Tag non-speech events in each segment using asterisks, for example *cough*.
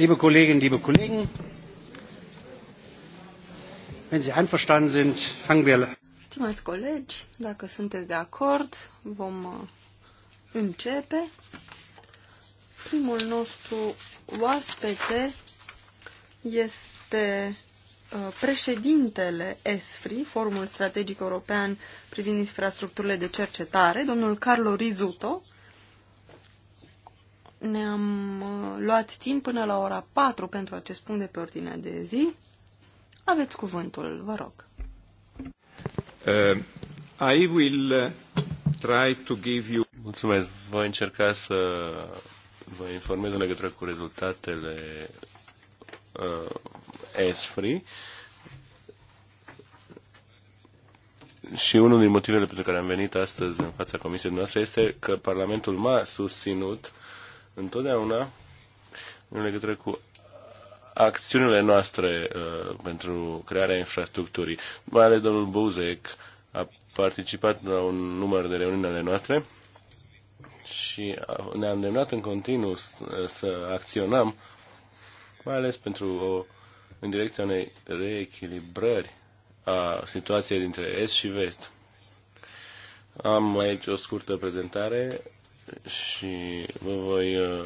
Liebe Kolleginnen, liebe Kollegen, wenn Sie einverstanden sind, fangen wir Stimați colegi, dacă sunteți de acord, vom uh, începe. Primul nostru oaspete este uh, președintele ESFRI, Forumul Strategic European privind infrastructurile de cercetare, domnul Carlo Rizuto, ne-am uh, luat timp până la ora 4 pentru acest punct de pe ordinea de zi. Aveți cuvântul, vă rog. Uh, I will uh, try to give you... Mulțumesc. Voi încerca să vă informez în legătură cu rezultatele uh, ESFRI. Și unul din motivele pentru care am venit astăzi în fața comisiei noastre este că Parlamentul m-a susținut întotdeauna în legătură cu acțiunile noastre uh, pentru crearea infrastructurii. Mai ales domnul Buzek a participat la un număr de reuniuni ale noastre și ne-a îndemnat în continuu să, să acționăm, mai ales pentru o, în direcția unei reechilibrări a situației dintre Est și Vest. Am aici o scurtă prezentare și vă voi uh,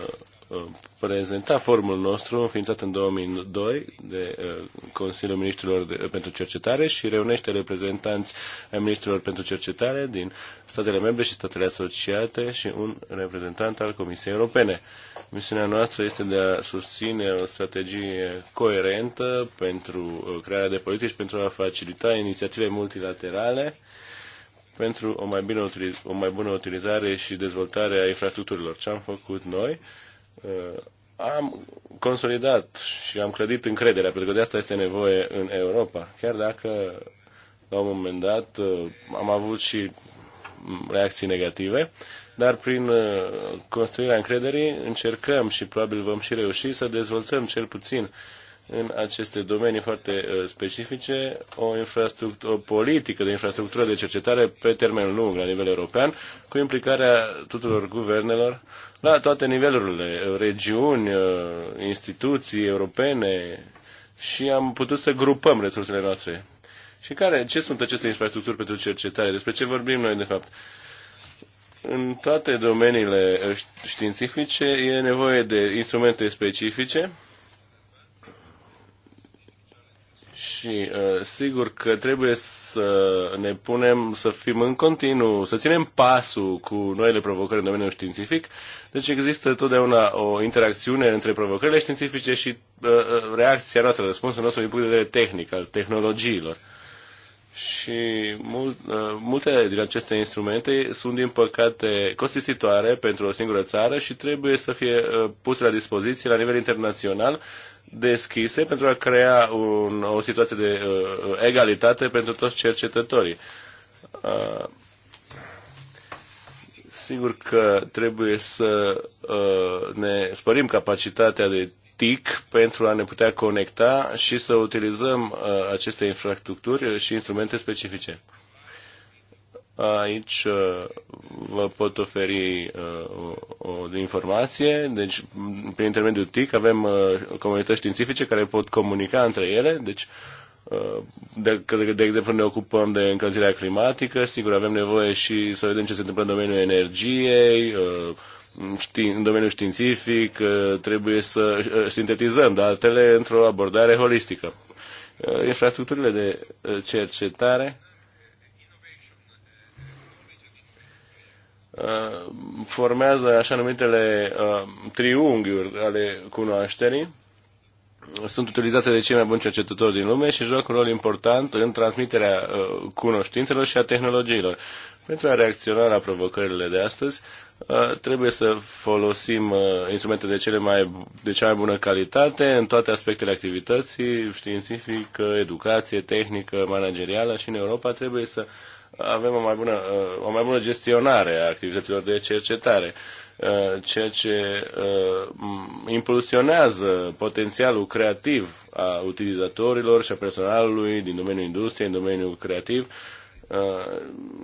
uh, prezenta formul nostru înființat în 2002 de uh, Consiliul Ministrilor de, pentru Cercetare și reunește reprezentanți ai ministrilor pentru cercetare din statele membre și statele asociate și un reprezentant al Comisiei Europene. Misiunea noastră este de a susține o strategie coerentă pentru crearea de politici pentru a facilita inițiative multilaterale pentru o mai, bine utiliz- o mai bună utilizare și dezvoltare a infrastructurilor. Ce am făcut noi? Uh, am consolidat și am clădit încrederea, pentru că de asta este nevoie în Europa. Chiar dacă la un moment dat uh, am avut și reacții negative, dar prin uh, construirea încrederii încercăm și probabil vom și reuși să dezvoltăm cel puțin în aceste domenii foarte uh, specifice o, o politică de infrastructură de cercetare pe termen lung la nivel european, cu implicarea tuturor guvernelor la toate nivelurile, uh, regiuni, uh, instituții europene și am putut să grupăm resursele noastre. Și care, ce sunt aceste infrastructuri pentru cercetare? Despre ce vorbim noi, de fapt? În toate domeniile științifice e nevoie de instrumente specifice Și uh, sigur că trebuie să ne punem, să fim în continuu, să ținem pasul cu noile provocări în domeniul științific. Deci există totdeauna o interacțiune între provocările științifice și uh, uh, reacția noastră, răspunsul nostru din punct de vedere tehnic, al tehnologiilor. Și mult, uh, multe din aceste instrumente sunt, din păcate, costisitoare pentru o singură țară și trebuie să fie uh, puse la dispoziție la nivel internațional deschise pentru a crea un, o situație de uh, egalitate pentru toți cercetătorii. Uh, sigur că trebuie să uh, ne spărim capacitatea de TIC pentru a ne putea conecta și să utilizăm uh, aceste infrastructuri și instrumente specifice. Aici uh, vă pot oferi uh, o, o informație. Deci, prin intermediul TIC avem uh, comunități științifice care pot comunica între ele. Deci, de, de, de exemplu, ne ocupăm de încălzirea climatică, sigur, avem nevoie și să vedem ce se întâmplă în domeniul energiei, ști, în domeniul științific, trebuie să sintetizăm datele într-o abordare holistică. Infrastructurile de cercetare Uh, formează așa numitele uh, triunghiuri ale cunoașterii, sunt utilizate de cei mai buni cercetători din lume și joacă un rol important în transmiterea uh, cunoștințelor și a tehnologiilor. Pentru a reacționa la provocările de astăzi, trebuie să folosim instrumente de, cele mai, de cea mai bună calitate în toate aspectele activității, științifică, educație, tehnică, managerială și în Europa trebuie să uh, avem o mai bună, uh, o mai bună gestionare a activităților de cercetare uh, ceea ce uh, impulsionează potențialul creativ a utilizatorilor și a personalului din domeniul industriei, în domeniul creativ, Uh,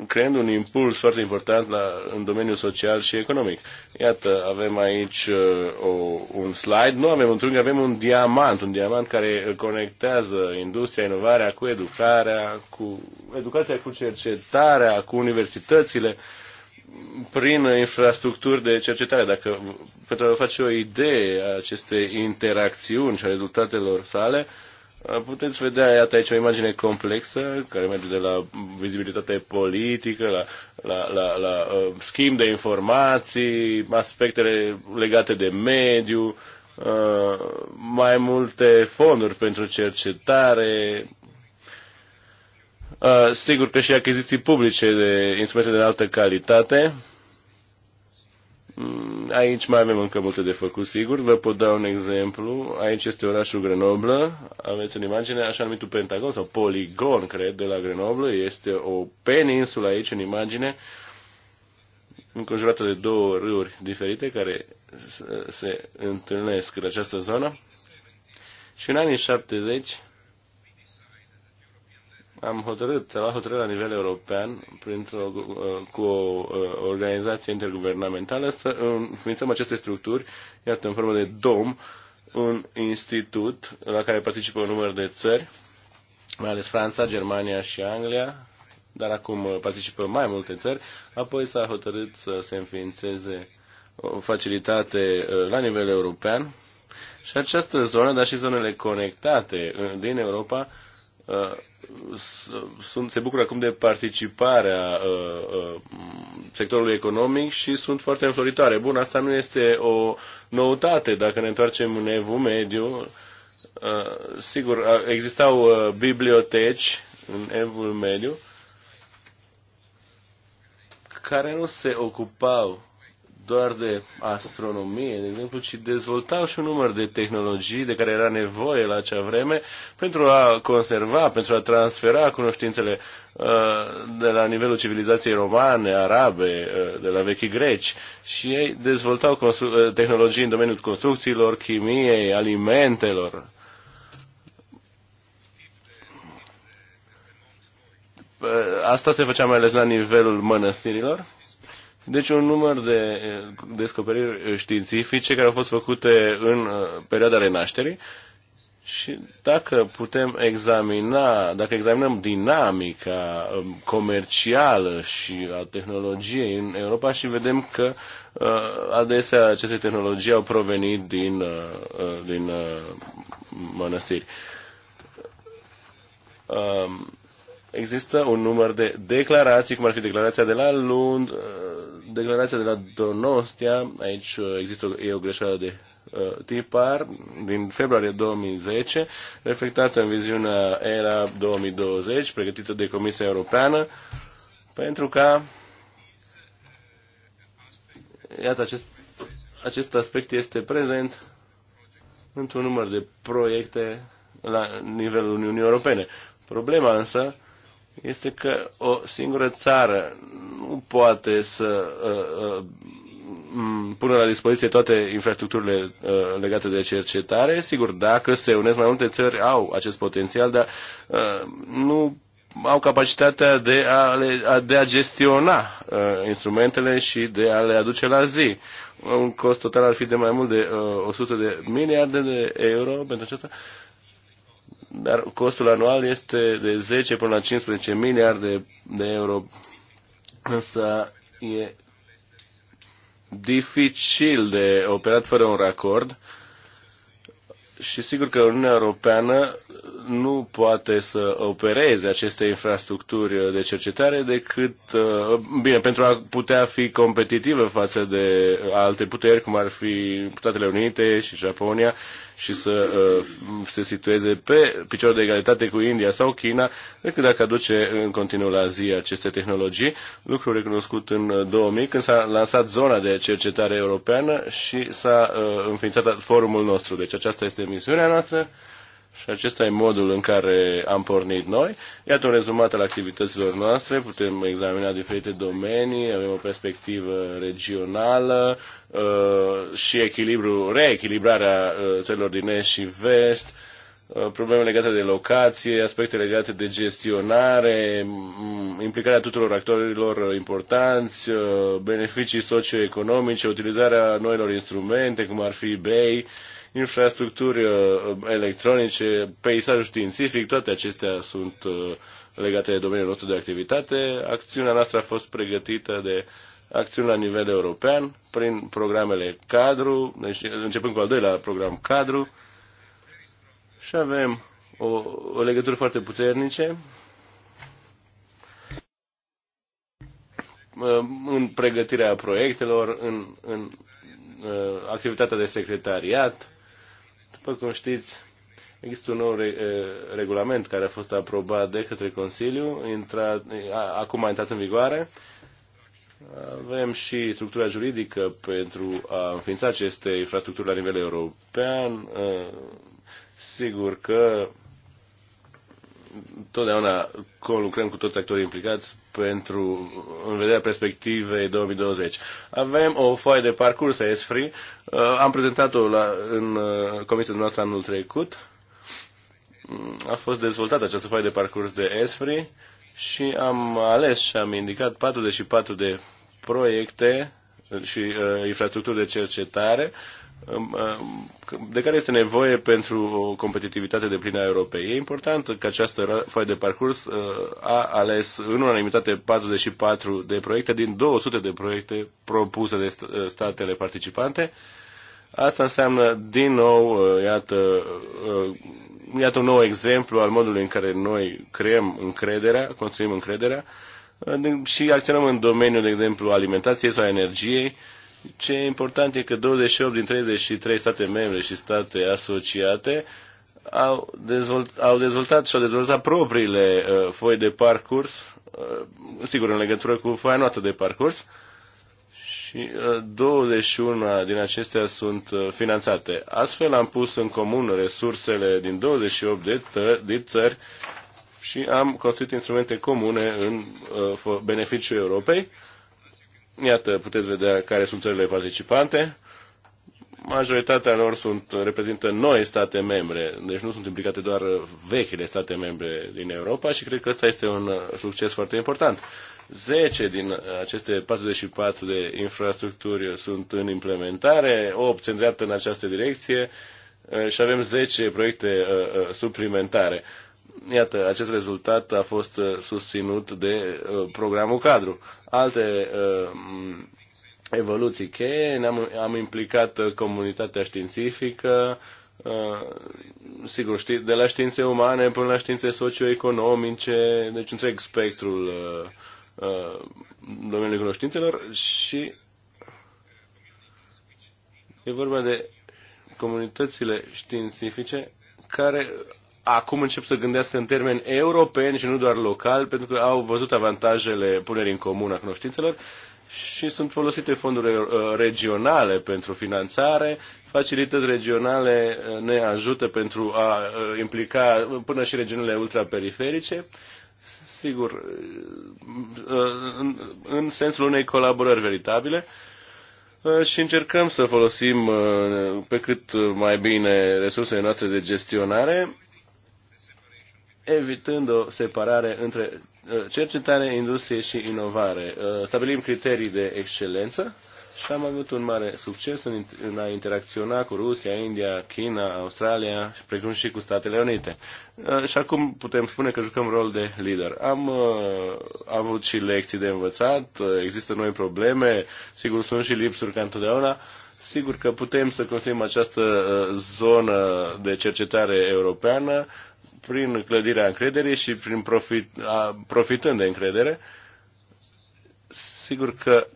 creând un impuls foarte important la, în domeniul social și economic. Iată, avem aici uh, o, un slide, nu avem un trunchi, avem un diamant, un diamant care conectează industria, inovarea cu educarea, cu educația, cu cercetarea, cu universitățile, prin infrastructuri de cercetare. Dacă pentru a face o idee a acestei interacțiuni și a rezultatelor sale, uh, Puteți vedea, iată aici o imagine complexă care merge de la vizibilitate politică, la, la, la, la uh, schimb de informații, aspectele legate de mediu, uh, mai multe fonduri pentru cercetare, uh, sigur că și achiziții publice de instrumente de altă calitate, Mm, aici mai avem încă multe de făcut, sigur. Vă pot da un exemplu. Aici este orașul Grenoble. Aveți în imagine așa numitul Pentagon sau poligon, cred, de la Grenoble. Este o peninsulă aici în imagine, înconjurată de două râuri diferite care se întâlnesc în această zonă. Și în anii 70 am hotărât, am luat hotărâre la nivel european, printr-o, uh, cu o uh, organizație interguvernamentală, să înființăm aceste structuri, iată, în formă de DOM, un institut la care participă un număr de țări, mai ales Franța, Germania și Anglia, dar acum uh, participă mai multe țări. Apoi s-a hotărât să se înființeze o facilitate la nivel european și această zonă, dar și zonele conectate din Europa, sunt, se bucură acum de participarea uh, uh, sectorului economic și sunt foarte înfloritoare. Bun, asta nu este o noutate. Dacă ne întoarcem în evul mediu, uh, sigur, existau uh, biblioteci în evul mediu care nu se ocupau doar de astronomie, de exemplu, ci dezvoltau și un număr de tehnologii de care era nevoie la acea vreme pentru a conserva, pentru a transfera cunoștințele uh, de la nivelul civilizației romane, arabe, uh, de la vechii greci și ei dezvoltau uh, tehnologii în domeniul construcțiilor, chimiei, alimentelor. Asta se făcea mai ales la nivelul mănăstirilor deci un număr de eh, descoperiri eh, științifice care au fost făcute în eh, perioada renașterii și dacă putem examina, dacă examinăm dinamica comercială și a tehnologiei în Europa și vedem că adesea aceste tehnologii au provenit din, din mănăstiri. Um, există un număr de declarații, cum ar fi declarația de la Lund, uh, declarația de la Donostia, aici uh, există o, e o greșeală de uh, tipar din februarie 2010, reflectată în viziunea ERA 2020, pregătită de Comisia Europeană, pentru ca iată, acest, acest aspect este prezent într-un număr de proiecte la nivelul Uniunii Europene. Problema însă este că o singură țară nu poate să uh, uh, pună la dispoziție toate infrastructurile uh, legate de cercetare. Sigur, dacă se unesc mai multe țări, au acest potențial, dar uh, nu au capacitatea de a, le, a, de a gestiona uh, instrumentele și de a le aduce la zi. Un cost total ar fi de mai mult de uh, 100 de miliarde de euro pentru aceasta. Uh, dar costul anual este de 10 până la 15 miliarde de euro. Însă e dificil de operat fără un racord și sigur că Uniunea Europeană nu poate să opereze aceste infrastructuri de cercetare decât, uh, bine, pentru a putea fi competitivă față de alte puteri, cum ar fi Statele Unite și Japonia, și să uh, se situeze pe picior de egalitate cu India sau China, decât dacă aduce în continuu la zi aceste tehnologii, lucru recunoscut în 2000 când s-a lansat zona de cercetare europeană și s-a uh, înființat forumul nostru. Deci aceasta este misiunea noastră și acesta e modul în care am pornit noi. Iată un rezumat al activităților noastre, putem examina diferite domenii, avem o perspectivă regională uh, și echilibru, reechilibrarea uh, țărilor din est și vest, uh, probleme legate de locație, aspecte legate de gestionare, mm, implicarea tuturor actorilor importanți, uh, beneficii socioeconomice, utilizarea noilor instrumente, cum ar fi BEI, infrastructuri uh, electronice, peisajul științific, toate acestea sunt uh, legate de domeniul nostru de activitate. Acțiunea noastră a fost pregătită de acțiuni la nivel european prin programele cadru, deci începând cu al doilea program cadru și avem o, o legătură foarte puternice uh, în pregătirea proiectelor, în, în activitatea de secretariat, după cum știți, există un nou re, regulament care a fost aprobat de către Consiliu, intra, a, acum a intrat în vigoare. Avem și structura juridică pentru a înființa aceste infrastructuri la nivel european. Sigur că totdeauna lucrăm cu toți actorii implicați pentru în vederea perspectivei 2020. Avem o foaie de parcurs a ESFRI, uh, am prezentat-o la, în uh, comisia noastră anul trecut, mm, a fost dezvoltată această foaie de parcurs de ESFRI și am ales și am indicat 44 de proiecte și uh, infrastructuri de cercetare uh, de care este nevoie pentru o competitivitate de plină a Europei. E important că această foaie de parcurs uh, a ales în unanimitate 44 de proiecte din 200 de proiecte propuse de uh, statele participante. Asta înseamnă, din nou, uh, iată, iată un nou exemplu al modului în care noi creăm încrederea, construim încrederea și acționăm în domeniul, de exemplu, alimentației sau energiei, ce e important e că 28 din 33 state membre și state asociate au, dezvolt, au dezvoltat și au dezvoltat propriile uh, foi de parcurs, uh, sigur în legătură cu foaia noastră de parcurs, și uh, 21 din acestea sunt uh, finanțate. Astfel am pus în comun resursele din 28 de, tă- de țări și am construit instrumente comune în uh, beneficiul Europei. Uh, Iată, puteți vedea care sunt țările participante. Majoritatea lor sunt, reprezintă noi state membre, deci nu sunt implicate doar vechile state membre din Europa și cred că ăsta este un succes foarte important. 10 din aceste 44 de infrastructuri sunt în implementare, 8 se îndreaptă în această direcție eh, și avem 10 proiecte eh, eh, suplimentare iată, acest rezultat a fost uh, susținut de uh, programul cadru. Alte uh, evoluții cheie, ne-am am implicat comunitatea științifică, sigur, știți, de la științe umane până la științe socioeconomice, deci întreg spectrul domeniului cunoștințelor și e vorba de comunitățile științifice care acum încep să gândească în termeni europeni și nu doar local, pentru că au văzut avantajele punerii în comun a cunoștințelor și sunt folosite fonduri uh, regionale pentru finanțare, facilități regionale uh, ne ajută pentru a uh, implica până și regiunile ultraperiferice, sigur, în, în sensul unei colaborări veritabile și încercăm să folosim pe cât mai bine resursele noastre de gestionare evitând o separare între uh, cercetare, industrie și inovare. Uh, stabilim criterii de excelență și am avut un mare succes în, a interacționa cu Rusia, India, China, Australia, precum și cu Statele Unite. Uh, și acum putem spune că jucăm rol de lider. Am avut și lecții de învățat, există noi probleme, sigur sunt și lipsuri ca întotdeauna, Sigur că putem să construim această zonă de cercetare europeană prin clădirea încrederii și prin profit, a, profitând de încredere, sigur că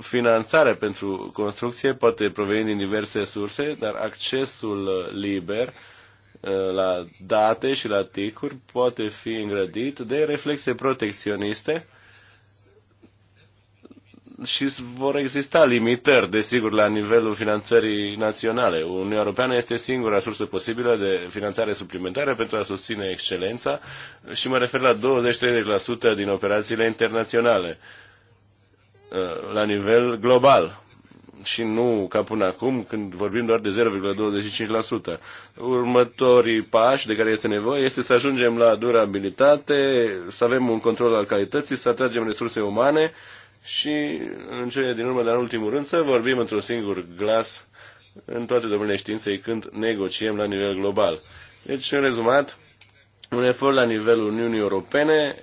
finanțarea pentru construcție poate proveni din diverse surse, dar accesul liber la date și la ticuri poate fi îngrădit de reflexe protecționiste și vor exista limitări, desigur, la nivelul finanțării naționale. Uniunea Europeană este singura sursă posibilă de finanțare suplimentară pentru a susține excelența și mă refer la 20-30% din operațiile internaționale uh, la nivel global și nu ca până acum, când vorbim doar de 0,25%. Următorii pași de care este nevoie este să ajungem la durabilitate, să avem un control al calității, să atragem resurse umane și, în cele din urmă, dar în ultimul rând, să vorbim într-un singur glas în toate domeniile științei când negociem la nivel global. Deci, în rezumat, un efort la nivelul Uniunii Europene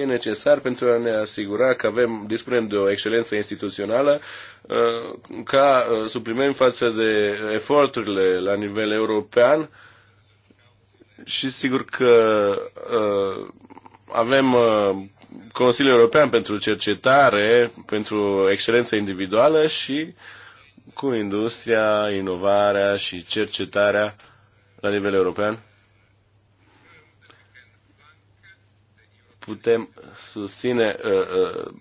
e necesar pentru a ne asigura că avem, dispunem de o excelență instituțională uh, ca uh, suplimăm față de eforturile la nivel european și sigur că uh, avem Consiliul European pentru Cercetare, pentru Excelență Individuală și cu industria, inovarea și cercetarea la nivel european. Putem susține uh, uh,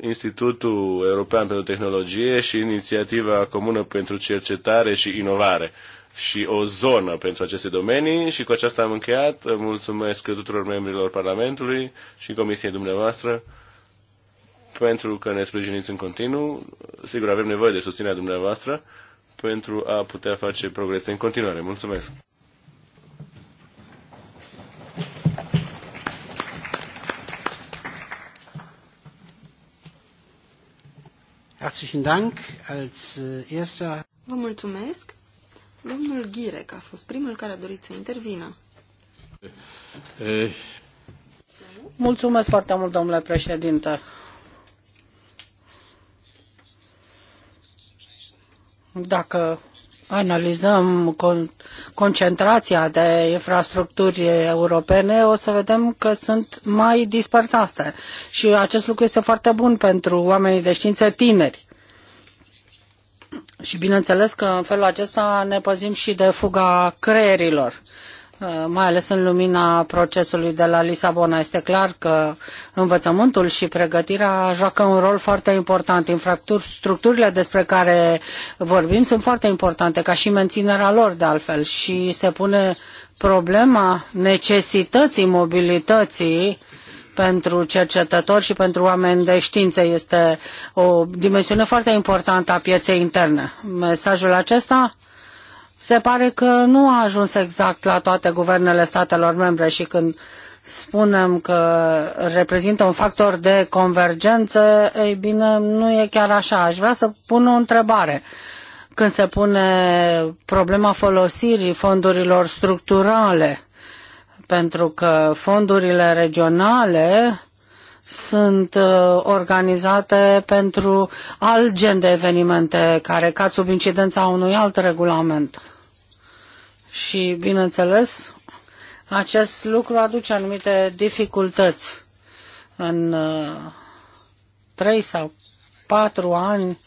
Institutul European pentru Tehnologie și Inițiativa Comună pentru Cercetare și Inovare. Uh, și o zonă pentru aceste domenii și cu aceasta am încheiat. Mulțumesc tuturor membrilor Parlamentului și Comisiei dumneavoastră pentru că ne sprijiniți în continuu. Sigur, avem nevoie de susținerea dumneavoastră pentru a putea face progrese în continuare. Mulțumesc! Dank. Als äh, erster Vă mulțumesc. Domnul Ghirec a fost primul care a dorit să intervină. Mulțumesc foarte mult, domnule președinte. Dacă analizăm concentrația de infrastructuri europene, o să vedem că sunt mai dispersate. Și acest lucru este foarte bun pentru oamenii de știință tineri. Și bineînțeles că în felul acesta ne păzim și de fuga creierilor uh, mai ales în lumina procesului de la Lisabona. Este clar că învățământul și pregătirea joacă un rol foarte important. Structurile despre care vorbim sunt foarte importante, ca și menținerea lor de altfel. Și se pune problema necesității mobilității pentru cercetători și pentru oameni de știință. Este o dimensiune foarte importantă a pieței interne. Mesajul acesta se pare că nu a ajuns exact la toate guvernele statelor membre și când spunem că reprezintă un factor de convergență, ei bine, nu e chiar așa. Aș vrea să pun o întrebare. Când se pune problema folosirii fondurilor structurale, pentru că fondurile regionale sunt uh, organizate pentru alt gen de evenimente care cad sub incidența unui alt regulament. Și, bineînțeles, acest lucru aduce anumite dificultăți. În uh, trei sau patru ani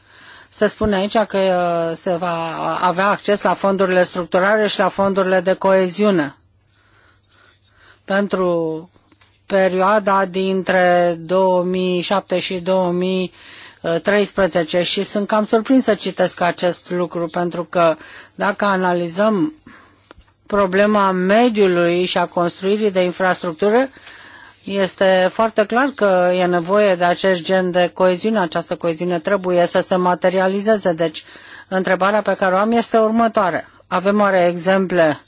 se spune aici că uh, se va avea acces la fondurile structurale și la fondurile de coeziune pentru perioada dintre 2007 și 2013 și sunt cam surprins să citesc acest lucru pentru că dacă analizăm problema mediului și a construirii de infrastructură, este foarte clar că e nevoie de acest gen de coeziune. Această coeziune trebuie să se materializeze. Deci, întrebarea pe care o am este următoare. Avem oare exemple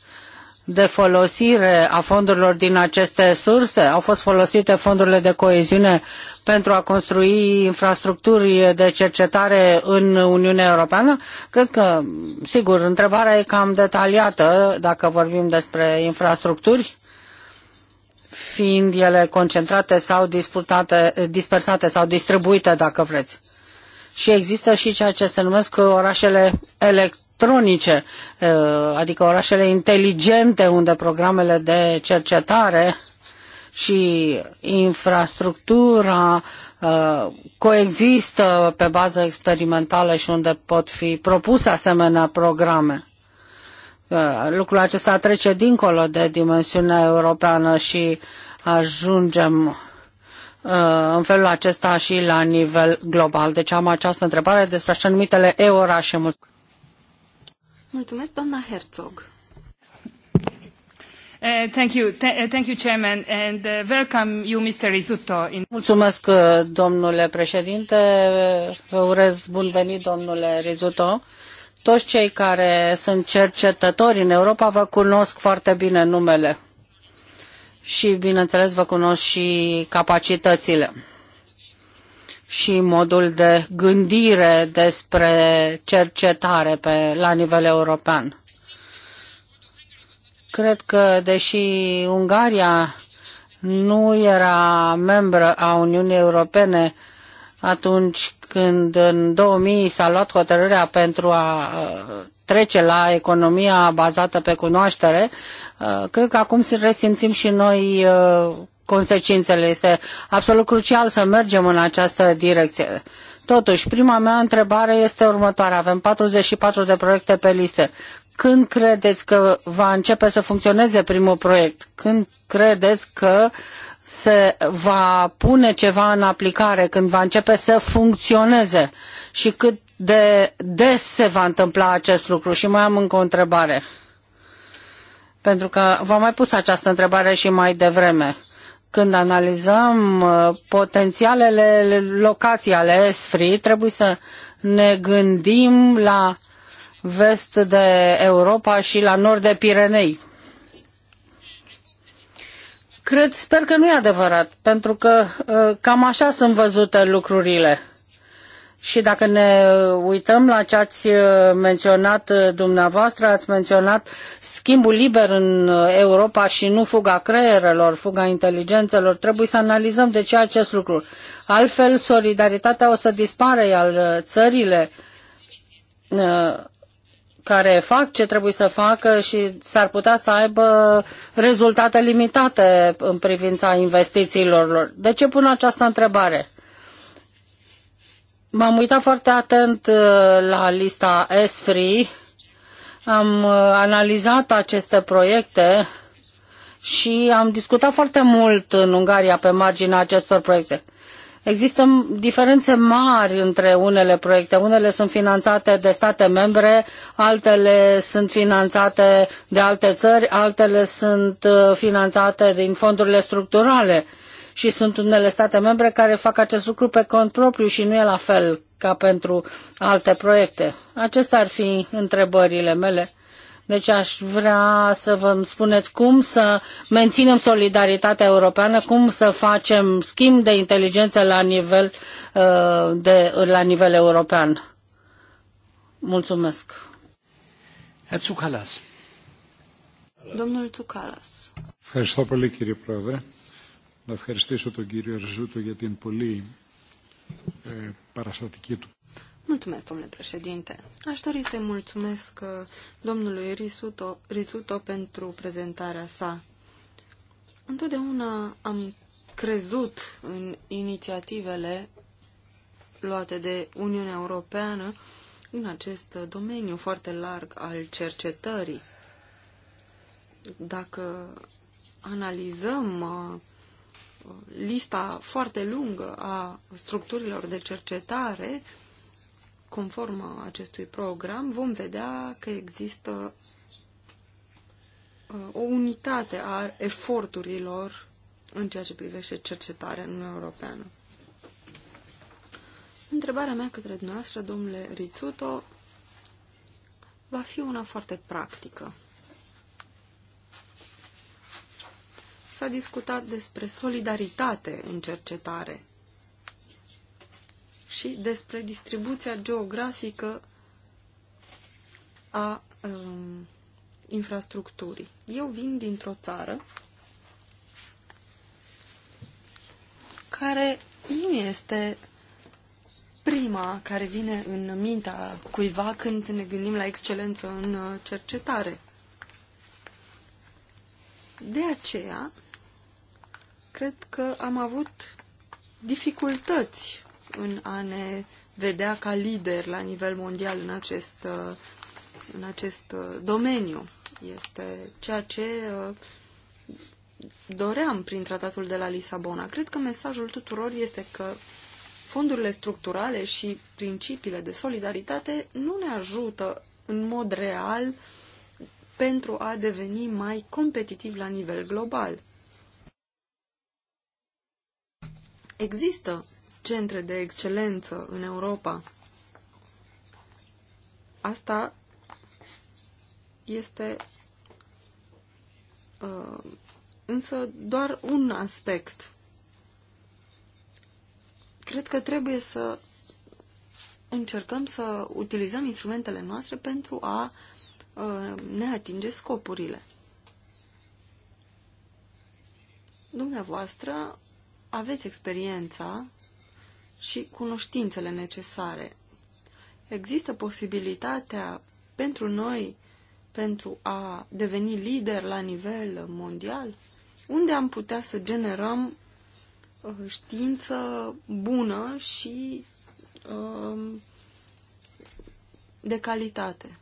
de folosire a fondurilor din aceste surse? Au fost folosite fondurile de coeziune pentru a construi infrastructuri de cercetare în Uniunea Europeană? Cred că, sigur, întrebarea e cam detaliată dacă vorbim despre infrastructuri fiind ele concentrate sau dispersate sau distribuite, dacă vreți și există și ceea ce se numesc orașele electronice, eh, adică orașele inteligente unde programele de cercetare și infrastructura eh, coexistă pe bază experimentală și unde pot fi propuse asemenea programe. Eh, lucrul acesta trece dincolo de dimensiunea europeană și ajungem Uh, în felul acesta și la nivel global. Deci am această întrebare despre așa numitele e-orașe. Mulțumesc, doamna Herzog. Uh, thank you, eh, thank you, Chairman, and uh, welcome you, Mr. Rizzuto. In... Mulțumesc, domnule președinte. Vă urez bun venit, domnule Rizzuto. Toți cei care sunt cercetători în Europa vă cunosc foarte bine numele și, bineînțeles, vă cunosc și capacitățile și modul de gândire despre cercetare pe, la nivel european. Cred că, deși Ungaria nu era membră a Uniunii Europene, atunci când în 2000 s-a luat hotărârea pentru a uh, trece la economia bazată pe cunoaștere, uh, cred că acum resimțim și noi uh, consecințele. Este absolut crucial să mergem în această direcție. Totuși, prima mea întrebare este următoarea. Avem 44 de proiecte pe listă. Când credeți că va începe să funcționeze primul proiect? Când credeți că uh, se va pune ceva în aplicare, când va începe să funcționeze și cât de des se va întâmpla acest lucru. Și mai am încă o întrebare, pentru că v-am mai pus această întrebare și mai devreme. Când analizăm uh, potențialele locații ale ESFRI, trebuie să ne gândim la vest de Europa și la nord de Pirenei Cred, sper că nu e adevărat, pentru că uh, cam așa sunt văzute lucrurile. Și dacă ne uh, uităm la ce ați uh, menționat dumneavoastră, ați menționat schimbul liber în Europa și nu fuga creierelor, fuga inteligențelor, trebuie să analizăm de ce acest lucru. Altfel, solidaritatea o să dispare, iar țările care fac ce trebuie să facă și s-ar putea să aibă rezultate limitate în privința investițiilor lor. De ce pun această întrebare? M-am uitat foarte atent uh, la lista ESFRI, am uh, analizat aceste proiecte și am discutat foarte mult în Ungaria pe marginea acestor proiecte. Există diferențe mari între unele proiecte. Unele sunt finanțate de state membre, altele sunt finanțate de alte țări, altele sunt uh, finanțate din fondurile structurale. Și sunt unele state membre care fac acest lucru pe cont propriu și nu e la fel ca pentru alte proiecte. Acestea ar fi întrebările mele deci aș vrea să vă spuneți cum să menținem solidaritatea europeană, cum să facem schimb de inteligență la nivel, uh, de, la nivel european. Mulțumesc. Herr Tsoukalas. Domnul Tsoukalas. Ευχαριστώ πολύ κύριε Πρόεδρε. Να ευχαριστήσω τον κύριο Ριζούτο για την πολύ ε, παραστατική του Mulțumesc, domnule președinte. Aș dori să-i mulțumesc uh, domnului Risuto, Rizuto pentru prezentarea sa. Întotdeauna am crezut în inițiativele luate de Uniunea Europeană în acest domeniu foarte larg al cercetării. Dacă analizăm uh, lista foarte lungă a structurilor de cercetare, conform acestui program, vom vedea că există uh, o unitate a eforturilor în ceea ce privește cercetarea în Uniunea Europeană. Întrebarea mea către dumneavoastră, domnule Rizzuto, va fi una foarte practică. S-a discutat despre solidaritate în cercetare și despre distribuția geografică a um, infrastructurii. Eu vin dintr-o țară care nu este prima care vine în mintea cuiva când ne gândim la excelență în uh, cercetare. De aceea, cred că am avut dificultăți în a ne vedea ca lider la nivel mondial în acest, uh, în acest uh, domeniu. Este ceea ce uh, doream prin tratatul de la Lisabona. Cred că mesajul tuturor este că fondurile structurale și principiile de solidaritate nu ne ajută în mod real pentru a deveni mai competitiv la nivel global. Există centre de excelență în Europa. Asta este uh, însă doar un aspect. Cred că trebuie să încercăm să utilizăm instrumentele noastre pentru a uh, ne atinge scopurile. Dumneavoastră aveți experiența și cunoștințele necesare. Există posibilitatea pentru noi, pentru a deveni lider la nivel mondial, unde am putea să generăm uh, știință bună și um, de calitate.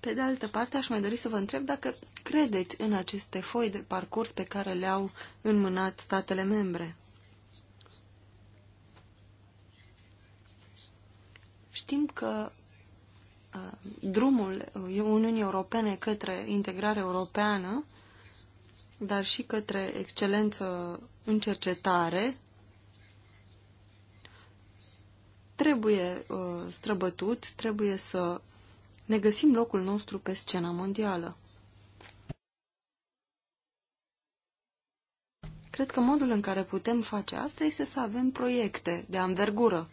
Pe de altă parte, aș mai dori să vă întreb dacă credeți în aceste foi de parcurs pe care le-au înmânat statele membre? Știm că drumul Uniunii Europene către integrare europeană, dar și către excelență în cercetare, trebuie străbătut, trebuie să ne găsim locul nostru pe scena mondială. Cred că modul în care putem face asta este să avem proiecte de anvergură.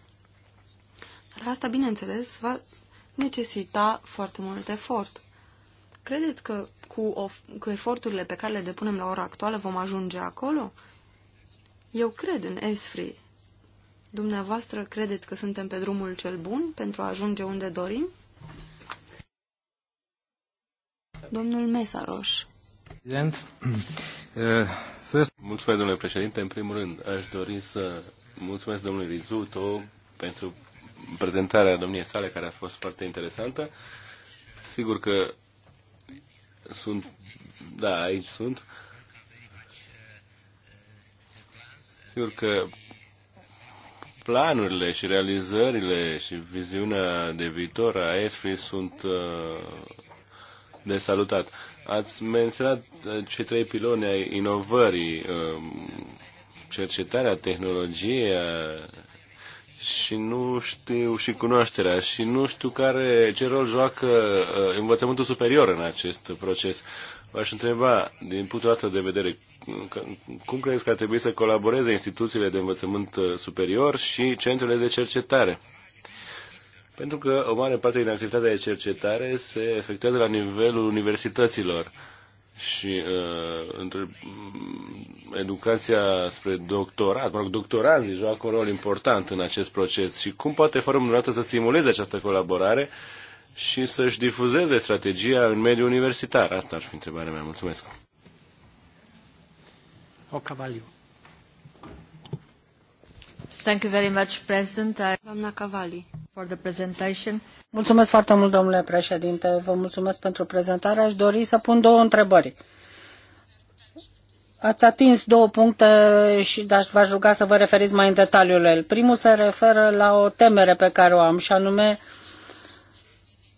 Dar asta, bineînțeles, va necesita foarte mult efort. Credeți că cu, cu eforturile pe care le depunem la ora actuală vom ajunge acolo? Eu cred în ESFRI. Dumneavoastră credeți că suntem pe drumul cel bun pentru a ajunge unde dorim? Domnul Mesaroș. *clears throat* Uh, Mulțumesc, domnule președinte. În primul rând, aș dori să mulțumesc domnului Rizuto pentru prezentarea domniei sale, care a fost foarte interesantă. Sigur că sunt, da, aici sunt. Sigur că planurile și realizările și viziunea de viitor a ESFRI sunt uh, de salutat. Ați menționat uh, cei trei piloni ai inovării, uh, cercetarea, tehnologia și nu știu și cunoașterea și nu știu care, ce rol joacă uh, învățământul superior în acest proces. V-aș întreba, din punctul ăsta de vedere, cum crezi că ar trebui să colaboreze instituțiile de învățământ superior și centrele de cercetare? Pentru că o mare parte din activitatea de cercetare se efectuează la nivelul universităților și uh, între mm, educația spre doctorat, mă rog, doctoranzii joacă un rol important în acest proces și cum poate forumul dumneavoastră să stimuleze această colaborare și să-și difuzeze strategia în mediul universitar? Asta ar fi întrebarea mea. Mulțumesc. O cavaliu. Thank you very much, President. Uh, Doamna Cavalli. For the presentation. Mulțumesc foarte mult, domnule președinte. Vă mulțumesc pentru prezentare. Aș dori să pun două întrebări. Ați atins două puncte și dar v-aș ruga să vă referiți mai în detaliu la el. Primul se referă la o temere pe care o am și anume uh,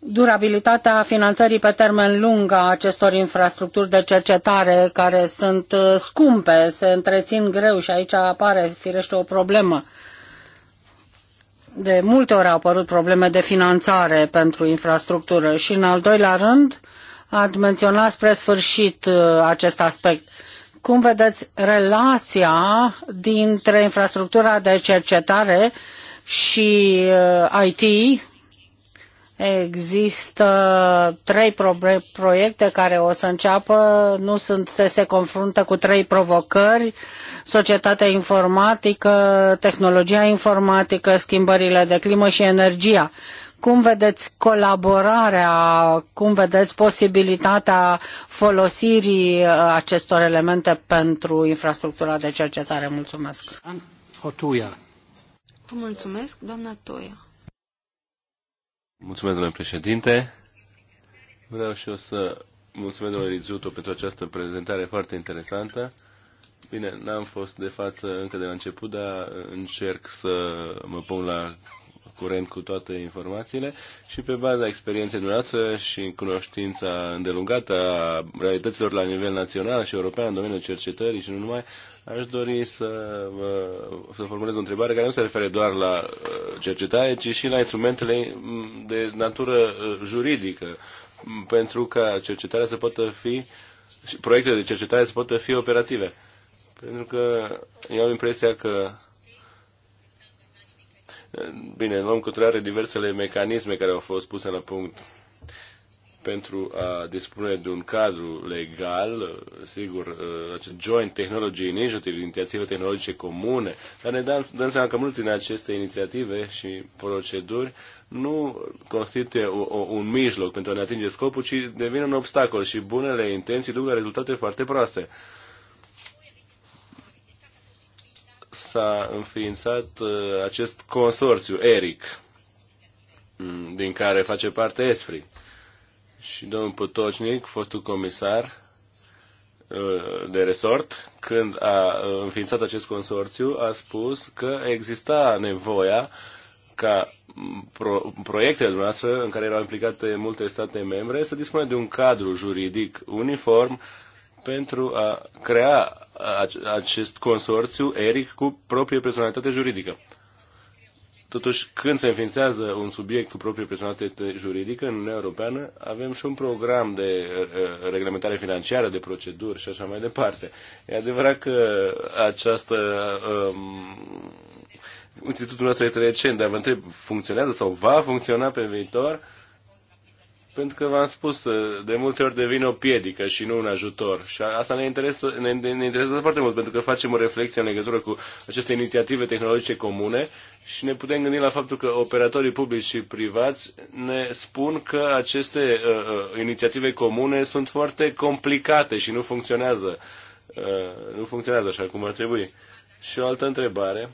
durabilitatea finanțării pe termen lung a acestor infrastructuri de cercetare care sunt uh, scumpe, se întrețin greu și aici apare firește o problemă. De multe ori au apărut probleme de finanțare pentru infrastructură și în al doilea rând ați menționat spre sfârșit uh, acest aspect. Cum vedeți relația dintre infrastructura de cercetare și uh, IT, Există trei pro proiecte care o să înceapă, nu sunt, se, se confruntă cu trei provocări, societatea informatică, tehnologia informatică, schimbările de climă și energia. Cum vedeți colaborarea, cum vedeți posibilitatea folosirii uh, acestor elemente pentru infrastructura de cercetare? Mulțumesc! Vă mulțumesc, doamna Toia. Mulțumesc, domnule președinte. Vreau și eu să mulțumesc, domnule Rizuto, pentru această prezentare foarte interesantă. Bine, n-am fost de față încă de la început, dar încerc să mă pun la curent cu toate informațiile și pe baza experienței dumneavoastră și în cunoștința îndelungată a realităților la nivel național și european în domeniul cercetării și nu numai, aș dori să vă să formulez o întrebare care nu se referă doar la uh, cercetare, ci și la instrumentele mm, de natură uh, juridică mm, pentru ca cercetarea să poată fi proiectele de cercetare să poată fi operative. Pentru că eu am impresia că Bine, luăm cu trăiare diversele mecanisme care au fost puse la punct pentru a dispune de un cadru legal, sigur, uh, acest Joint Technology Initiative, inițiative tehnologice comune, dar ne dăm, dăm seama că multe din aceste inițiative și proceduri nu constituie o, o, un mijloc pentru a ne atinge scopul, ci devin un obstacol și bunele intenții duc la rezultate foarte proaste. Uh, s-a înființat uh, acest consorțiu, ERIC, mm, din care face parte ESFRI. Și domnul Potocnic, fostul comisar uh, de resort, când a uh, înființat acest consorțiu, a spus că exista nevoia ca pro- proiectele dumneavoastră, în care erau implicate multe state membre să dispună de un cadru juridic uniform uh, pentru a crea acest consorțiu ERIC cu proprie personalitate juridică. Totuși, când se înființează un subiect cu proprie personalitate juridică în Uniunea Europeană, avem și un program de eh, reglementare financiară, de proceduri și așa mai departe. E adevărat că această um, institutul nostru este recent, dar vă întreb, funcționează sau va funcționa pe viitor? Pentru că v-am spus, uh, de multe ori devine o piedică și nu un ajutor. Și asta ne interesează, ne, ne interesează foarte mult, pentru că facem o reflexie în legătură cu aceste inițiative tehnologice comune și ne putem gândi la faptul că operatorii publici și privați ne spun că aceste uh, uh, inițiative comune sunt foarte complicate și nu funcționează. Uh, nu funcționează așa cum ar trebui. Și o altă întrebare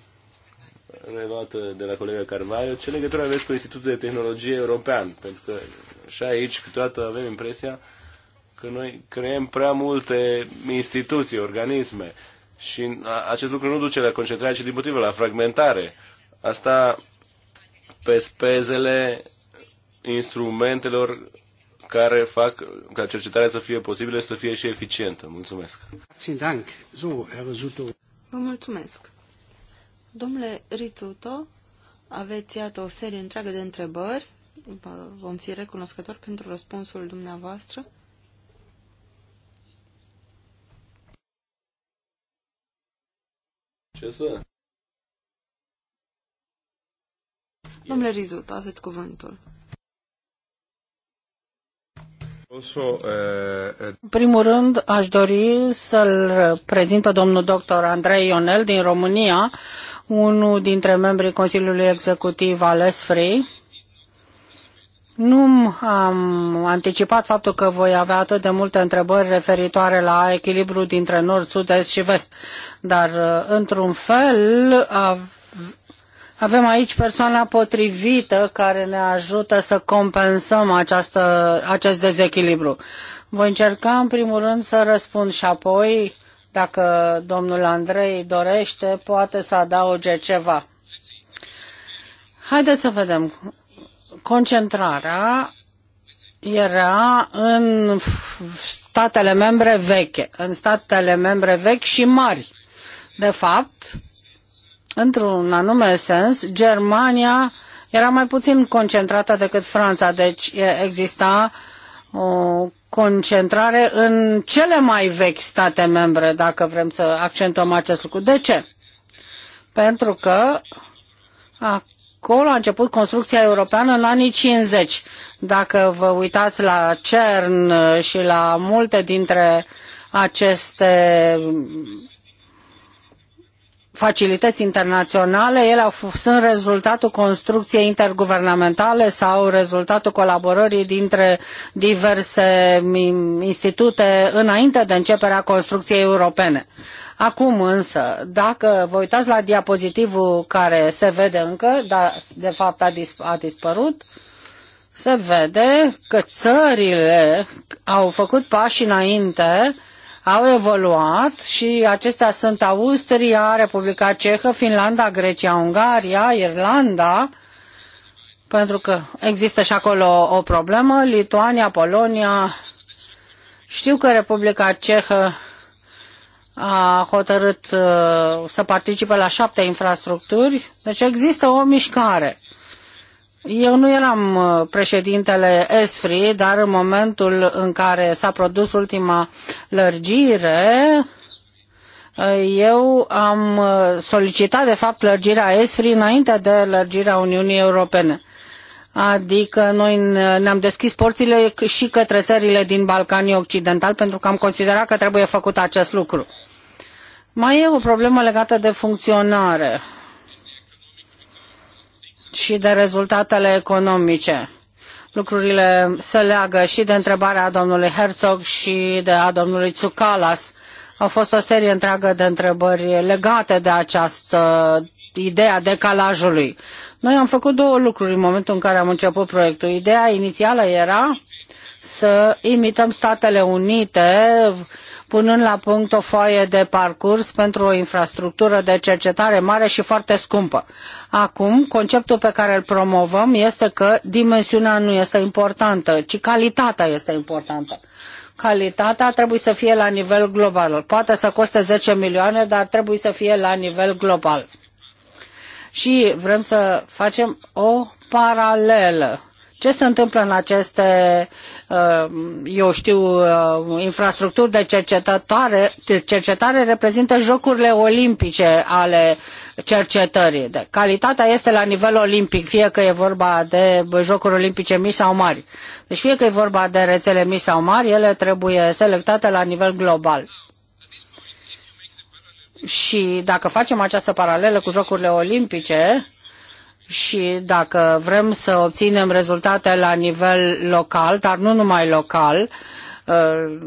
reluată de la colega Carvalho, ce legătură aveți cu Institutul de Tehnologie European? Pentru că și aici câteodată avem impresia că noi creăm prea multe instituții, organisme și acest lucru nu duce la concentrare, ci din motivă la fragmentare. Asta pe spezele instrumentelor care fac ca cercetarea să fie posibilă și să fie și eficientă. Mulțumesc. Vă mulțumesc. Domnule Rizzuto, aveți iată o serie întreagă de întrebări vom fi recunoscători pentru răspunsul dumneavoastră. Ce să? Domnule Rizu, aveți cuvântul. Eh, eh, În primul rând, aș dori să-l prezint pe domnul doctor Andrei Ionel din România, unul dintre membrii Consiliului Executiv al ESFRI, nu am anticipat faptul că voi avea atât de multe întrebări referitoare la echilibru dintre nord, sud, est și vest, dar uh, într-un fel avem aici persoana potrivită care ne ajută să compensăm această, acest dezechilibru. Voi încerca în primul rând să răspund și apoi, dacă domnul Andrei dorește, poate să adauge ceva. Haideți să vedem concentrarea era în statele membre veche, în statele membre vechi și mari. De fapt, într-un anume sens, Germania era mai puțin concentrată decât Franța, deci exista o concentrare în cele mai vechi state membre, dacă vrem să accentuăm acest lucru. De ce? Pentru că acolo a început construcția europeană în anii 50. Dacă vă uitați la CERN și la multe dintre aceste facilități internaționale, ele au, sunt rezultatul construcției interguvernamentale sau rezultatul colaborării dintre diverse institute înainte de începerea construcției europene. Acum însă, dacă vă uitați la diapozitivul care se vede încă, dar de fapt a, disp- a dispărut, se vede că țările au făcut pași înainte uh, au evoluat și acestea sunt Austria, Republica Cehă, Finlanda, Grecia, Ungaria, Irlanda, pentru că există și acolo o problemă, Lituania, Polonia. Știu că Republica Cehă a hotărât uh, să participe la șapte infrastructuri, deci există o mișcare. Eu nu eram uh, președintele ESFRI, dar în momentul în care s-a produs ultima lărgire, uh, eu am uh, solicitat, de fapt, lărgirea ESFRI înainte de lărgirea Uniunii Europene. Adică noi ne-am deschis porțile și către țările din Balcanii Occidental pentru că am considerat că trebuie făcut acest lucru. Mai e o problemă legată de funcționare și de rezultatele economice. Lucrurile se leagă și de întrebarea domnului Herzog și de a domnului Tsukalas. Au fost o serie întreagă de întrebări legate de această ideea decalajului. Noi am făcut două lucruri în momentul în care am început proiectul. Ideea inițială era să imităm Statele Unite punând la punct o foaie de parcurs pentru o infrastructură de cercetare mare și foarte scumpă. Acum, conceptul pe care îl promovăm este că dimensiunea nu este importantă, ci calitatea este importantă. Calitatea trebuie să fie la nivel global. Poate să coste 10 milioane, dar trebuie să fie la nivel global. Și vrem să facem o paralelă ce se întâmplă în aceste, uh, eu știu, uh, infrastructuri de cercetare, cercetare reprezintă jocurile olimpice ale cercetării. De, calitatea este la nivel olimpic, fie că e vorba de jocuri olimpice mici sau mari. Deci fie că e vorba de rețele mici sau mari, ele trebuie selectate la nivel global. Și dacă facem această paralelă cu jocurile olimpice, și dacă vrem să obținem rezultate la nivel local, dar nu numai local, uh,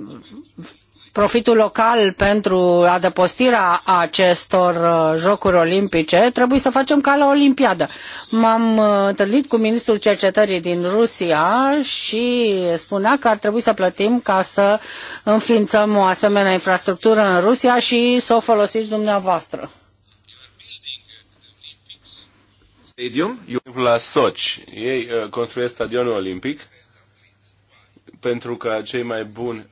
profitul local pentru adăpostirea acestor uh, jocuri olimpice, trebuie să facem ca la Olimpiadă. M-am uh, întâlnit cu ministrul cercetării din Rusia și spunea că ar trebui să plătim ca să înființăm o asemenea infrastructură în Rusia și să o folosiți dumneavoastră. Stadium, la Sochi. Ei uh, construiesc stadionul olimpic pentru ca cei mai buni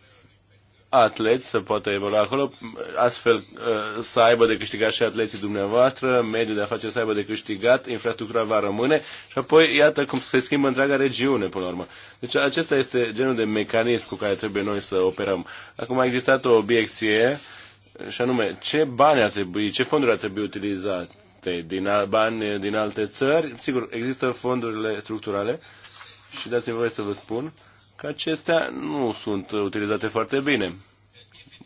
atleți să poată evolua acolo, astfel uh, să aibă de câștigat și atleții dumneavoastră, mediul de afaceri să aibă de câștigat, infrastructura va rămâne și apoi iată cum se schimbă întreaga regiune până la urmă. Deci acesta este genul de mecanism cu care trebuie noi să operăm. Acum a existat o obiecție și anume ce bani ar trebui, ce fonduri ar trebui utilizat alte, din al, bani din alte țări. Sigur, există fondurile structurale și dați-mi voie să vă spun că acestea nu sunt utilizate foarte bine,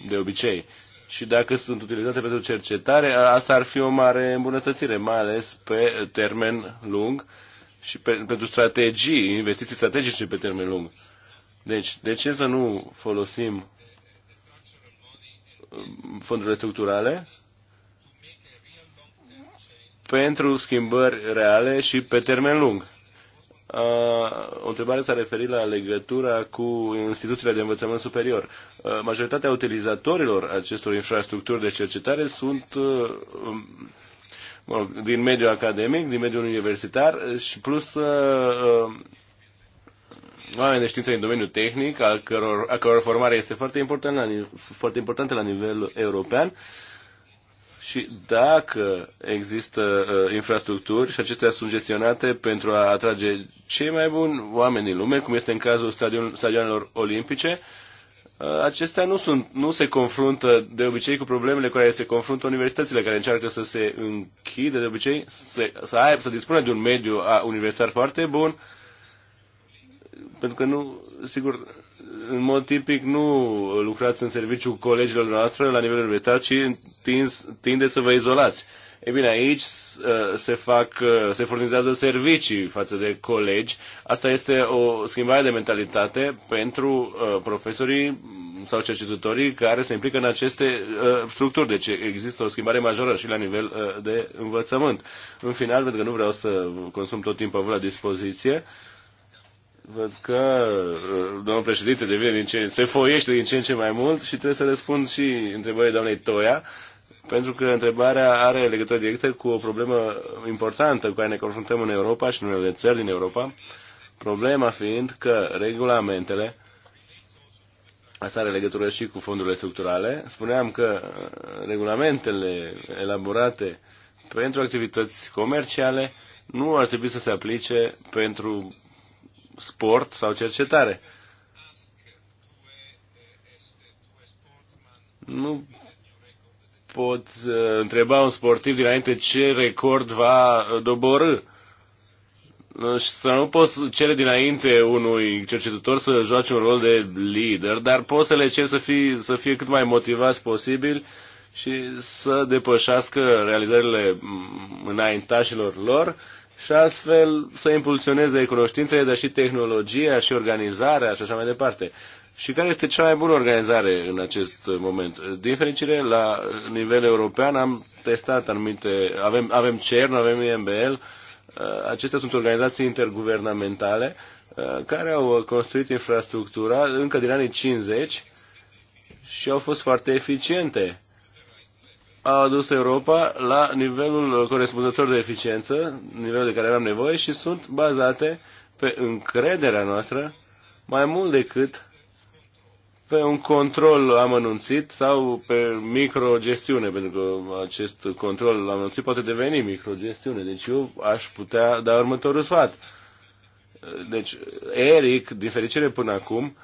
de obicei. Și dacă sunt utilizate pentru cercetare, asta ar fi o mare îmbunătățire, mai ales pe termen lung și pe, pentru strategii, investiții strategice pe termen lung. Deci, de ce să nu folosim um, fondurile structurale pentru schimbări reale și pe termen lung. A, o întrebare s-a referit la legătura cu instituțiile de învățământ superior. A, majoritatea utilizatorilor acestor infrastructuri de cercetare sunt a, a, um, din mediul academic, din mediul universitar și plus a, a, oameni de știință din domeniul tehnic, al căror, a căror formare este foarte importantă la, foarte importantă la nivel european. Uh, și dacă există uh, infrastructuri și acestea sunt gestionate pentru a atrage cei mai buni oameni din lume, cum este în cazul stadionelor olimpice, uh, acestea nu, sunt, nu se confruntă de obicei cu problemele cu care se confruntă universitățile, care încearcă să se închide de obicei, să, să, aibă, să dispună de un mediu a universitar foarte bun, pentru că nu, sigur, în mod tipic nu lucrați în serviciu colegilor noastre la nivel universitar, ci tindeți să vă izolați. E bine, aici uh, se fac, uh, se furnizează servicii față de colegi. Asta este o schimbare de mentalitate pentru uh, profesorii sau cercetătorii care se implică în aceste structuri. Deci există o schimbare majoră și la nivel de învățământ. În final, pentru că nu vreau să consum tot timpul la dispoziție, Văd că uh, domnul președinte devine din ce, se foiește din ce în ce mai mult și trebuie să răspund și întrebării doamnei Toia, pentru că întrebarea are legătură directă cu o problemă importantă cu care ne confruntăm în Europa și în unele țări din Europa, problema fiind că regulamentele Asta are legătură și cu fondurile structurale. Spuneam că uh, regulamentele elaborate pentru activități comerciale nu ar trebui să se aplice pentru sport sau cercetare. Nu pot uh, întreba un sportiv dinainte ce record va uh, doborâ. Să nu poți cere dinainte unui cercetător să joace un rol de lider, dar poți să le ceri să fie, să fie cât mai motivați posibil și să depășească realizările înaintașilor lor și astfel să impulsioneze cunoștințele, dar și tehnologia și organizarea și așa mai departe. Și care este cea mai bună organizare în acest moment? Din fericire, la nivel european am testat anumite, avem, avem CERN, avem IMBL, uh, acestea sunt organizații interguvernamentale uh, care au construit infrastructura încă din anii 50 și au fost foarte eficiente au adus Europa la nivelul corespunzător de eficiență, nivelul de care aveam nevoie și sunt bazate pe încrederea noastră mai mult decât pe un control amănunțit sau pe microgestiune, pentru că acest control amănunțit poate deveni microgestiune. Deci eu aș putea da următorul sfat. Deci Eric, din fericire până acum,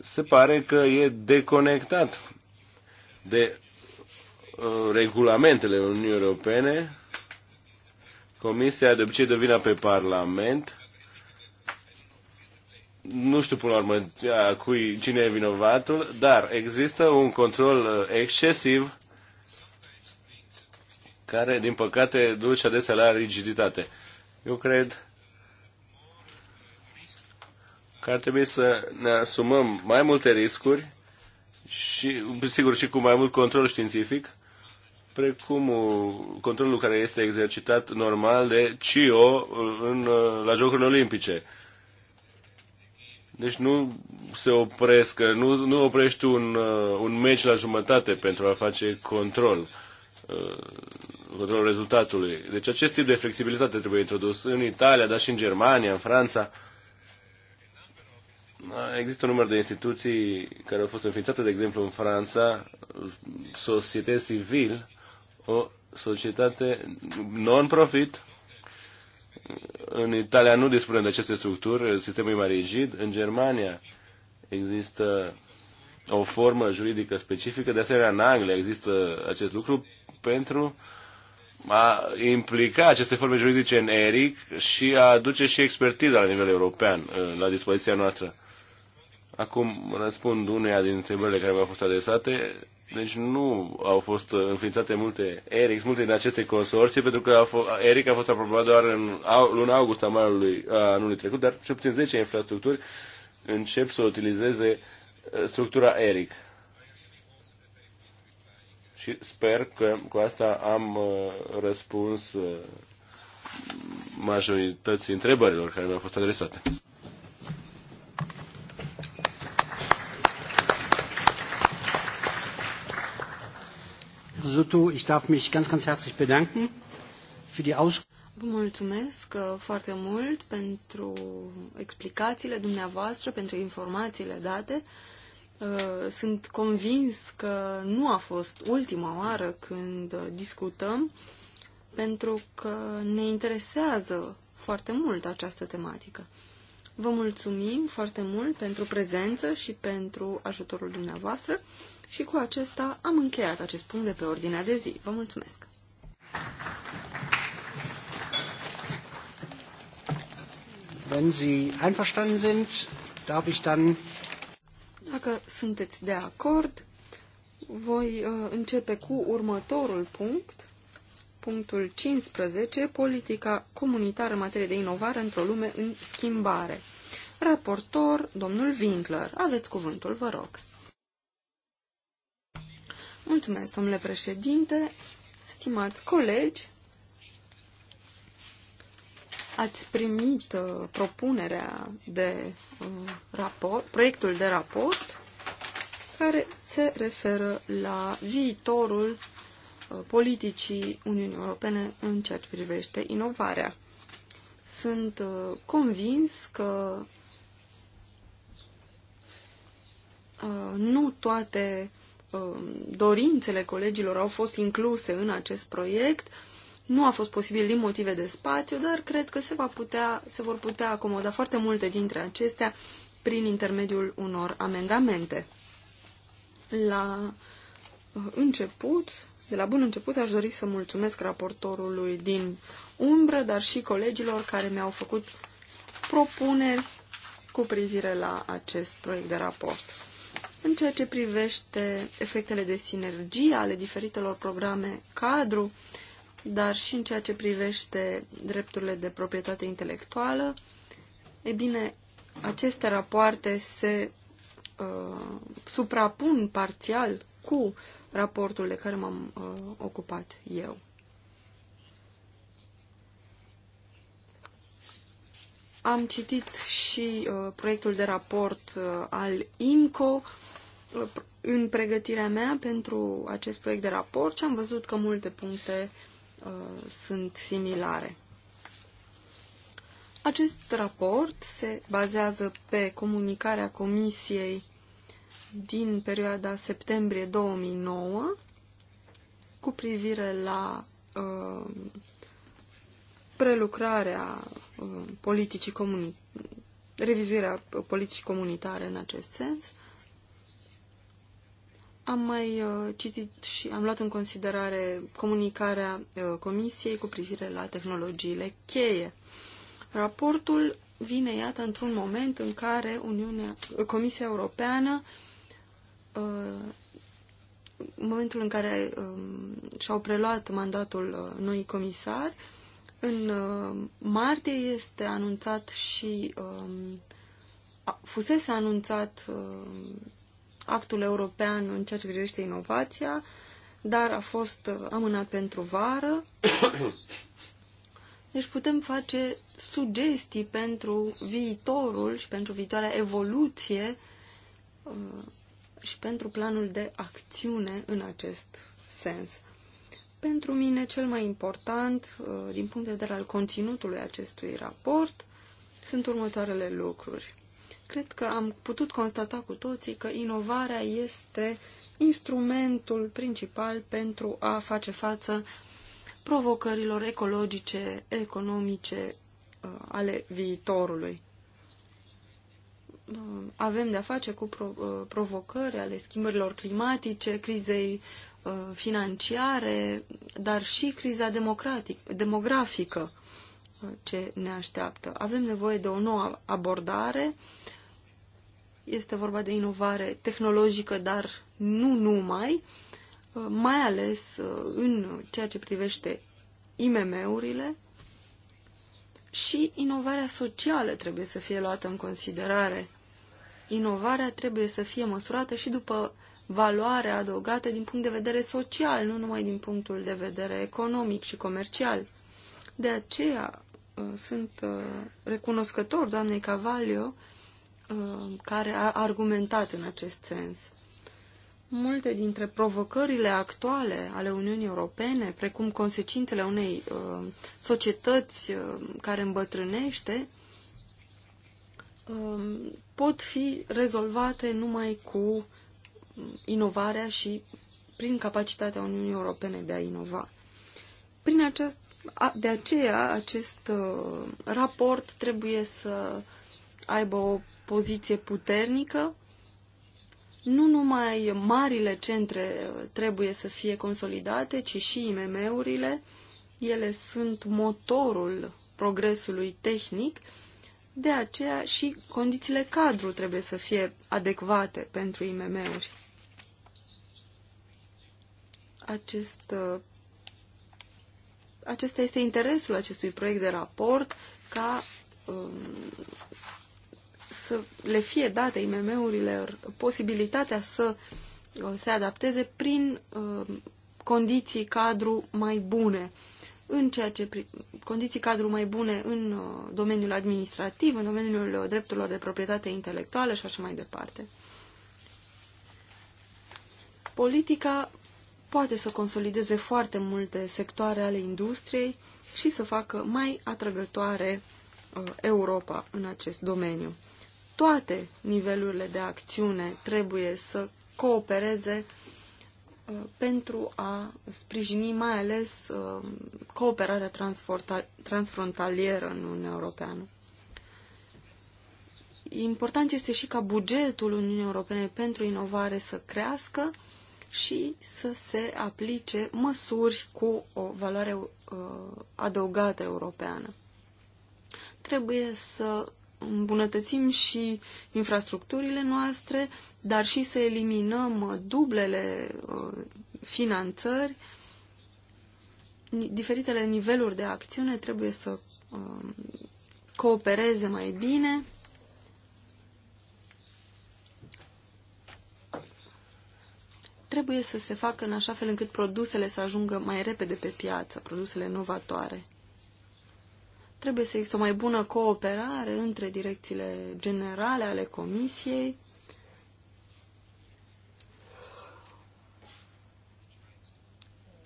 se pare că e deconectat de Uh, regulamentele Uniunii Europene, Comisia de obicei dă vina pe Parlament. Nu știu până la urmă a cui, cine e vinovatul, dar există un control uh, excesiv care, din păcate, duce adesea la rigiditate. Eu cred că ar trebui să ne asumăm mai multe riscuri și, sigur, și cu mai mult control științific, precum controlul care este exercitat normal de CIO uh, în, uh, la Jocurile Olimpice. Deci nu se opresc, uh, nu, nu oprești un, un meci la jumătate pentru a face control, controlul rezultatului. Deci acest tip de flexibilitate trebuie introdus în Italia, dar și în Germania, în Franța. Există un număr de instituții care au fost înființate, de exemplu, în Franța, Societe civile o societate non-profit. În Italia nu dispunem de aceste structuri, sistemul e mai rigid. În Germania există o formă juridică specifică, de asemenea în Anglia există acest lucru pentru a implica aceste forme juridice în ERIC și a aduce și expertiza la nivel european uh, la dispoziția noastră. Acum răspund uneia din întrebările care mi-au fost adresate. Deci nu au fost uh, înființate multe ERIX, multe din aceste consorții, pentru că a ERIC a fost aprobat doar în luna august a, anului, a anului trecut, dar cel puțin 10 infrastructuri încep să utilizeze uh, structura ERIC. Și sper că cu asta am uh, răspuns majorității întrebărilor care mi-au fost adresate. Sutto, ich darf mich ganz, ganz herzlich bedanken für die Aus Vă mulțumesc uh, foarte mult pentru explicațiile dumneavoastră, pentru informațiile date. Uh, sunt convins că nu a fost ultima oară când uh, discutăm, pentru că ne interesează foarte mult această tematică. Vă mulțumim foarte mult pentru prezență și pentru ajutorul dumneavoastră. Și cu acesta am încheiat acest punct de pe ordinea de zi. Vă mulțumesc! Wenn Sie einverstanden sind, darf ich dann... Dacă sunteți de acord, voi uh, începe cu următorul punct, punctul 15, politica comunitară în materie de inovare într-o lume în schimbare. Raportor, domnul Winkler, aveți cuvântul, vă rog. Mulțumesc, domnule președinte, stimați colegi. Ați primit uh, propunerea de uh, raport, proiectul de raport care se referă la viitorul uh, politicii Uniunii Europene în ceea ce privește inovarea. Sunt uh, convins că uh, nu toate Um, dorințele colegilor au fost incluse în acest proiect. Nu a fost posibil din motive de spațiu, dar cred că se, va putea, se vor putea acomoda foarte multe dintre acestea prin intermediul unor amendamente. La uh, început, de la bun început, aș dori să mulțumesc raportorului din umbră, dar și colegilor care mi-au făcut propuneri cu privire la acest proiect de raport. În ceea ce privește efectele de sinergie ale diferitelor programe cadru, dar și în ceea ce privește drepturile de proprietate intelectuală, e bine, aceste rapoarte se uh, suprapun parțial cu raportul de care m-am uh, ocupat eu. Am citit și uh, proiectul de raport uh, al IMCO, uh, în pregătirea mea pentru acest proiect de raport și am văzut că multe puncte uh, sunt similare. Acest raport se bazează pe comunicarea Comisiei din perioada septembrie 2009 cu privire la uh, prelucrarea uh, politicii comunitare, revizuirea politicii comunitare în acest sens, am mai uh, citit și am luat în considerare comunicarea uh, Comisiei cu privire la tehnologiile cheie. Raportul vine, iată, într-un moment în care Uniunea, uh, Comisia Europeană, în momentul în care um, și-au preluat mandatul noi comisar, în martie este anunțat și um, fusese anunțat actul european în ceea ce privește inovația, dar a fost uh, amânat pentru vară. *coughs* Deci putem face sugestii pentru viitorul și pentru viitoarea evoluție uh, și pentru planul de acțiune în acest sens. Pentru mine cel mai important, uh, din punct de vedere al conținutului acestui raport, sunt următoarele lucruri. Cred că am putut constata cu toții că inovarea este instrumentul principal pentru a face față provocărilor ecologice, economice uh, ale viitorului. Uh, avem de-a face cu uh, provocări ale schimbărilor climatice, crizei financiare, dar și criza democratic, demografică ce ne așteaptă. Avem nevoie de o nouă abordare. Este vorba de inovare tehnologică, dar nu numai, mai ales în ceea ce privește IMM-urile și inovarea socială trebuie să fie luată în considerare. Inovarea trebuie să fie măsurată și după valoare adăugată din punct de vedere social, nu numai din punctul de vedere economic și comercial. De aceea Uh, sunt uh, recunoscător doamnei Cavalio uh, care a argumentat în acest sens. Multe dintre provocările actuale ale Uniunii Europene, precum consecințele unei societăți care îmbătrânește, um, pot fi rezolvate numai cu inovarea și prin capacitatea Uniunii Europene de a inova. Prin aceast, de aceea, acest uh, raport trebuie să aibă o poziție puternică. Nu numai marile centre trebuie să fie consolidate, ci și IMM-urile. Ele sunt motorul progresului tehnic, de aceea și condițiile cadru trebuie să fie adecvate pentru IMM-uri. Acest uh, acesta este interesul acestui proiect de raport ca um, să le fie date IMM-urilor posibilitatea să uh, se adapteze prin uh, condiții cadru mai bune în ceea ce condiții cadru mai bune în uh, domeniul administrativ, în domeniul uh, drepturilor de proprietate intelectuală și așa mai departe. Politica poate să consolideze foarte multe sectoare ale industriei și să facă mai atrăgătoare uh, Europa în acest domeniu. Toate nivelurile de acțiune trebuie să coopereze uh, pentru a sprijini mai ales uh, cooperarea transfrontalieră în Uniunea Europeană. Important este și ca bugetul Uniunii Europene pentru inovare să crească și să se aplice măsuri cu o valoare uh, adăugată europeană. Trebuie să îmbunătățim și infrastructurile noastre, dar și să eliminăm dublele uh, finanțări. Diferitele niveluri de acțiune trebuie să uh, coopereze mai bine trebuie să se facă în așa fel încât produsele să ajungă mai repede pe piață, produsele novatoare. Trebuie să există o mai bună cooperare între direcțiile generale ale Comisiei,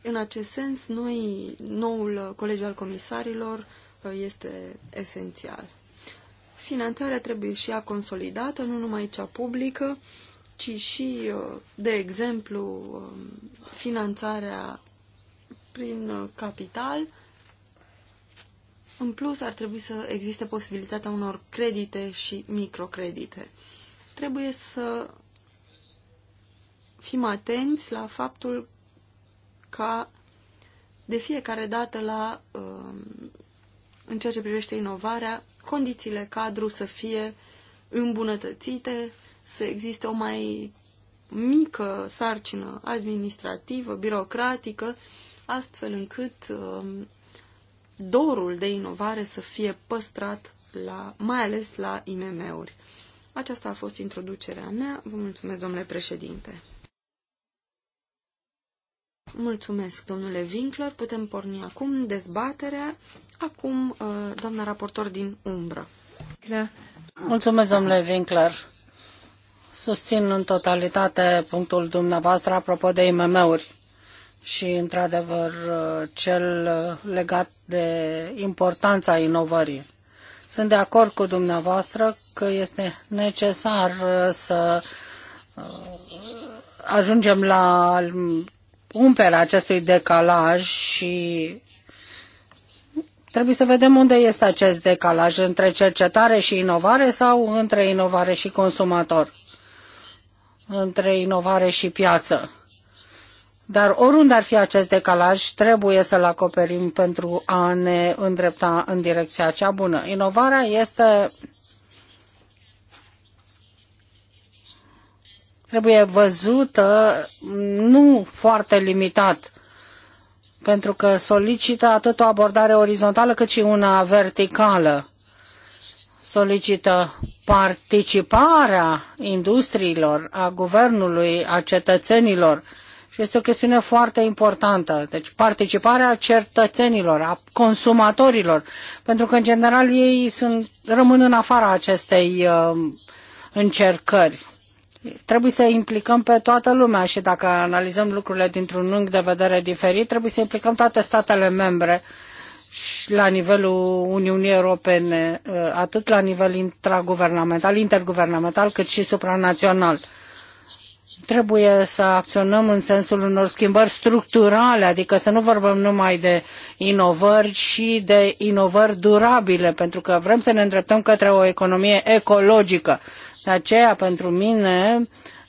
În acest sens, noi, noul colegiu al comisarilor uh, este esențial. Finanțarea trebuie și ea consolidată, nu numai cea publică, ci și, uh, de exemplu, um, finanțarea prin uh, capital. În plus, ar trebui să existe posibilitatea unor credite și microcredite. Trebuie să fim atenți la faptul ca de fiecare dată la, um, în ceea ce privește inovarea, condițiile cadru să fie îmbunătățite, să existe o mai mică sarcină administrativă, birocratică, astfel încât um, dorul de inovare să fie păstrat, la, mai ales la IMM-uri. Aceasta a fost introducerea mea. Vă mulțumesc, domnule președinte. Mulțumesc, domnule Winkler. Putem porni acum dezbaterea. Acum, uh, doamna raportor din umbră. Mulțumesc, domnule Winkler Susțin în totalitate punctul dumneavoastră apropo de IMM-uri și, într-adevăr, cel legat de importanța inovării. Sunt de acord cu dumneavoastră că este necesar să uh, ajungem la umperea acestui decalaj și trebuie să vedem unde este acest decalaj, între cercetare și inovare sau între inovare și consumator între inovare și piață. Dar oriunde ar fi acest decalaj, trebuie să-l acoperim pentru a ne îndrepta în direcția cea bună. Inovarea este trebuie văzută nu foarte limitat, pentru că solicită atât o abordare orizontală cât și una verticală solicită participarea industriilor, a guvernului, a cetățenilor. Și este o chestiune foarte importantă. Deci participarea cetățenilor, a consumatorilor, pentru că în general ei sunt, rămân în afara acestei uh, încercări. Trebuie să implicăm pe toată lumea și dacă analizăm lucrurile dintr-un unghi de vedere diferit, trebuie să implicăm toate statele membre uh, și la nivelul Uniunii Europene, uh, atât la nivel intraguvernamental, interguvernamental, cât și supranațional. Trebuie să acționăm în sensul unor schimbări structurale, adică să nu vorbim numai de inovări și de inovări durabile, pentru că vrem să ne îndreptăm către o economie ecologică. De aceea, pentru mine, uh,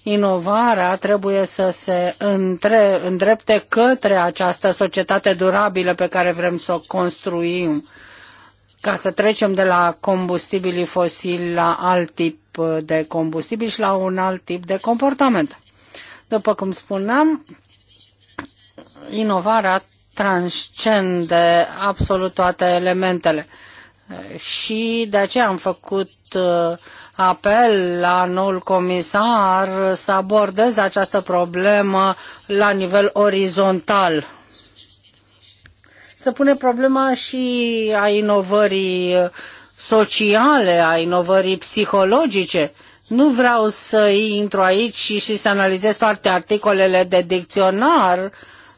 inovarea trebuie să se între, îndrepte către această societate durabilă pe care vrem să o construim, ca să trecem de la combustibilii fosili la alt tip de combustibil și la un alt tip de comportament. După cum spuneam, inovarea transcende absolut toate elementele. Și de aceea am făcut apel la noul comisar să abordeze această problemă la nivel orizontal. Se pune problema și a inovării sociale, a inovării psihologice. Nu vreau să intru aici și, și să analizez toate articolele de dicționar,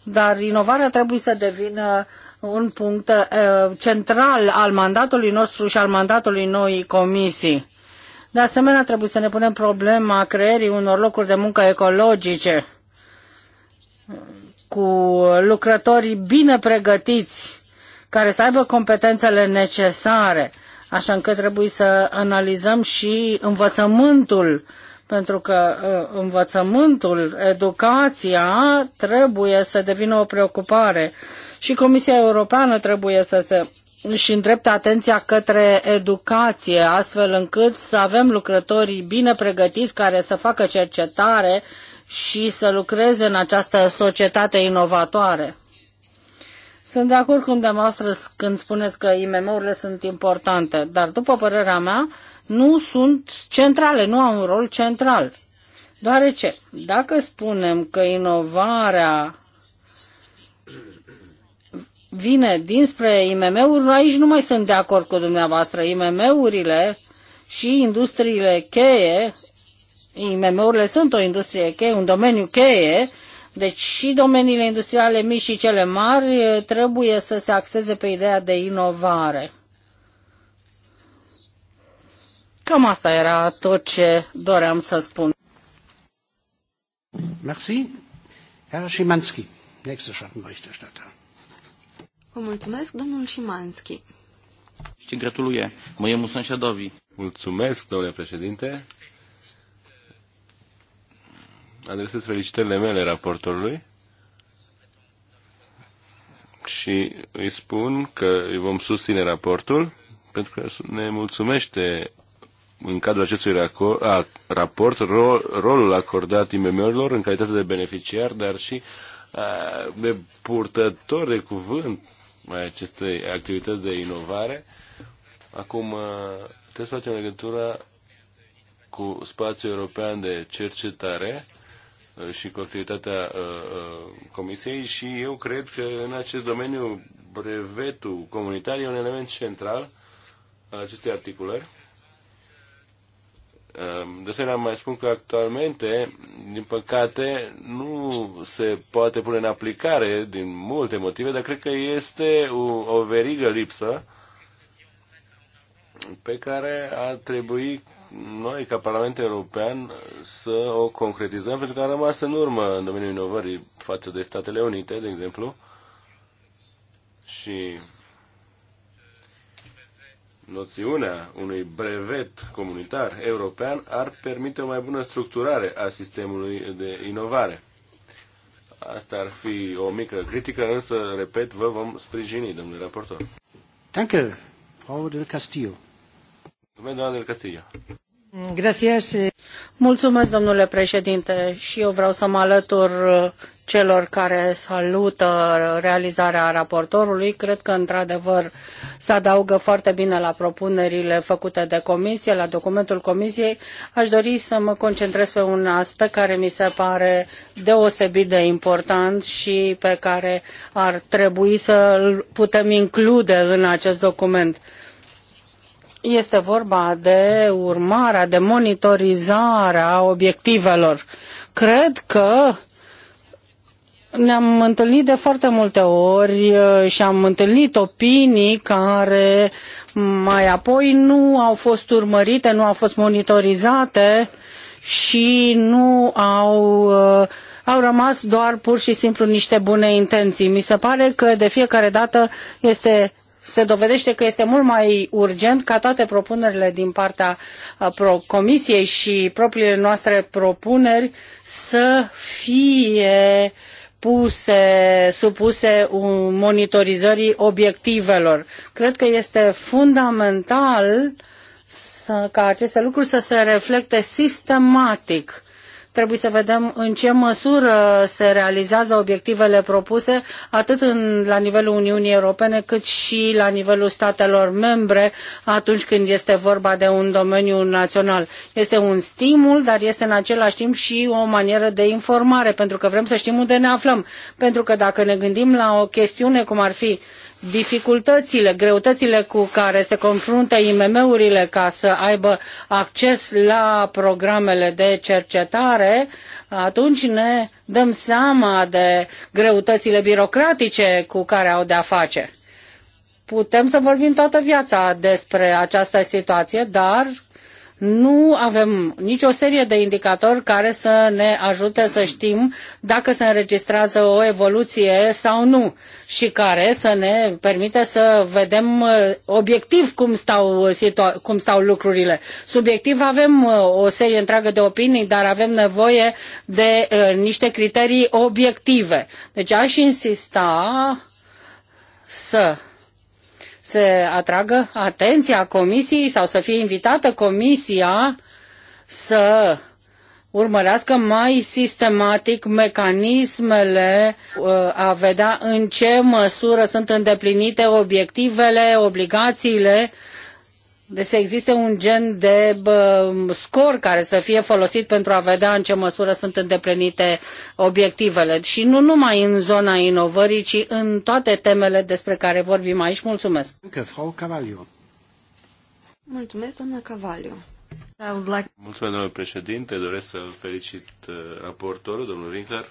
dar inovarea trebuie să devină un punct uh, central al mandatului nostru și al mandatului noii comisii. De asemenea, trebuie să ne punem problema creierii unor locuri de muncă ecologice cu lucrătorii bine pregătiți, care să aibă competențele necesare, așa încât trebuie să analizăm și învățământul, pentru că uh, învățământul, educația trebuie să devină o preocupare și Comisia Europeană trebuie să se și îndreptă atenția către educație, astfel încât să avem lucrătorii bine pregătiți care să facă cercetare și să lucreze în această societate inovatoare. Sunt de acord cu dumneavoastră când spuneți că IMM-urile sunt importante, dar după părerea mea, nu sunt centrale, nu au un rol central. Deoarece, dacă spunem că inovarea vine dinspre IMM-uri, aici nu mai sunt de acord cu dumneavoastră. IMM-urile și industriile cheie, IMM-urile sunt o industrie cheie, un domeniu cheie, deci și domeniile industriale mici și cele mari eh, trebuie să se axeze pe ideea de inovare. Cam asta era tot ce doream să spun. Merci. Herr Schimanski, nächste Schattenberichterstatter. Vă mulțumesc, domnul Șimanski. Și gratuluie, mojemu sąsiadowi. Mulțumesc, domnule președinte. Adresez felicitările mele raportorului și îi spun că îi vom susține raportul pentru că ne mulțumește în cadrul acestui raport rolul acordat IMM-urilor în calitate de beneficiar, dar și de purtător de cuvânt aceste activități de inovare. Acum, uh, trebuie să facem legătura cu spațiul european de cercetare uh, și cu activitatea uh, Comisiei și eu cred că în acest domeniu brevetul comunitar e un element central al acestei articulări Ehm, de asemenea, mai spun că actualmente, din păcate, nu se poate pune în aplicare din multe motive, dar cred că este o, o verigă lipsă pe care ar trebui noi, ca Parlament European, să o concretizăm, pentru că a rămas în urmă în domeniul inovării față de Statele Unite, de exemplu. Și noțiunea unui brevet comunitar european ar permite o mai bună structurare a sistemului de inovare. Asta ar fi o mică critică, însă, repet, vă vom sprijini, domnule raportor. Danke, Frau del Castillo. Domnule doamna del Castillo. Gracias. Mulțumesc, domnule președinte, și eu vreau să mă alătur celor care salută realizarea raportorului. Cred că, într-adevăr, se adaugă foarte bine la propunerile făcute de comisie, la documentul comisiei. Aș dori să mă concentrez pe un aspect care mi se pare deosebit de important și pe care ar trebui să îl putem include în acest document. Este vorba de urmarea, de monitorizarea obiectivelor. Cred că ne-am întâlnit de foarte multe ori uh, și am întâlnit opinii care mm, mai apoi nu au fost urmărite, nu au fost monitorizate și nu au, uh, au rămas doar pur și simplu niște bune intenții. Mi se pare că de fiecare dată este se dovedește că este mult mai urgent ca toate propunerile din partea uh, Comisiei și propriile noastre propuneri să fie uh, puse, supuse monitorizării obiectivelor. Cred că este fundamental să, ca aceste lucruri să se reflecte sistematic Trebuie să vedem în ce măsură se realizează obiectivele propuse, atât în, la nivelul Uniunii Europene, cât și la nivelul statelor membre, atunci când este vorba de un domeniu național. Este un stimul, dar este în același timp și o manieră de informare, pentru că vrem să știm unde ne aflăm. Pentru că dacă ne gândim la o chestiune cum ar fi dificultățile, greutățile cu care se confruntă IMM-urile ca să aibă acces la programele de cercetare, atunci ne dăm seama de greutățile birocratice cu care au de-a face. Putem să vorbim toată viața despre această situație, dar nu avem nicio serie de indicatori care să ne ajute să știm dacă se înregistrează o evoluție sau nu și care să ne permite să vedem uh, obiectiv cum stau, cum stau lucrurile. Subiectiv avem uh, o serie întreagă de opinii, dar avem nevoie de uh, niște criterii obiective. Deci aș insista să să atragă atenția comisiei sau să fie invitată comisia să urmărească mai sistematic mecanismele uh, a vedea în ce măsură sunt îndeplinite obiectivele, obligațiile să existe un gen de bă, scor care să fie folosit pentru a vedea în ce măsură sunt îndeplinite obiectivele. Și nu numai în zona inovării, ci în toate temele despre care vorbim aici. Mulțumesc! Mulțumesc, doamna Cavaliu! Mulțumesc, domnule președinte. Doresc să felicit uh, raportorul, domnul Winkler.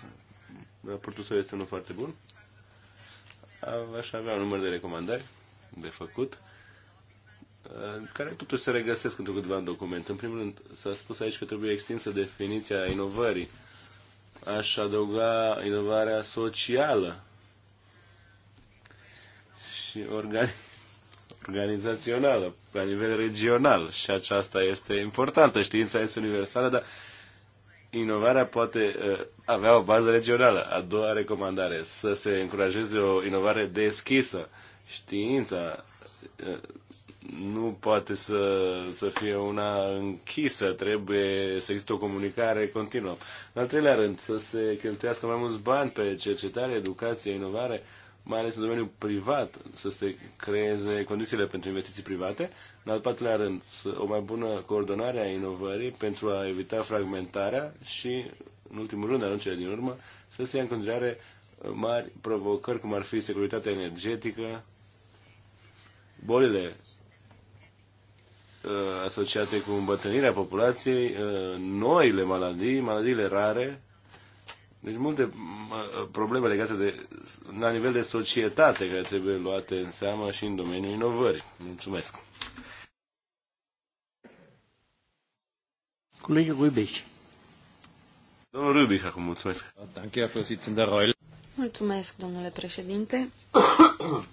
Raportul său este unul foarte bun. Aș avea un număr de recomandări de făcut Uh, care totuși se regăsesc într-o câteva în document. În primul rând, s-a spus aici că trebuie extinsă definiția inovării. Aș adăuga inovarea socială și organi- organizațională, la nivel regional. Și aceasta este importantă. Știința este universală, dar inovarea poate uh, avea o bază regională. A doua recomandare, să se încurajeze o inovare deschisă. Știința uh, nu poate să, să fie una închisă, trebuie să existe o comunicare continuă. În al treilea rând, să se cheltuiască mai mulți bani pe cercetare, educație, inovare, mai ales în domeniul privat, să se creeze condițiile pentru investiții private. În al patrulea rând, o mai bună coordonare a inovării pentru a evita fragmentarea și, în ultimul rând, în cele din urmă, să se ia în considerare mari provocări, cum ar fi securitatea energetică, bolile Uh, asociate cu îmbătrânirea populației, uh, noile maladii, maladiile rare, deci multe uh, probleme legate de, la nivel de societate care trebuie luate în seamă și în domeniul inovării. Mulțumesc. Colegă Rubic. Domnul Rubic, acum mulțumesc. Mulțumesc, domnule președinte. *coughs*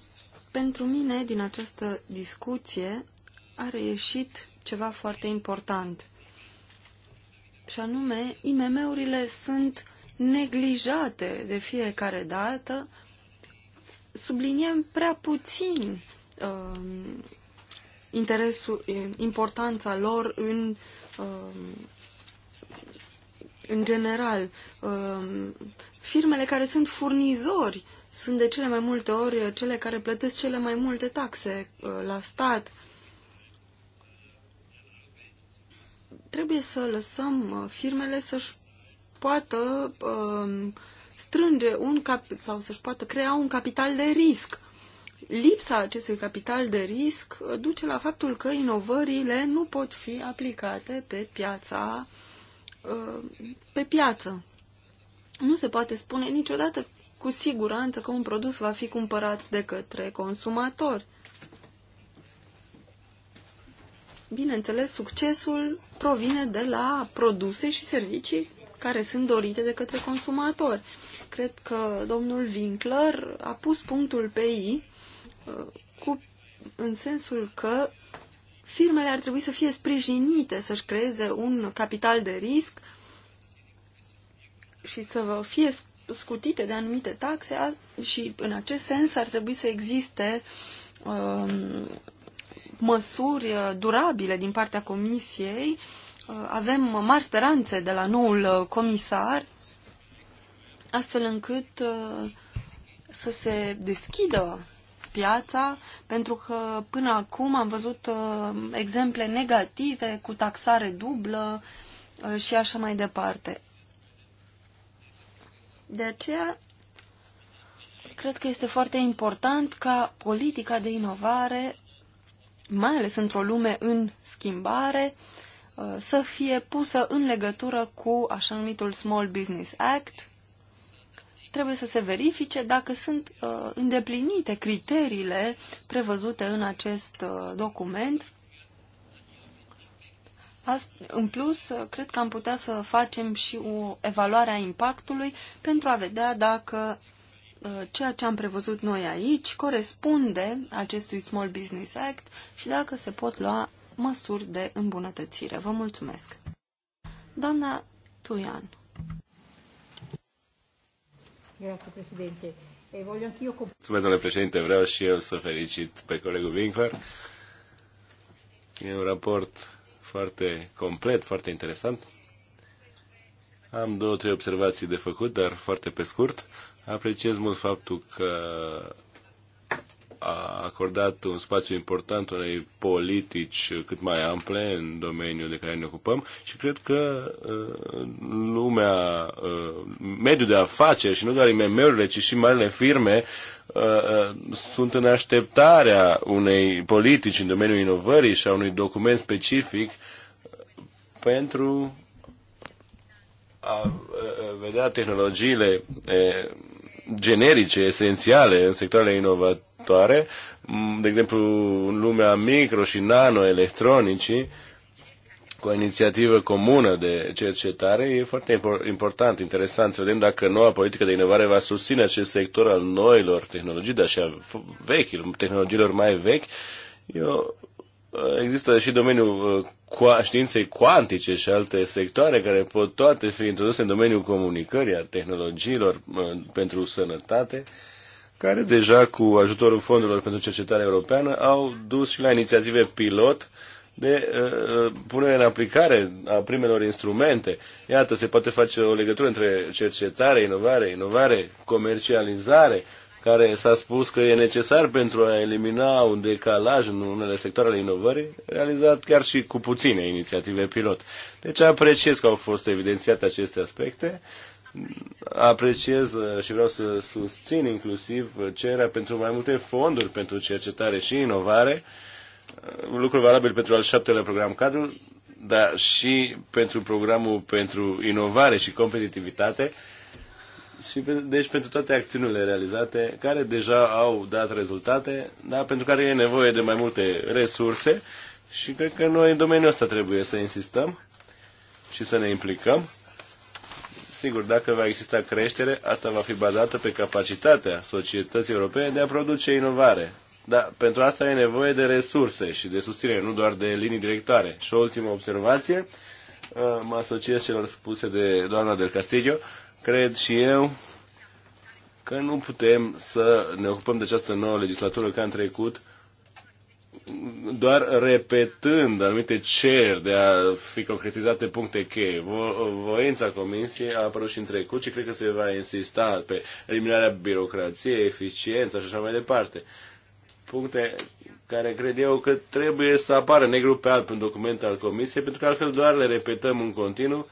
Pentru mine, din această discuție, a reieșit ceva foarte important. Și anume, IMM-urile sunt neglijate de fiecare dată, subliniem prea puțin uh, interesul, um, importanța lor în, uh, în general. Uh, firmele care sunt furnizori sunt de cele mai multe ori cele care plătesc cele mai multe taxe uh, la stat. Uh, Trebuie să lăsăm uh, firmele să-și poată uh, strânge un cap sau să-și poată crea un capital de risc. Lipsa acestui capital de risc uh, duce la faptul că inovările nu pot fi aplicate pe piața uh, pe piață. Nu se poate spune niciodată cu siguranță că un produs va fi cumpărat de către consumatori. Bineînțeles, succesul provine de la produse și servicii care sunt dorite de către consumatori. Cred că domnul Winkler a pus punctul pe I uh, cu, în sensul că firmele ar trebui să fie sprijinite să-și creeze un capital de risc și să fie scutite de anumite taxe și în acest sens ar trebui să existe um, măsuri uh, durabile din partea Comisiei. Uh, avem mari speranțe de la noul uh, comisar, astfel încât să se deschidă piața, pentru că până acum am văzut exemple negative cu taxare dublă și așa mai departe. De aceea, cred că este foarte important ca politica de inovare mai ales într-o lume în schimbare, uh, să fie pusă în legătură cu așa numitul Small Business Act. Trebuie să se verifice dacă sunt uh, îndeplinite criteriile prevăzute în acest uh, document. În plus, cred că am putea să facem și o evaluare a impactului pentru a vedea dacă Uh, ceea ce am prevăzut noi aici corespunde acestui Small Business Act și dacă se pot lua măsuri de îmbunătățire. Vă mulțumesc. Doamna Tuian. Grazie, E voglio anch'io... Mulțumesc, domnule președinte. Vreau și eu să felicit pe colegul Winkler. E un raport foarte complet, foarte interesant. Am două, trei observații de făcut, dar foarte pe scurt. Apreciez mult faptul că a acordat un spațiu important unei politici cât mai ample în domeniul de care ne ocupăm și cred că uh, lumea, uh, mediul de afaceri și nu doar IMM-urile, ci și marile firme uh, sunt în așteptarea unei politici în domeniul inovării și a unui document specific pentru a vedea tehnologiile generice, esențiale în sectoarele inovatoare, de exemplu în lumea micro și nanoelectronicii, cu o inițiativă comună de cercetare, e foarte important, interesant să vedem dacă noua politică de inovare va susține acest sector al noilor tehnologii, dar și al vechilor, tehnologiilor mai vechi. eu Uh, există și domeniul uh, științei cuantice și alte sectoare care pot toate fi introduse în domeniul comunicării, a tehnologiilor uh, pentru sănătate, care deja cu ajutorul fondurilor pentru cercetare europeană au dus și la inițiative pilot de uh, punere în aplicare a primelor instrumente. Iată, se poate face o legătură între cercetare, inovare, inovare, comercializare, care s-a spus că e necesar pentru a elimina un decalaj în unele sectoare ale inovării, realizat chiar și cu puține inițiative pilot. Deci apreciez că au fost evidențiate aceste aspecte, apreciez uh, și vreau să susțin inclusiv cererea pentru mai multe fonduri pentru cercetare și inovare, uh, lucru valabil pentru al șaptelea program cadru, dar și pentru programul pentru inovare și competitivitate, și deci pentru toate acțiunile realizate, care deja au dat rezultate, dar pentru care e nevoie de mai multe resurse și cred că noi în domeniul ăsta trebuie să insistăm și să ne implicăm. Sigur, dacă va exista creștere, asta va fi bazată pe capacitatea societății europene de a produce inovare. Dar pentru asta e nevoie de resurse și de susținere, nu doar de linii directoare. Și o ultimă observație, uh, mă asociez celor spuse de doamna Del Castillo, Cred și eu că nu putem să ne ocupăm de această nouă legislatură ca în trecut doar repetând anumite ceri de a fi concretizate puncte cheie. Vo- voința Comisiei a apărut și în trecut și cred că se va insista pe eliminarea birocrației, eficiența și așa mai departe. Puncte care cred eu că trebuie să apară negru pe alb în document al Comisiei, pentru că altfel doar le repetăm în continuu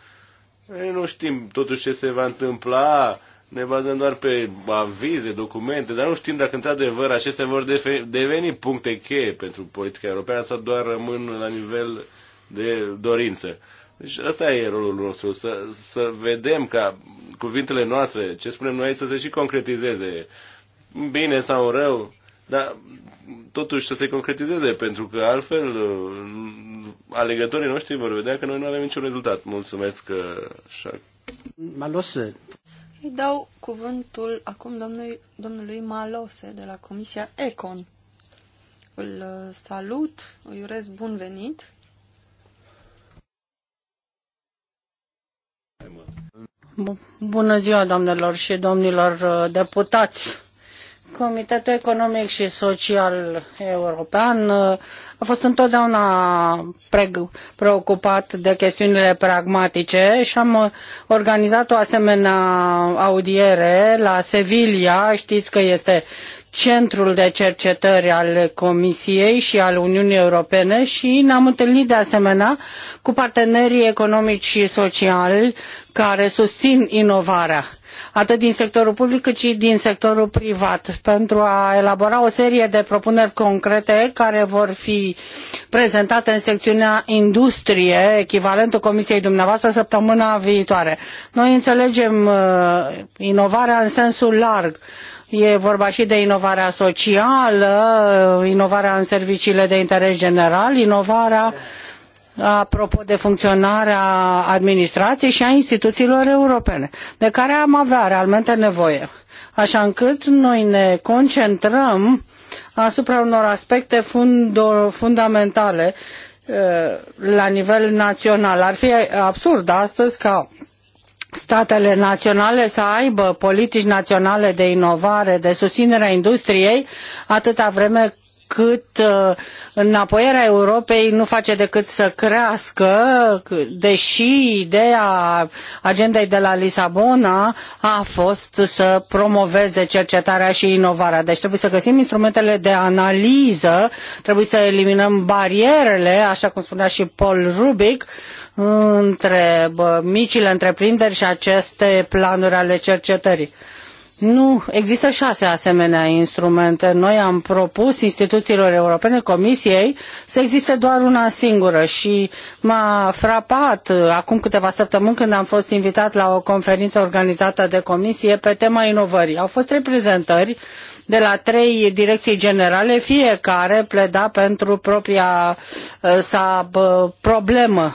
E, nu știm totuși ce se va întâmpla, ne bazăm doar pe avize, documente, dar nu știm dacă într-adevăr acestea vor deveni puncte cheie pentru politica europeană sau doar rămân la nivel de dorință. Deci asta e rolul nostru, să, să vedem ca cuvintele noastre, ce spunem noi, să se și concretizeze. Bine sau rău, dar totuși să se concretizeze, pentru că altfel uh, alegătorii noștri vor vedea că noi nu avem niciun rezultat. Mulțumesc că uh, așa. Malose. Îi dau cuvântul acum domnului, domnului Malose de la Comisia Econ. Îl uh, salut, îi urez bun venit. Bună ziua, doamnelor și domnilor deputați! Comitetul Economic și Social European uh, a fost întotdeauna preocupat de chestiunile pragmatice și am uh, organizat o asemenea audiere la Sevilla. Știți că este centrul de cercetări al Comisiei și al Uniunii Europene și ne-am întâlnit de asemenea cu partenerii economici și sociali care susțin inovarea atât din sectorul public cât și din sectorul privat, pentru a elabora o serie de propuneri concrete care vor fi prezentate în secțiunea industrie, echivalentul Comisiei dumneavoastră, săptămâna viitoare. Noi înțelegem uh, inovarea în sensul larg. E vorba și de inovarea socială, uh, inovarea în serviciile de interes general, inovarea apropo de funcționarea administrației și a instituțiilor europene, de care am avea realmente nevoie. Așa încât noi ne concentrăm asupra unor aspecte fundamentale uh, la nivel național. Ar fi absurd astăzi ca statele naționale să aibă politici naționale de inovare, de susținere a industriei, atâta vreme cât uh, înapoierea Europei nu face decât să crească, deși ideea agendei de la Lisabona a fost să promoveze cercetarea și inovarea. Deci trebuie să găsim instrumentele de analiză, trebuie să eliminăm barierele, așa cum spunea și Paul Rubic, între micile întreprinderi și aceste planuri ale cercetării. Nu, există șase asemenea instrumente. Noi am propus instituțiilor europene, comisiei, să existe doar una singură și m-a frapat acum câteva săptămâni când am fost invitat la o conferință organizată de comisie pe tema inovării. Au fost trei prezentări de la trei direcții generale, fiecare pleda pentru propria uh, sa problemă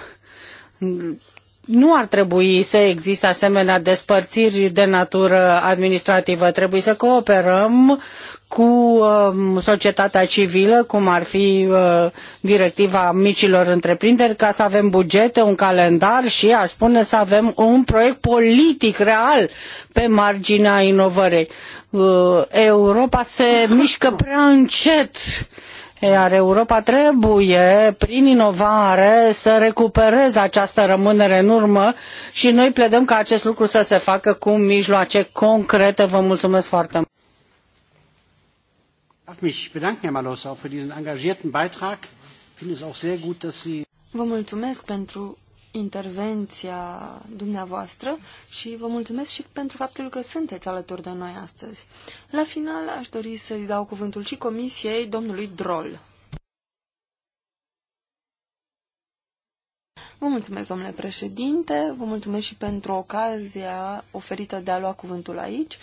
nu ar trebui să existe asemenea despărțiri de natură administrativă. Trebuie să cooperăm cu um, societatea civilă, cum ar fi uh, directiva micilor întreprinderi, ca să avem bugete, un calendar și, aș spune, să avem un proiect politic real pe marginea inovării. Uh, Europa se mișcă prea încet iar Europa trebuie, prin inovare, să recupereze această rămânere în urmă și noi pledăm ca acest lucru să se facă cu mijloace concrete. Vă mulțumesc foarte mult! Vă mulțumesc pentru intervenția dumneavoastră și vă mulțumesc și pentru faptul că sunteți alături de noi astăzi. La final aș dori să-i dau cuvântul și comisiei domnului Drol. Vă mulțumesc, domnule președinte, vă mulțumesc și pentru ocazia oferită de a lua cuvântul aici.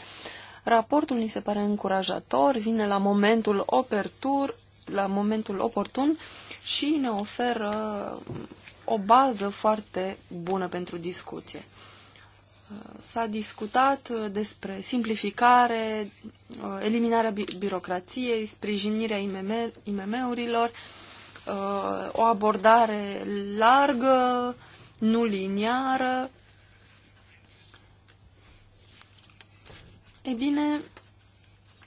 Raportul mi se pare încurajator, vine la momentul opertur, la momentul oportun și ne oferă o bază foarte bună pentru discuție. S-a discutat uh, despre simplificare, uh, eliminarea birocrației, sprijinirea IMM-urilor, uh, o abordare largă, nu liniară. E bine,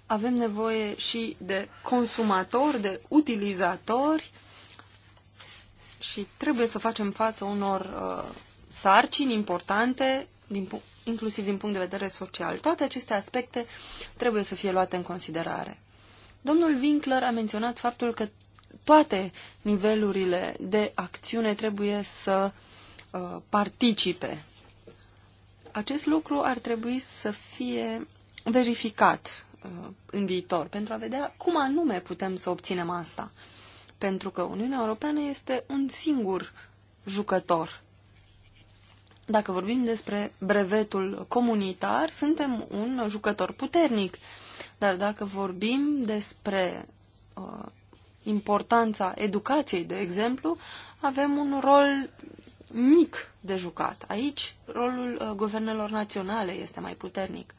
avem nevoie și de consumatori, de utilizatori, și trebuie să facem față unor uh, sarcini importante, din, inclusiv din punct de vedere social. Toate aceste aspecte trebuie să fie luate în considerare. Domnul Winkler a menționat faptul că toate nivelurile de acțiune trebuie să uh, participe. Acest lucru ar trebui să fie verificat uh, în viitor pentru a vedea cum anume putem să obținem asta. Uh, pentru că Uniunea Europeană este un singur jucător. Dacă vorbim despre brevetul comunitar, suntem un jucător puternic. Dar dacă vorbim despre uh, importanța educației, de exemplu, avem un rol mic de jucat. Aici rolul uh, guvernelor naționale este mai puternic.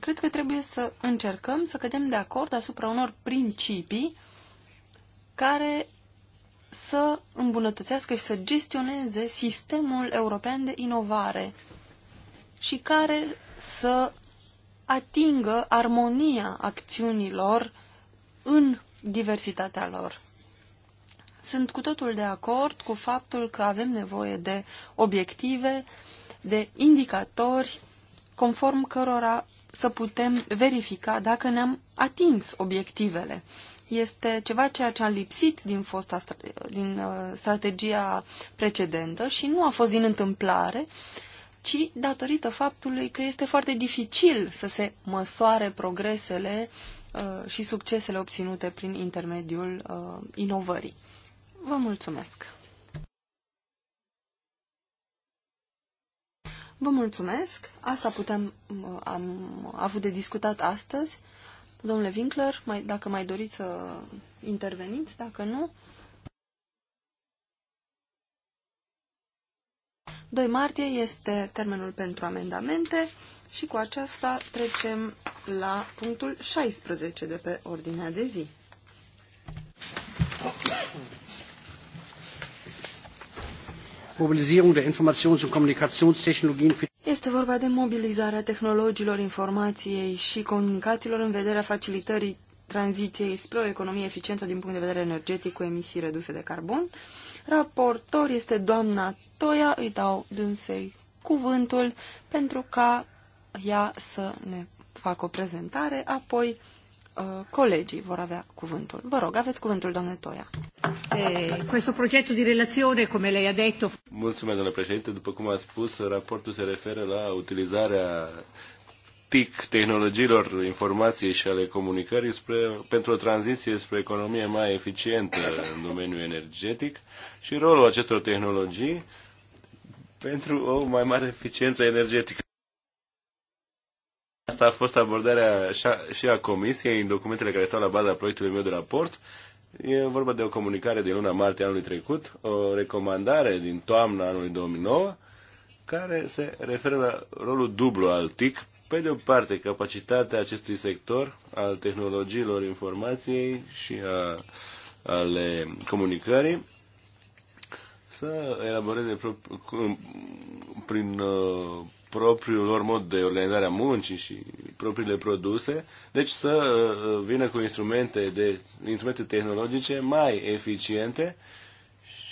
Cred că trebuie să încercăm să cădem de acord asupra unor principii care să îmbunătățească și să gestioneze sistemul european de inovare și care să atingă armonia acțiunilor în diversitatea lor. Sunt cu totul de acord cu faptul că avem nevoie de obiective, de indicatori conform cărora să putem verifica dacă ne-am atins obiectivele este ceva ceea ce a lipsit din, fosta, din uh, strategia precedentă și nu a fost din întâmplare, ci datorită faptului că este foarte dificil să se măsoare progresele uh, și succesele obținute prin intermediul uh, inovării. Vă mulțumesc! Vă mulțumesc! Asta putem, am avut de discutat astăzi. Domnule Winkler, mai, dacă mai doriți să interveniți, dacă nu... 2 martie este termenul pentru amendamente și cu aceasta trecem la punctul 16 de pe ordinea de zi. Okay este vorba de mobilizarea tehnologiilor informației și comunicațiilor în vederea facilitării tranziției spre o economie eficientă din punct de vedere energetic cu emisii reduse de carbon. Raportor este doamna Toia, îi dau dânsei cuvântul pentru ca ea să ne facă o prezentare, apoi Uh, colegii vor avea cuvântul. Vă rog, aveți cuvântul, doamne Toia. Eh, questo progetto di relazione, come lei ha detto... Mulțumesc, domnule președinte. După cum a spus, raportul se referă la utilizarea TIC, tehnologiilor informației și ale comunicării spre, pentru o tranziție spre economie mai eficientă în domeniul energetic și rolul acestor tehnologii pentru o mai mare eficiență energetică. Asta a fost abordarea și a comisiei în documentele care stau la baza proiectului meu de raport. E vorba de o comunicare din luna martie anului trecut, o recomandare din toamna anului 2009, care se referă la rolul dublu al TIC. Pe de o parte, capacitatea acestui sector al tehnologiilor informației și a, ale comunicării să elaboreze prin uh, propriul lor mod de organizare a muncii și propriile produse, deci să uh, vină cu instrumente, de, instrumente tehnologice mai eficiente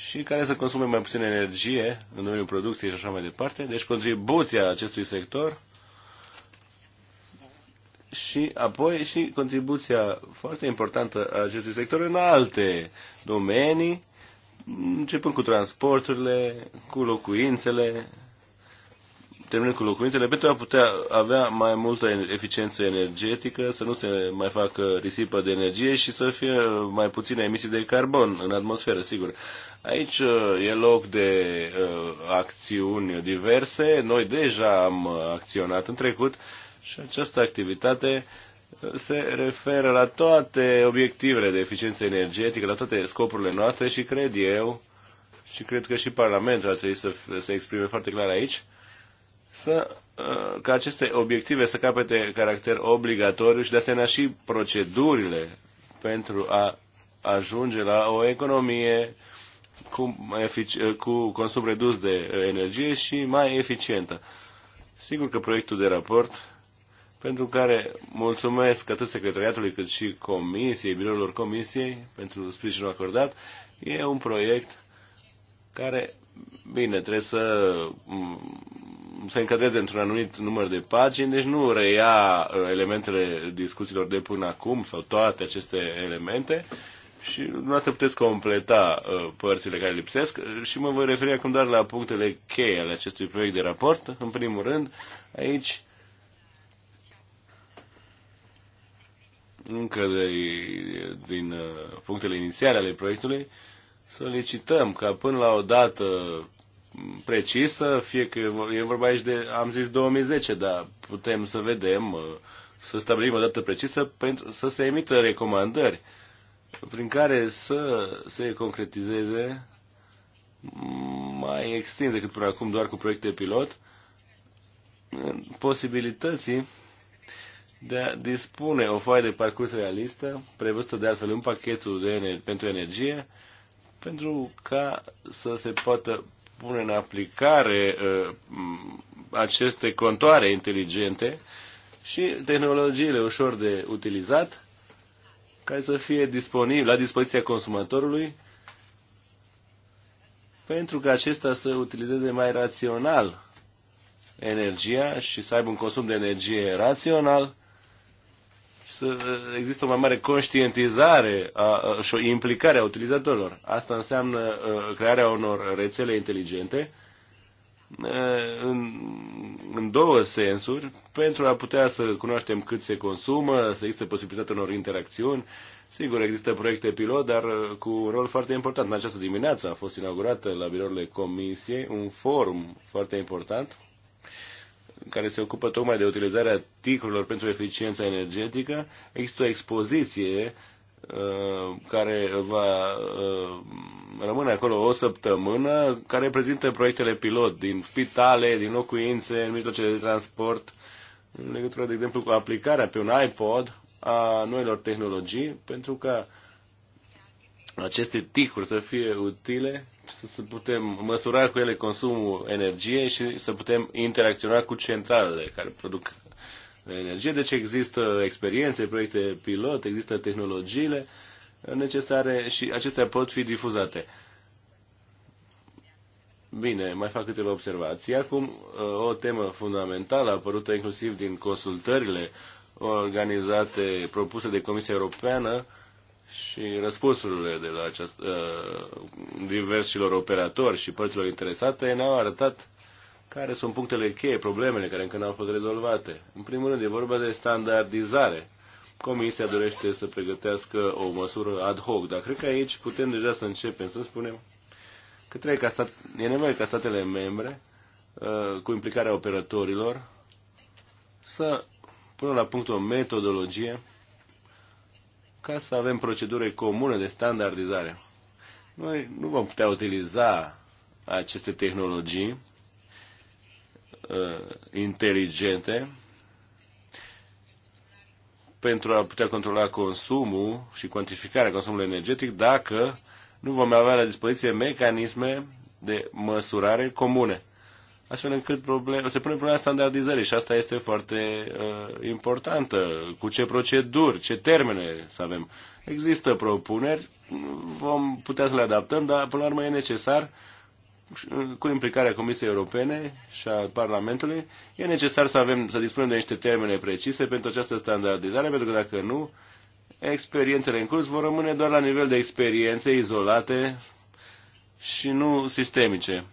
și care să consume mai puțin energie în domeniul producției și așa mai departe. Deci contribuția acestui sector și apoi și contribuția foarte importantă a acestui sector în alte domenii începând cu transporturile, cu locuințele, terminând cu locuințele, pentru a putea avea mai multă eficiență energetică, să nu se mai facă risipă de energie și să fie mai puține emisii de carbon în atmosferă, sigur. Aici uh, e loc de uh, acțiuni diverse. Noi deja am uh, acționat în trecut și această activitate uh, se referă la toate obiectivele de eficiență energetică, la toate scopurile noastre și cred eu, și cred că și Parlamentul ar trebui să se exprime foarte clar aici, să, uh, ca aceste obiective să capete caracter obligatoriu și de asemenea și procedurile pentru a ajunge la o economie cu, uh, cu consum redus de uh, energie și mai eficientă. Sigur că proiectul de raport pentru care mulțumesc atât secretariatului cât și comisiei, birourilor comisiei pentru sprijinul acordat. E un proiect care, bine, trebuie să mm, se încadreze într-un anumit număr de pagini, deci nu reia uh, elementele discuțiilor de până acum sau toate aceste elemente și dumneavoastră puteți completa uh, părțile care lipsesc și mă voi referi acum doar la punctele cheie ale acestui proiect de raport. În primul rând, aici încă de, din uh, punctele inițiale ale proiectului, solicităm ca până la o dată precisă, fie că e vorba aici de, am zis 2010, dar putem să vedem, uh, să stabilim o dată precisă pentru să se emită recomandări prin care să se concretizeze mai extins decât până acum doar cu proiecte pilot posibilității de a dispune o foaie de parcurs realistă, prevăzută de altfel în pachetul de, pentru energie, pentru ca să se poată pune în aplicare uh, aceste contoare inteligente și tehnologiile ușor de utilizat, care să fie disponibil la dispoziția consumatorului, pentru ca acesta să utilizeze mai rațional energia și să aibă un consum de energie rațional să există o mai mare conștientizare a, și o implicare a utilizatorilor. Asta înseamnă uh, crearea unor rețele inteligente uh, în, în două sensuri, pentru a putea să cunoaștem cât se consumă, să există posibilitatea unor interacțiuni. Sigur, există proiecte pilot, dar cu un rol foarte important. În această dimineață a fost inaugurată la birourile Comisiei un forum foarte important care se ocupă tocmai de utilizarea ticurilor pentru eficiența energetică. Există o expoziție uh, care va uh, rămâne acolo o săptămână, care prezintă proiectele pilot din spitale, din locuințe, în mijloace de transport, în legătură, de exemplu, cu aplicarea pe un iPod a noilor tehnologii, pentru ca aceste ticuri să fie utile să putem măsura cu ele consumul energiei și să putem interacționa cu centralele care produc energie. Deci există experiențe, proiecte pilot, există tehnologiile necesare și acestea pot fi difuzate. Bine, mai fac câteva observații. Acum, o temă fundamentală apărută inclusiv din consultările organizate, propuse de Comisia Europeană, și răspunsurile de la aceast, uh, diversilor operatori și părților interesate ne-au arătat care sunt punctele cheie, problemele care încă n-au fost rezolvate. În primul rând, e vorba de standardizare. Comisia dorește să pregătească o măsură ad hoc, dar cred că aici putem deja să începem să spunem că trebuie ca stat, e nevoie ca statele membre, uh, cu implicarea operatorilor, să pună la punct o metodologie ca să avem proceduri comune de standardizare. Noi nu vom putea utiliza aceste tehnologii uh, inteligente pentru a putea controla consumul și cuantificarea consumului energetic dacă nu vom avea la dispoziție mecanisme de măsurare comune astfel încât problem, se pune problema standardizării și asta este foarte uh, importantă. Cu ce proceduri, ce termene să avem. Există propuneri, vom putea să le adaptăm, dar până la urmă e necesar uh, cu implicarea Comisiei Europene și a Parlamentului, e necesar să avem, să dispunem de niște termene precise pentru această standardizare, pentru că dacă nu, experiențele în curs vor rămâne doar la nivel de experiențe izolate și nu sistemice.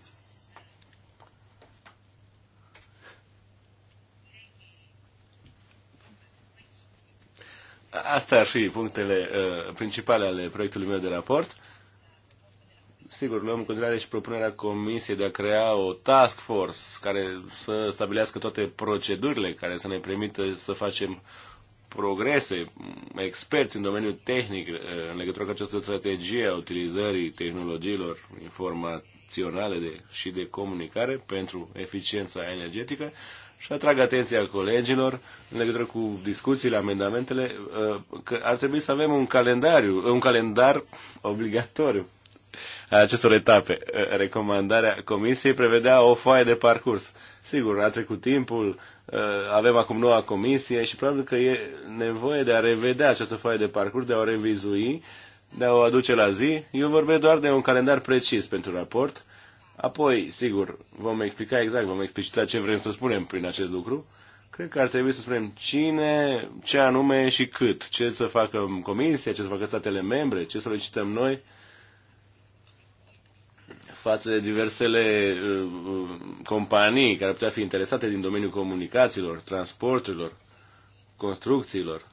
Asta ar fi punctele uh, principale ale proiectului meu de raport. Sigur, luăm în continuare și propunerea Comisiei de a crea o task force care să stabilească toate procedurile care să ne permită să facem progrese, mm, experți în domeniul tehnic uh, în legătură cu această strategie a utilizării tehnologiilor informaționale de, și de comunicare pentru eficiența energetică și atrag atenția colegilor în legătură cu discuțiile, amendamentele, uh, că ar trebui să avem un calendariu, un calendar obligatoriu a acestor etape. Uh, recomandarea comisiei prevedea o foaie de parcurs. Sigur, a trecut timpul, uh, avem acum noua comisie și probabil că e nevoie de a revedea această foaie de parcurs, de a o revizui, de a o aduce la zi. Eu vorbesc doar de un calendar precis pentru raport Apoi, sigur, vom explica exact, vom explicita ce vrem să spunem prin acest lucru. Cred că ar trebui să spunem cine, ce anume și cât, ce să facă Comisia, ce să facă statele membre, ce solicităm noi față de diversele uh, companii care ar putea fi interesate din domeniul comunicațiilor, transporturilor, construcțiilor,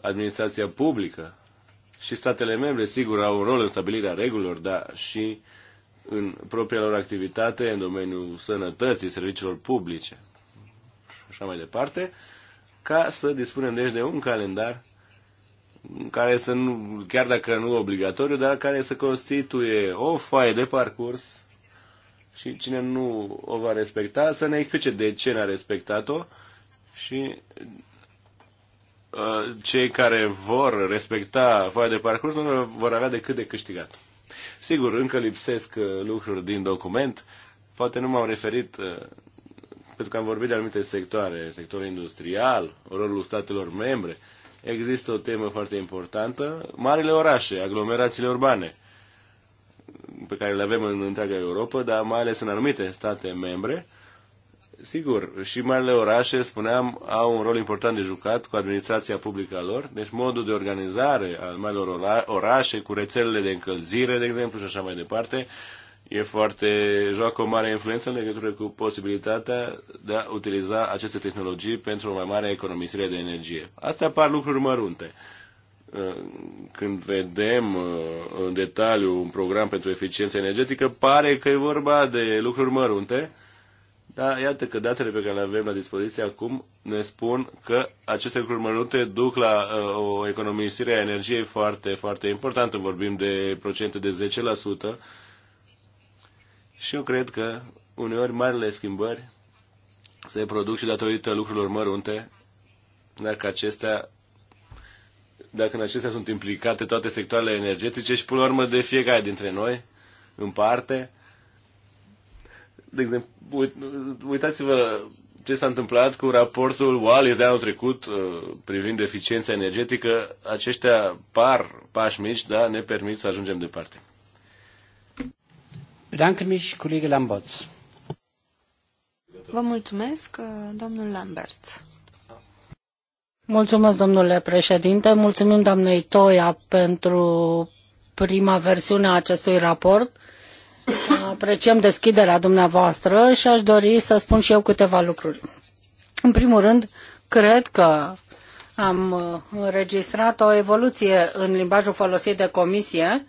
administrația publică. Și statele membre, sigur, au un rol în stabilirea regulilor, dar și uh, în propria lor activitate, în domeniul sănătății, serviciilor publice și așa mai departe, ca să dispunem deci de un calendar care să nu, chiar dacă nu obligatoriu, dar care să constituie o foaie de parcurs și cine nu o va respecta să ne explice de ce n-a respectat-o și uh, cei care vor respecta foaia de parcurs nu vor avea decât de câștigat. Sigur, încă lipsesc uh, lucruri din document, poate nu m-am referit, uh, pentru că am vorbit de anumite sectoare, sectorul industrial, rolul statelor membre, există o temă foarte importantă, marile orașe, aglomerațiile urbane, pe care le avem în întreaga Europa, dar mai ales în anumite state membre, Sigur, și marile orașe, spuneam, au un rol important de jucat cu administrația publică a lor, deci modul de organizare al marilor orașe, cu rețelele de încălzire, de exemplu, și așa mai departe, e foarte, joacă o mare influență în legătură cu posibilitatea de a utiliza aceste tehnologii pentru o mai mare economisire de energie. Astea par lucruri mărunte. Când vedem uh, în detaliu un program pentru eficiență energetică, pare că e vorba de lucruri mărunte, da, iată că datele pe care le avem la dispoziție acum ne spun că aceste lucruri mărunte duc la uh, o economisire a energiei foarte, foarte importantă. Vorbim de procente de 10%. Și eu cred că uneori marile schimbări se produc și datorită lucrurilor mărunte, dacă acestea dacă în acestea sunt implicate toate sectoarele energetice și, până la urmă, de fiecare dintre noi, în parte, de exemplu, uitați-vă ce s-a întâmplat cu raportul Wallis de anul trecut uh, privind eficiența energetică. Aceștia par pași mici, dar ne permit să ajungem departe. Bedanke mich, colegă Vă mulțumesc, uh, domnul Lambert. Mulțumesc, domnule președinte. Mulțumim doamnei Toia pentru prima versiune a acestui raport Apreciem deschiderea dumneavoastră și aș dori să spun și eu câteva lucruri. În primul rând, cred că am uh, înregistrat o evoluție în limbajul folosit de comisie.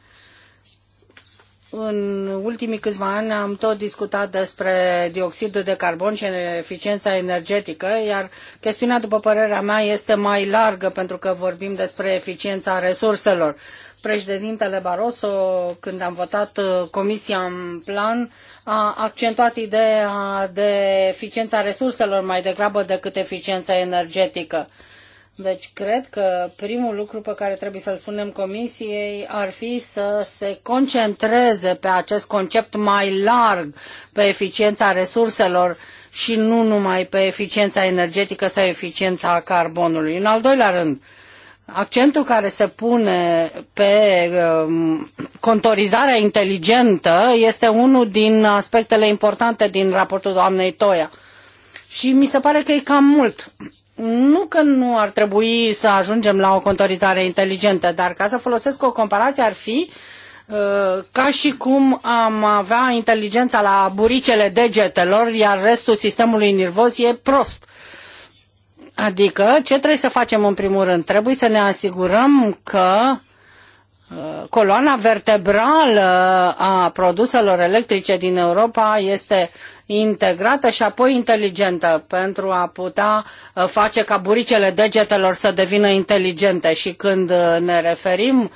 În ultimii câțiva ani am tot discutat despre dioxidul de carbon și eficiența energetică, iar chestiunea, după părerea mea, este mai largă pentru că vorbim despre eficiența resurselor președintele Barroso, când am votat uh, Comisia în plan, a accentuat ideea de eficiența resurselor mai degrabă decât eficiența energetică. Deci cred că primul lucru pe care trebuie să-l spunem Comisiei ar fi să se concentreze pe acest concept mai larg, pe eficiența resurselor și nu numai pe eficiența energetică sau eficiența carbonului. În al doilea rând, uh, accentul care se pune pe um, contorizarea inteligentă este unul din aspectele importante din raportul doamnei Toia. Și mi se pare că e cam mult. Nu că nu ar trebui să ajungem la o contorizare inteligentă, dar ca să folosesc o comparație ar fi uh, ca și cum am avea inteligența la buricele degetelor, iar restul sistemului nervos e prost. Adică, ce trebuie să facem în primul rând? Trebuie să ne asigurăm că uh, coloana vertebrală a produselor electrice din Europa este integrată și apoi inteligentă pentru a putea uh, face ca buricele degetelor să devină inteligente și când uh, ne referim uh,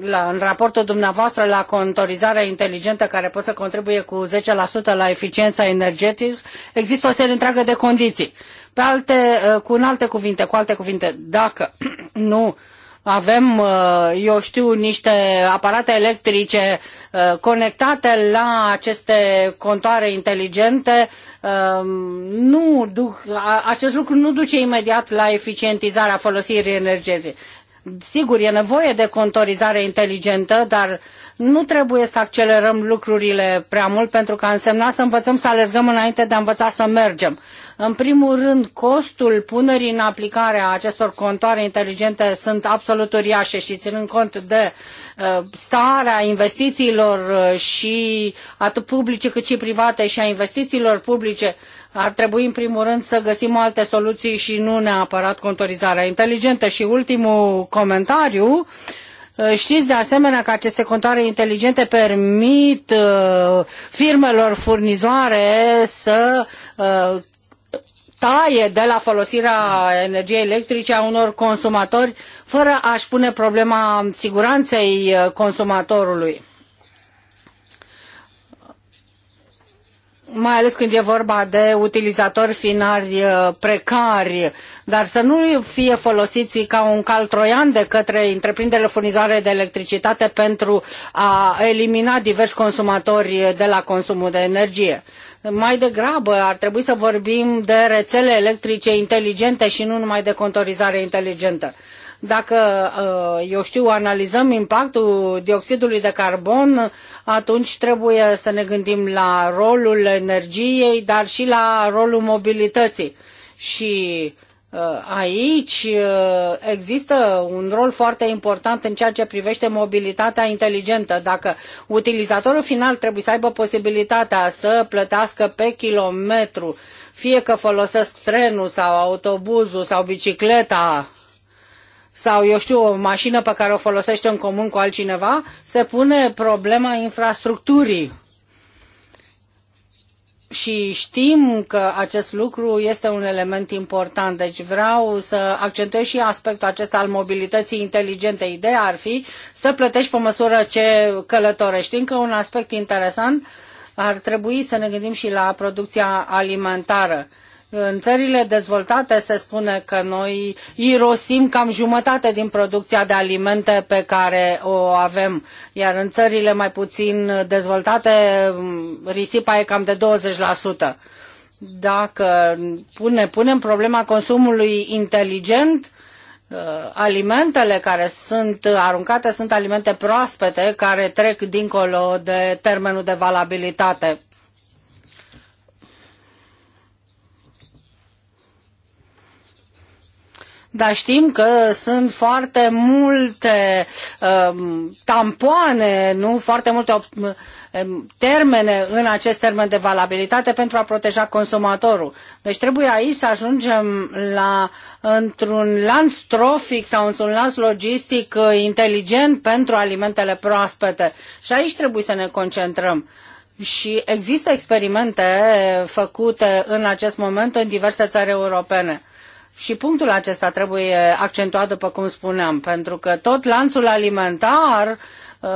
la, în raportul dumneavoastră la contorizarea inteligentă care poate să contribuie cu 10% la eficiența energetică, există o serie întreagă de condiții. Pe alte, uh, cu în alte cuvinte, cu alte cuvinte, dacă *clears throat* nu avem, uh, eu știu, niște aparate electrice uh, conectate la aceste contoare inteligente, nu duc, acest lucru nu duce imediat la eficientizarea folosirii energetice. Sigur, e nevoie de contorizare inteligentă, dar nu trebuie să accelerăm lucrurile prea mult pentru că însemna să învățăm să alergăm înainte de a învăța să mergem. În primul rând, costul punerii în aplicare a acestor contoare inteligente sunt absolut uriașe și ținând cont de uh, starea investițiilor uh, și atât publice cât și private și a investițiilor publice, ar trebui în primul rând să găsim alte soluții și nu neapărat contorizarea inteligentă. Și ultimul comentariu, uh, Știți de asemenea că aceste contoare inteligente permit uh, firmelor furnizoare să uh, taie de la folosirea energiei electrice a unor consumatori fără a-și pune problema siguranței consumatorului. mai ales când e vorba de utilizatori finari uh, precari, dar să nu fie folosiți ca un cal troian de către întreprinderile furnizoare de electricitate pentru a elimina diversi consumatori de la consumul de energie. Mai degrabă ar trebui să vorbim de rețele electrice inteligente și nu numai de contorizare inteligentă. Dacă, uh, eu știu, analizăm impactul dioxidului de carbon, atunci trebuie să ne gândim la rolul energiei, dar și la rolul mobilității. Și uh, Aici uh, există un rol foarte important în ceea ce privește mobilitatea inteligentă. Dacă utilizatorul final trebuie să aibă posibilitatea să plătească pe kilometru, fie că folosesc trenul sau autobuzul sau bicicleta sau, eu știu, o mașină pe care o folosește în comun cu altcineva, se pune problema infrastructurii. Și știm că acest lucru este un element important, deci vreau să accentuez și aspectul acesta al mobilității inteligente. Ideea ar fi să plătești pe măsură ce călătorești. Încă un aspect interesant, ar trebui să ne gândim și la producția alimentară în țările dezvoltate se spune că noi irosim cam jumătate din producția de alimente pe care o avem, iar în țările mai puțin dezvoltate risipa e cam de 20%. Dacă ne punem problema consumului inteligent, uh, alimentele care sunt aruncate sunt alimente proaspete care trec dincolo de termenul de valabilitate dar știm că sunt foarte multe um, tampoane, nu foarte multe um, termene în acest termen de valabilitate pentru a proteja consumatorul. Deci trebuie aici să ajungem la într-un lanț trofic sau într-un lanț logistic uh, inteligent pentru alimentele proaspete. Și aici trebuie să ne concentrăm. Și există experimente făcute în acest moment în diverse țări europene și punctul acesta trebuie accentuat, după cum spuneam, pentru că tot lanțul alimentar uh,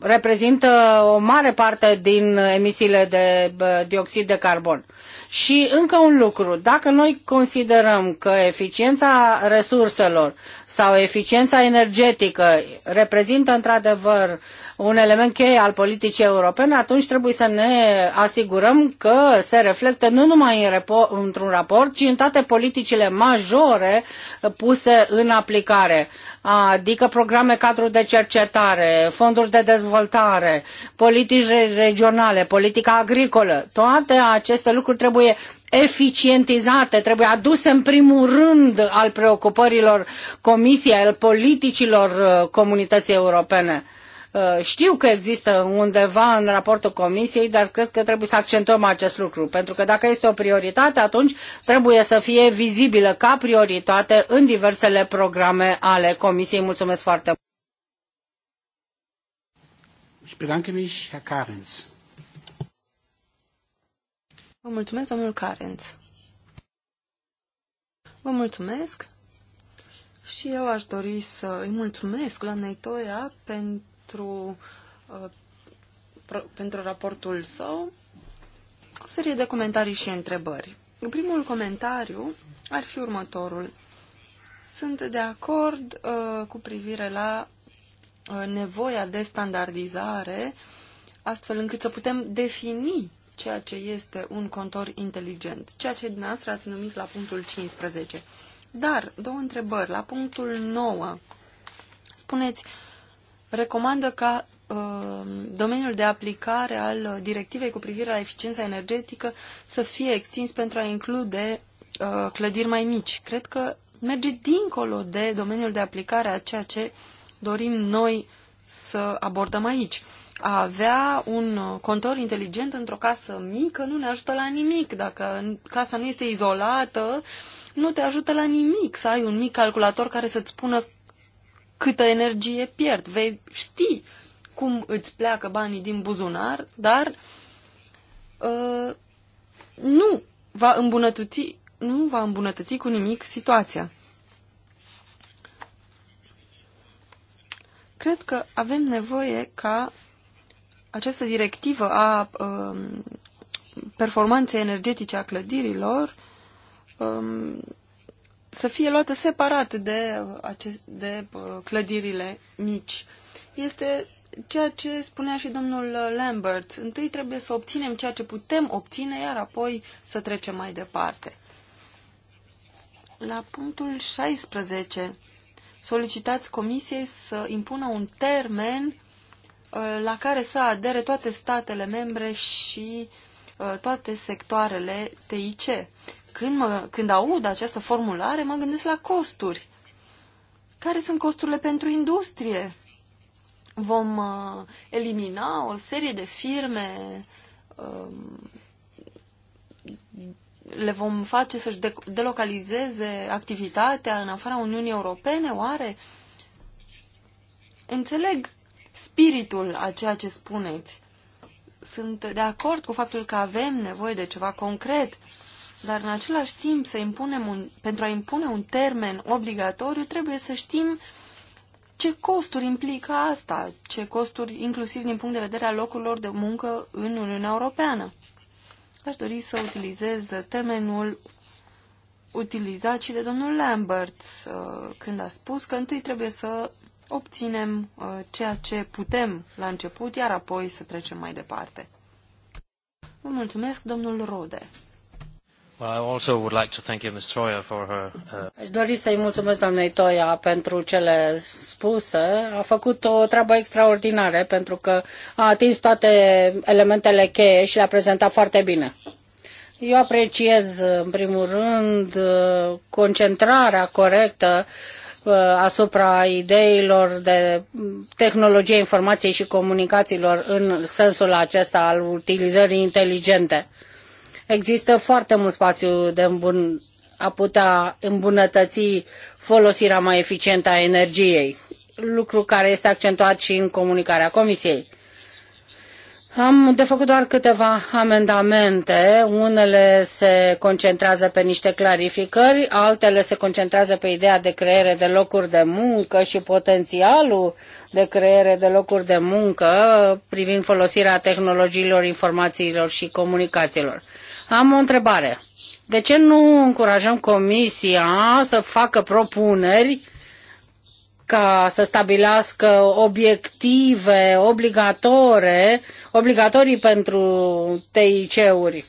reprezintă o mare parte din emisiile de uh, dioxid de carbon. Și încă un lucru, dacă noi considerăm că eficiența resurselor sau eficiența energetică reprezintă într-adevăr un element cheie al politicii europene, atunci trebuie să ne asigurăm că se reflectă nu numai în într-un raport, ci în toate politicile majore puse în aplicare, adică programe cadru de cercetare, fonduri de dezvoltare, politici regionale, politica agricolă. Toate aceste lucruri trebuie eficientizate, trebuie aduse în primul rând al preocupărilor Comisiei, al politicilor uh, comunității europene. Uh, știu că există undeva în raportul comisiei, dar cred că trebuie să accentuăm acest lucru, pentru că dacă este o prioritate, atunci trebuie să fie vizibilă ca prioritate în diversele programe ale comisiei. Mulțumesc foarte mult! Ich bedanke mich, Herr Vă mulțumesc, domnul Carenț. Vă mulțumesc. Și eu aș dori să îi mulțumesc doamnei Toia pentru pentru, uh, pentru raportul său o serie de comentarii și întrebări. primul comentariu ar fi următorul. Sunt de acord uh, cu privire la uh, nevoia de standardizare, astfel încât să putem defini ceea ce este un contor inteligent, ceea ce dumneavoastră ați numit la punctul 15. Dar, două întrebări. La punctul 9, spuneți, uh, recomandă ca uh, domeniul de aplicare al directivei cu privire la eficiența energetică să fie extins pentru a include uh, clădiri mai mici. Cred că merge dincolo de domeniul de aplicare a ceea ce dorim noi să abordăm aici. A avea un contor inteligent într-o casă mică nu ne ajută la nimic. Dacă casa nu este izolată, nu te ajută la nimic să ai un mic calculator care să-ți spună câtă energie pierd. Vei ști cum îți pleacă banii din buzunar, dar uh, nu va îmbunătăți, nu va îmbunătăți cu nimic situația. Cred că avem nevoie ca această directivă a uh, performanței energetice a clădirilor um, să fie luată separat de, de uh, clădirile mici. Este ceea ce spunea și domnul uh, Lambert. Întâi trebuie să obținem ceea ce putem obține, iar apoi să trecem mai departe. La punctul 16 solicitați Comisiei să impună un termen uh, la care să adere toate statele membre și toate sectoarele TIC. Când, mă, când aud această formulare, mă gândesc la costuri. Care sunt costurile pentru industrie? Vom uh, elimina o serie de firme, uh, le vom face să-și de- delocalizeze activitatea în afara Uniunii Europene, oare? Înțeleg spiritul a ceea ce spuneți. Sunt de acord cu faptul că avem nevoie de ceva concret, dar în același timp să impunem un, pentru a impune un termen obligatoriu trebuie să știm ce costuri implică asta, ce costuri inclusiv din punct de vedere al locurilor de muncă în Uniunea Europeană. Aș dori să utilizez termenul utilizat și de domnul Lambert uh, când a spus că întâi trebuie să obținem uh, ceea ce putem la început, iar apoi să trecem mai departe. Vă mulțumesc, domnul Rode. Aș dori să-i mulțumesc doamnei Toia pentru cele spuse. A făcut o treabă extraordinară pentru că a atins toate elementele cheie și le-a prezentat foarte bine. Eu apreciez, în primul rând, uh, concentrarea corectă uh, asupra ideilor de tehnologie informației și comunicațiilor în sensul acesta al utilizării inteligente Există foarte mult spațiu de îmbun- a putea îmbunătăți folosirea mai eficientă a energiei, lucru care este accentuat și în comunicarea Comisiei. Am de făcut doar câteva amendamente, unele se concentrează pe niște clarificări, altele se concentrează pe ideea de creere de locuri de muncă și potențialul de creere de locuri de muncă privind folosirea tehnologiilor informațiilor și comunicațiilor. Am o întrebare. De ce nu încurajăm Comisia să facă propuneri ca să stabilească obiective obligatorie, obligatorii pentru TIC-uri?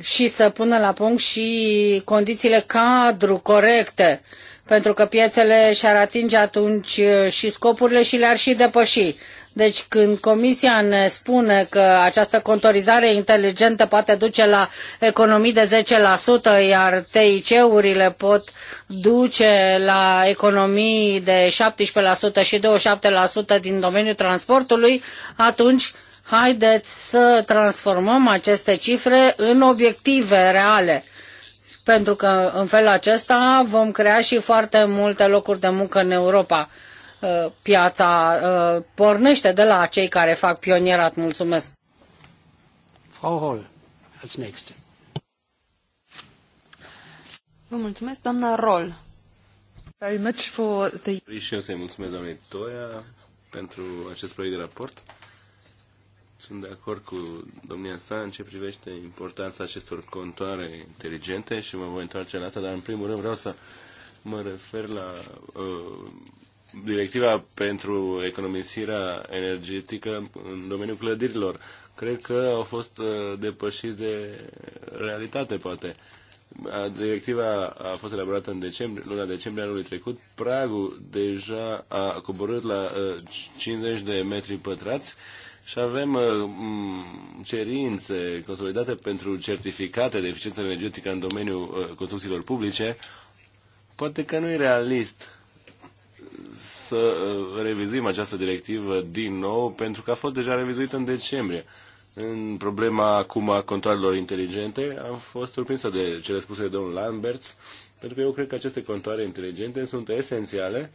și să pună la punct și condițiile cadru corecte, pentru că piețele și-ar atinge atunci și scopurile și le-ar și depăși. Deci când Comisia ne spune că această contorizare inteligentă poate duce la economii de 10%, iar TIC-urile pot duce la economii de 17% și 27% din domeniul transportului, atunci haideți să transformăm aceste cifre în obiective reale pentru că în felul acesta vom crea și foarte multe locuri de muncă în Europa. Uh, piața uh, pornește de la cei care fac pionierat. Mulțumesc. Frau Hall, als nächste. Vă mulțumesc, doamna Roll. Very much for the... Și eu să-i mulțumesc doamnei Toia pentru acest proiect de raport. Sunt de acord cu domnia sa în ce privește importanța acestor contoare inteligente și mă voi întoarce la asta, dar în primul rând vreau să mă refer la uh, directiva pentru economisirea energetică în domeniul clădirilor. Cred că au fost uh, depășiți de realitate, poate. Directiva a fost elaborată în decembrie, luna decembrie anului trecut. Pragul deja a coborât la 50 uh, de metri pătrați și avem uh, cerințe consolidate pentru certificate de eficiență energetică în domeniul construcțiilor publice. Poate că nu e realist să uh, revizuim această directivă din nou, pentru că a fost deja revizuită în decembrie. În problema acum a contoarelor inteligente, am fost surprinsă de cele spuse de domnul Lamberts, pentru că eu cred că aceste contoare inteligente sunt esențiale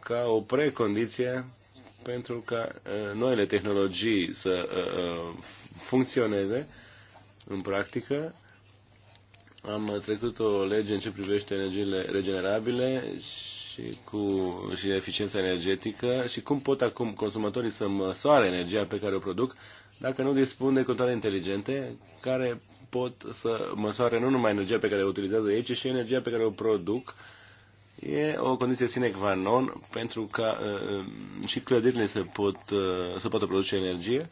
ca o precondiție pentru ca uh, noile tehnologii să uh, funcționeze în practică. Am trecut o lege în ce privește energiile regenerabile și cu și eficiența energetică și cum pot acum consumatorii să măsoare energia pe care o produc dacă nu dispun de contoare inteligente care pot să măsoare nu numai energia pe care o utilizează ei, ci și energia pe care o produc. E o condiție sine qua non pentru ca uh, uh și clădirile să, pot, uh, să poată produce energie.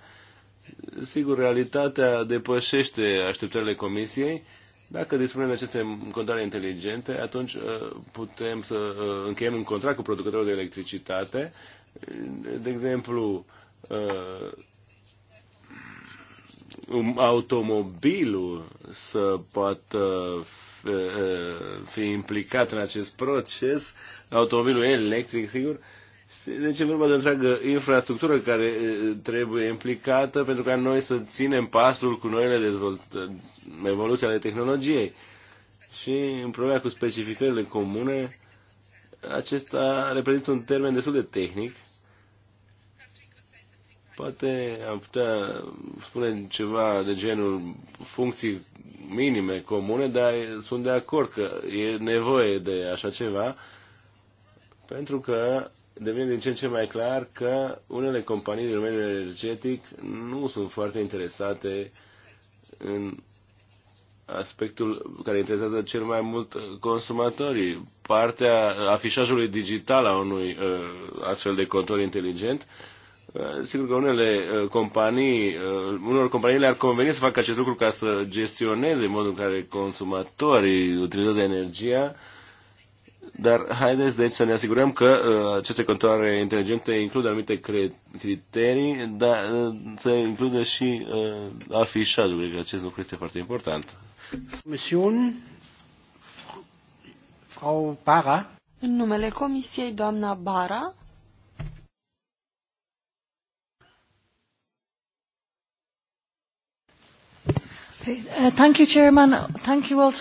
Sigur, realitatea depășește așteptările comisiei dacă dispunem de aceste controle inteligente, atunci uh, putem să uh, încheiem un contract cu producătorul de electricitate. De exemplu, uh, un automobilul să poată fi implicat în acest proces, automobilul electric, sigur, deci e vorba de o întreagă infrastructură care trebuie implicată pentru ca noi să ținem pasul cu noile dezvolt- evoluții ale tehnologiei. Și în problema cu specificările comune, acesta reprezintă un termen destul de tehnic. Poate am putea spune ceva de genul funcții minime comune, dar sunt de acord că e nevoie de așa ceva pentru că devine din ce în ce mai clar că unele companii din domeniul energetic nu sunt foarte interesate în aspectul care interesează cel mai mult consumatorii. Partea afișajului digital a unui uh, astfel de control inteligent uh, Sigur că unele uh, companii, unor companii le-ar conveni să facă acest lucru ca să gestioneze modul în care consumatorii utilizează energia, dar haideți deci să ne asigurăm că uh, aceste contoare inteligente includ anumite criterii, dar uh, să includă și uh, afișajul. Cred că acest lucru este foarte important. Misiuni, Frau Bara. În numele Comisiei, doamna Bara, Uh,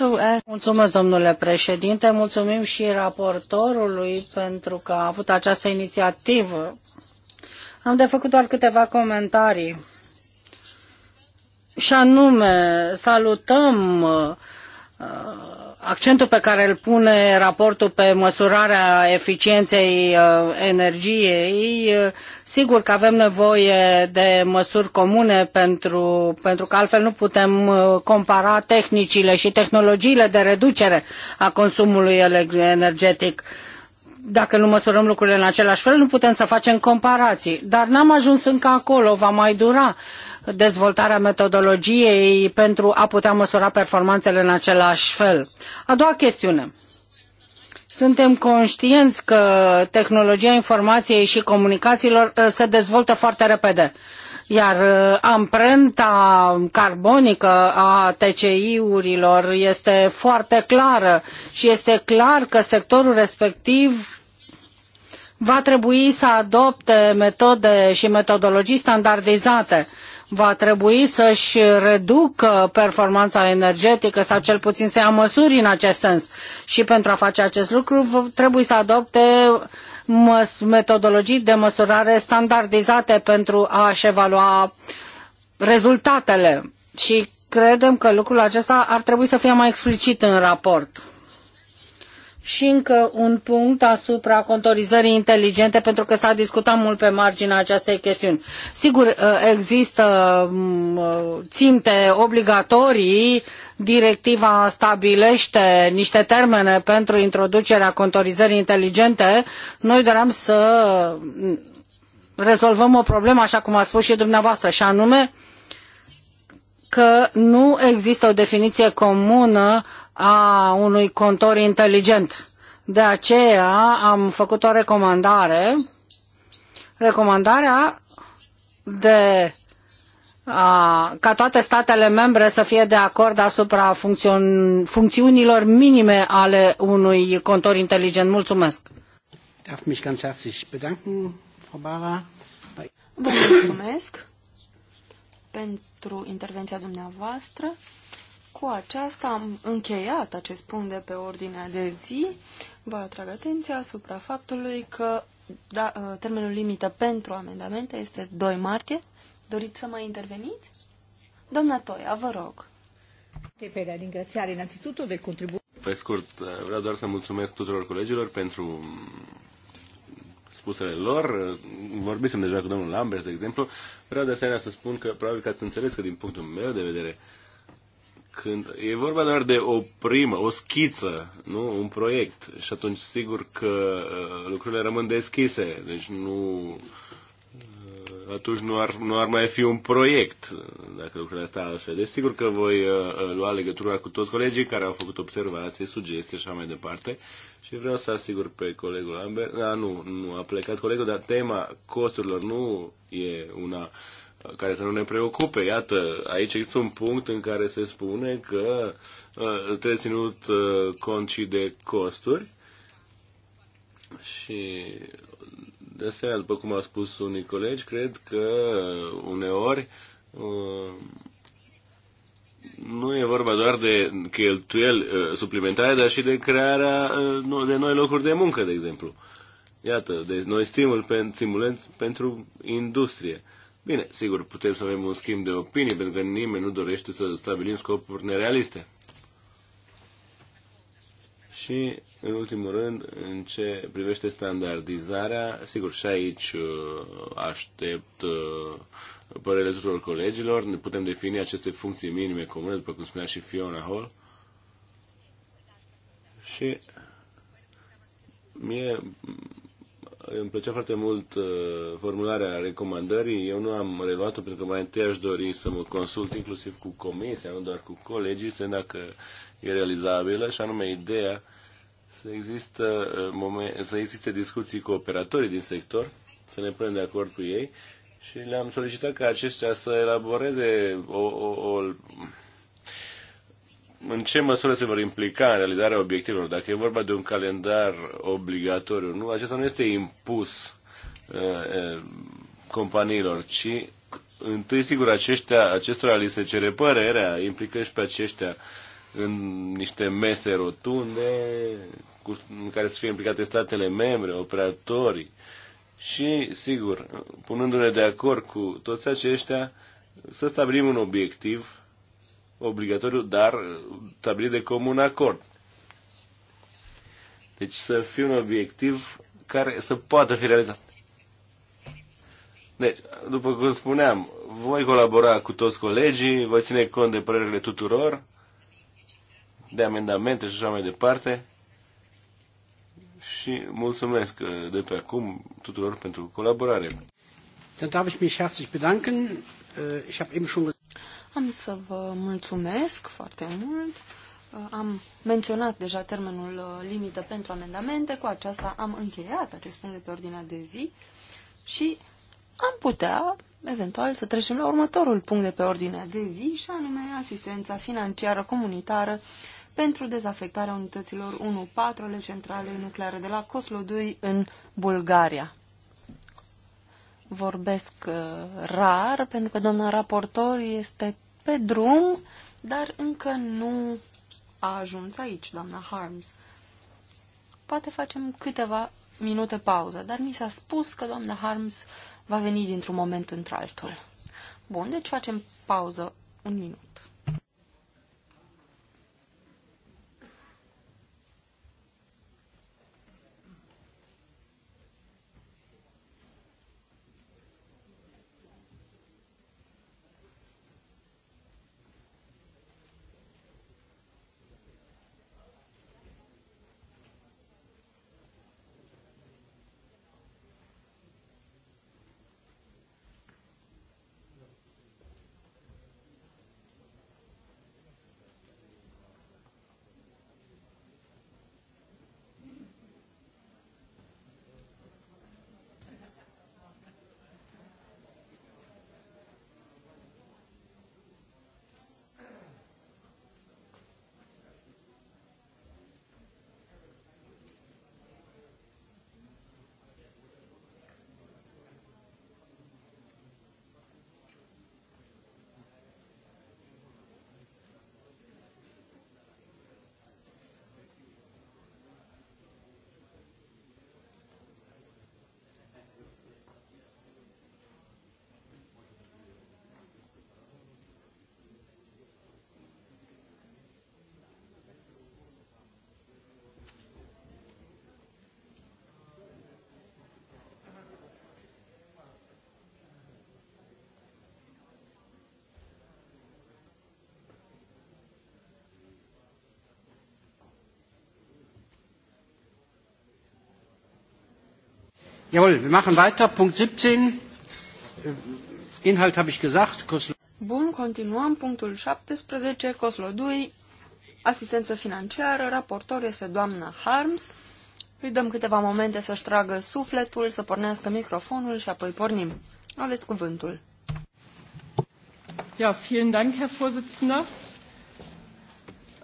uh, Mulțumesc, domnule președinte. Mulțumim și raportorului pentru că a avut această inițiativă. Am de făcut doar câteva comentarii. Și anume, salutăm uh, Accentul pe care îl pune raportul pe măsurarea eficienței uh, energiei, uh, sigur că avem nevoie de măsuri comune pentru, pentru că altfel nu putem uh, compara tehnicile și tehnologiile de reducere a consumului energetic. Dacă nu măsurăm lucrurile în același fel, nu putem să facem comparații. Dar n-am ajuns încă acolo, va mai dura. Uh, dezvoltarea metodologiei pentru a putea măsura performanțele în același fel. A doua chestiune. Suntem conștienți că tehnologia informației și comunicațiilor uh, se dezvoltă foarte repede, iar uh, amprenta carbonică a TCI-urilor este foarte clară și este clar că sectorul respectiv va trebui să adopte metode și metodologii standardizate va trebui să-și reducă performanța energetică sau cel puțin să ia măsuri în acest sens. Și pentru a face acest lucru trebuie să adopte metodologii de măsurare standardizate pentru a-și evalua rezultatele. Și credem că lucrul acesta ar trebui să fie mai explicit în raport. Și încă un punct asupra contorizării inteligente, pentru că s-a discutat mult pe marginea acestei chestiuni. Sigur, uh, există mm, uh, ținte obligatorii, directiva stabilește niște termene pentru introducerea contorizării inteligente. Noi doream să rezolvăm o problemă, așa cum a spus și dumneavoastră, și anume că nu există o definiție comună a unui contor inteligent. De aceea am făcut o recomandare, recomandarea de a, ca toate statele membre să fie de acord asupra funcțion, funcțiunilor minime ale unui contor inteligent. Mulțumesc! Darf mich ganz herzlich bedanken, Frau Bara. Vă mulțumesc pentru intervenția dumneavoastră. Cu aceasta am încheiat acest punct de pe ordinea de zi. Vă atrag atenția asupra faptului că da, ă, termenul limită pentru amendamente este 2 martie. Doriți să mai interveniți? Doamna Toia, vă rog. Per din ringraziare innanzitutto del contributo. Pe scurt, vreau doar să mulțumesc tuturor colegilor pentru spusele lor. Vorbisem deja cu domnul Lambert, de exemplu. Vreau de asemenea să spun că probabil că ați înțeles că din punctul meu de vedere când e vorba doar de o primă, o schiță, nu? Un proiect. Și atunci sigur că uh, lucrurile rămân deschise. Deci nu uh, atunci nu ar, nu ar mai fi un proiect uh, dacă lucrurile astea altfel. Deci sigur că voi uh, lua legătura cu toți colegii care au făcut observații, sugestii și așa mai departe și vreau să asigur pe colegul Amber, da, nu, nu a plecat colegul, dar tema costurilor nu e una uh, care să nu ne preocupe. Iată, aici există un punct în care se spune că uh, trebuie ținut uh, cont și de costuri și de asemenea, după cum au spus unii colegi, cred că uh, uneori nu e vorba doar de cheltuieli suplimentare, dar și de crearea de noi locuri de muncă, de exemplu. Iată, deci noi stimul, pentru industrie. Uh, Bine, sigur, putem să avem un schimb de opinie, pentru că nimeni nu dorește să stabilim scopuri nerealiste. Și, în ultimul rând, în ce privește standardizarea, sigur, și aici uh, aștept uh, părerile tuturor colegilor, ne putem defini aceste funcții minime comune, după cum spunea și Fiona Hall. Și mie îmi plăcea foarte mult uh, formularea recomandării. Eu nu am reluat-o pentru că mai întâi aș dori să mă consult inclusiv cu comisia, nu doar cu colegii, să dacă e realizabilă și anume ideea să, există, uh, să existe discuții cu operatorii din sector, să ne punem de acord cu ei și le-am solicitat ca aceștia să elaboreze o, o, o în ce măsură se vor implica în realizarea obiectivelor. Dacă e vorba de un calendar obligatoriu, nu, acesta nu este impus uh, uh, companiilor, ci întâi, sigur, aceștia, acestora li se cere părerea, implică și pe aceștia în niște mese rotunde cu, în care să fie implicate statele membre, operatorii și, sigur, punându-ne de acord cu toți aceștia, să stabilim un obiectiv obligatoriu, dar uh, stabilit de comun acord. Deci să fie un obiectiv care să poată fi realizat. Deci, după cum spuneam, voi colabora cu toți colegii, voi ține cont de părerile tuturor, de amendamente și așa mai departe. Și mulțumesc uh, de pe acum tuturor pentru colaborare. Dann darf ich mich herzlich bedanken. Äh, ich habe eben schon am să vă mulțumesc foarte mult. Uh, am menționat deja termenul uh, limită pentru amendamente, cu aceasta am încheiat acest punct de pe ordinea de zi și am putea, eventual, să trecem la următorul punct de pe ordinea de zi și anume asistența financiară comunitară pentru dezafectarea unităților 1-4 centrale nucleare de la Coslodui în Bulgaria vorbesc uh, rar, pentru că doamna raportor este pe drum, dar încă nu a ajuns aici, doamna Harms. Poate facem câteva minute pauză, dar mi s-a spus că doamna Harms va veni dintr-un moment într-altul. Bun, deci facem pauză un minut. Jawohl, wir machen weiter. Punkt 17. Inhalt habe ich gesagt. Koslo Bun, continuăm. Punctul 17. Coslodui, asistență financiară, raportor este doamna Harms. Îi dăm câteva momente să-și tragă sufletul, să pornească microfonul și apoi pornim. Aveți cuvântul. Ja, vielen Dank, Herr Vorsitzender.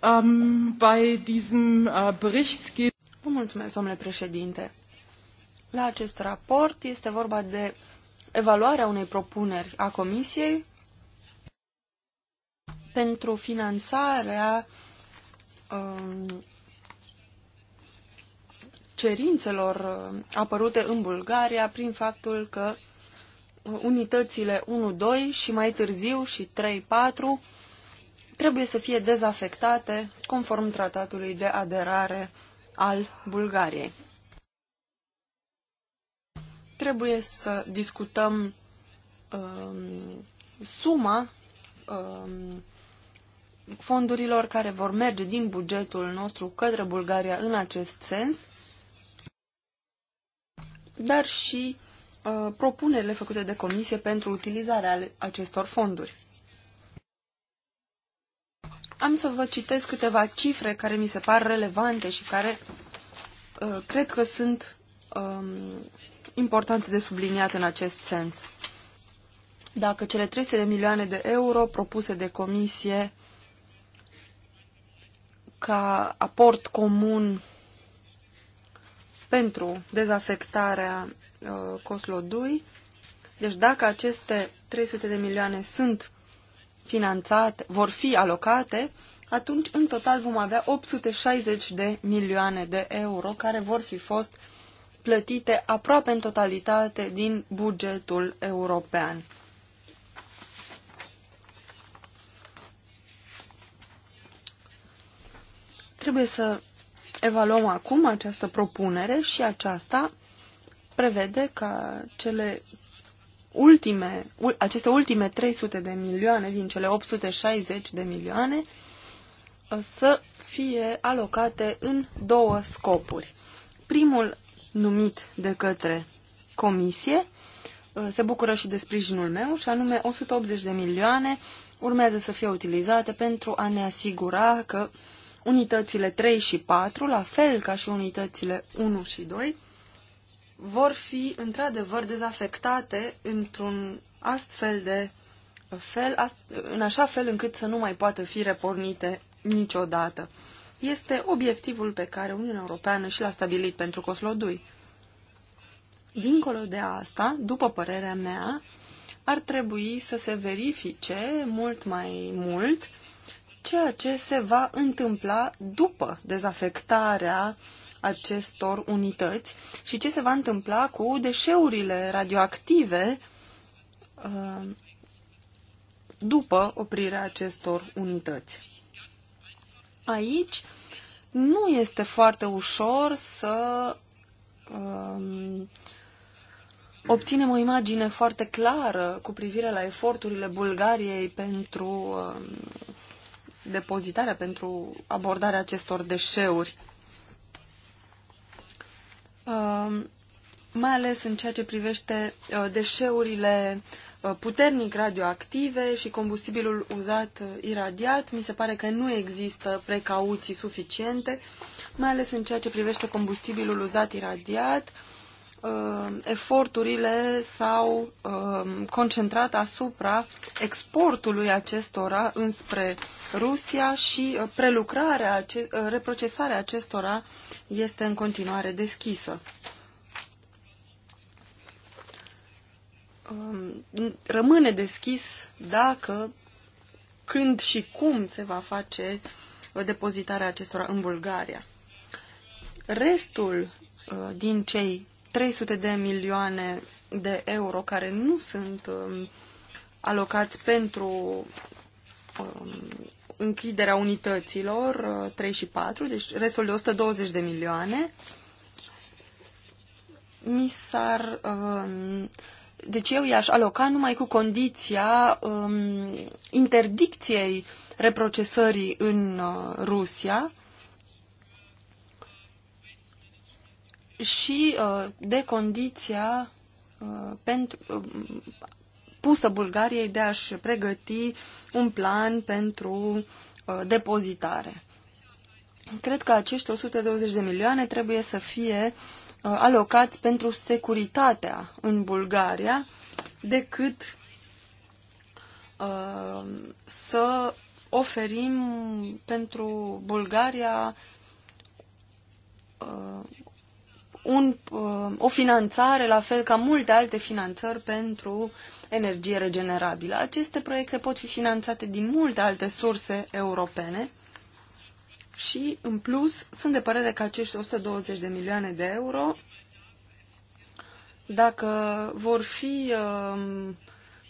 Um, bei diesem uh, Bericht geht... Vă mulțumesc, domnule președinte la acest raport. Este vorba de evaluarea unei propuneri a Comisiei pentru finanțarea um, cerințelor uh, apărute în Bulgaria prin faptul că uh, unitățile 1-2 și mai târziu și 3-4 trebuie să fie dezafectate conform tratatului de aderare al Bulgariei trebuie să discutăm um, suma um, fondurilor care vor merge din bugetul nostru către Bulgaria în acest sens, dar și uh, propunerile făcute de comisie pentru utilizarea acestor fonduri. Am să vă citesc câteva cifre care mi se par relevante și care uh, cred că sunt um, importante de subliniat în acest sens. Dacă cele 300 de milioane de euro propuse de comisie ca aport comun pentru dezafectarea uh, Coslodui. Deci dacă aceste 300 de milioane sunt finanțate, vor fi alocate, atunci în total vom avea 860 de milioane de euro care vor fi fost plătite aproape în totalitate din bugetul european. Trebuie să evaluăm acum această propunere și aceasta prevede ca cele ultime, aceste ultime 300 de milioane din cele 860 de milioane uh, să fie alocate în două scopuri. Primul numit de către comisie uh, se bucură și de sprijinul meu, și anume 180 de milioane urmează să fie utilizate pentru a ne asigura că unitățile 3 și 4, la fel ca și unitățile 1 și 2, vor fi într-adevăr dezafectate într-un astfel de fel, ast în așa fel încât să nu mai poată fi repornite niciodată este obiectivul pe care Uniunea Europeană și l-a stabilit pentru Coslodui. Dincolo de asta, după părerea mea, ar trebui să se verifice mult mai mult ceea ce se va întâmpla după dezafectarea acestor unități și ce se va întâmpla cu deșeurile radioactive uh, după oprirea acestor unități aici nu este foarte ușor să um, obținem o imagine foarte clară cu privire la eforturile Bulgariei pentru um, depozitarea, pentru abordarea acestor deșeuri. Um, mai ales în ceea ce privește uh, deșeurile uh, Uh, puternic radioactive și combustibilul uzat uh, iradiat, mi se pare că nu există precauții suficiente, mai ales în ceea ce privește combustibilul uzat iradiat. Uh, eforturile s-au concentrat asupra exportului acestora înspre Rusia și prelucrarea, reprocesarea acestora este în continuare deschisă. Um, rămâne deschis dacă, când și cum se va face uh, depozitarea acestora în Bulgaria. Restul uh, din cei 300 de milioane de euro care nu sunt um, alocați pentru um, închiderea unităților 3 uh, și 4, deci restul de 120 de milioane, mi s-ar uh, deci eu i-aș aloca numai cu condiția um, interdicției reprocesării în uh, Rusia și uh, de condiția uh, pentru, uh, pusă Bulgariei de a-și pregăti un plan pentru uh, depozitare. Cred că acești 120 de milioane trebuie să fie uh, Uh, alocați pentru securitatea în Bulgaria decât uh, să oferim pentru Bulgaria uh, un, uh, o finanțare la fel ca multe alte finanțări pentru energie regenerabilă. Aceste proiecte pot fi finanțate din multe alte surse europene și, în plus, sunt de părere că acești 120 de milioane de euro, dacă vor fi uh,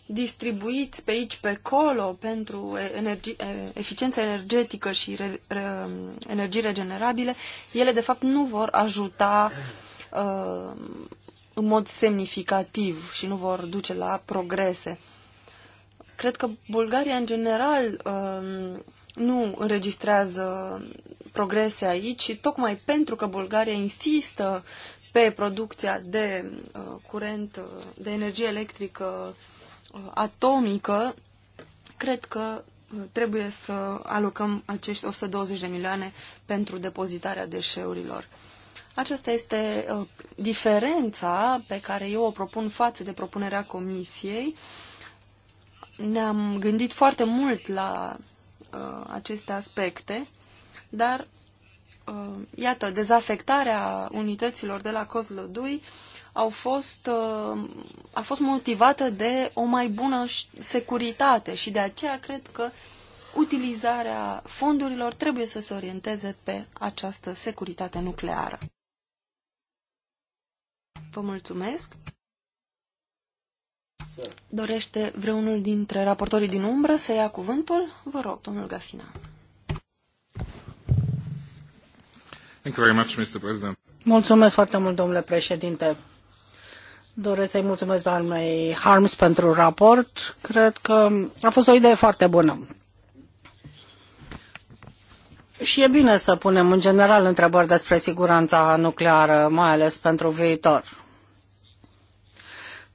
distribuiți pe aici, pe acolo, pentru energi, eficiența energetică și re, re, um, energii regenerabile, ele, de fapt, nu vor ajuta uh, în mod semnificativ și nu vor duce la progrese. Cred că Bulgaria, în general, uh, nu înregistrează progrese aici și tocmai pentru că Bulgaria insistă pe producția de uh, curent, uh, de energie electrică uh, atomică, cred că trebuie să alocăm acești 120 de milioane pentru depozitarea deșeurilor. Aceasta este diferența pe care eu o propun față de propunerea Comisiei. Ne-am gândit foarte mult la Uh, aceste aspecte, dar uh, iată, dezafectarea unităților de la Cozlodui au fost, uh, a fost motivată de o mai bună securitate și de aceea cred că utilizarea fondurilor trebuie să se orienteze pe această securitate nucleară. Vă mulțumesc! Dorește vreunul dintre raportorii din umbră să ia cuvântul? Vă rog, domnul Gafina. Thank you very much, Mr. President. Mulțumesc foarte mult, domnule președinte. Doresc să-i mulțumesc doamnei Harms pentru raport. Cred că a fost o idee foarte bună. Și e bine să punem în general întrebări despre siguranța nucleară, mai ales pentru viitor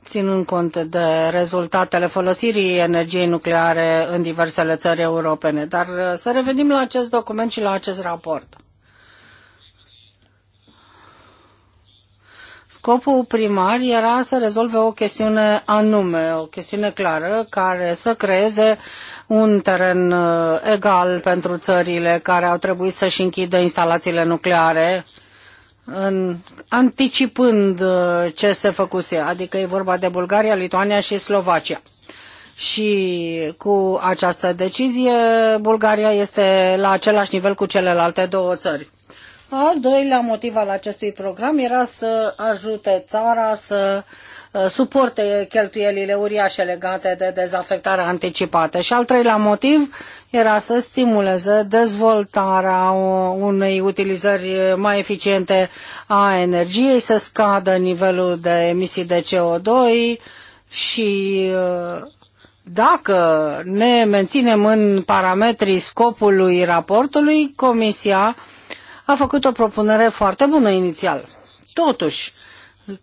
ținând cont de rezultatele folosirii energiei nucleare în diversele țări europene. Dar uh, să revenim la acest document și la acest raport. Scopul primar era să rezolve o chestiune anume, o chestiune clară, care să creeze un teren uh, egal pentru țările care au trebuit să-și închidă instalațiile nucleare în, anticipând uh, ce se făcuse, adică e vorba de Bulgaria, Lituania și Slovacia. Și cu această decizie, Bulgaria este la același nivel cu celelalte două țări. Al doilea motiv al acestui program era să ajute țara să Uh, suporte cheltuielile uriașe legate de dezafectarea anticipată. Și al treilea motiv era să stimuleze dezvoltarea unei utilizări mai eficiente a energiei, să scadă nivelul de emisii de CO2 și uh, dacă ne menținem în parametrii scopului raportului, Comisia a făcut o propunere foarte bună inițial. Totuși,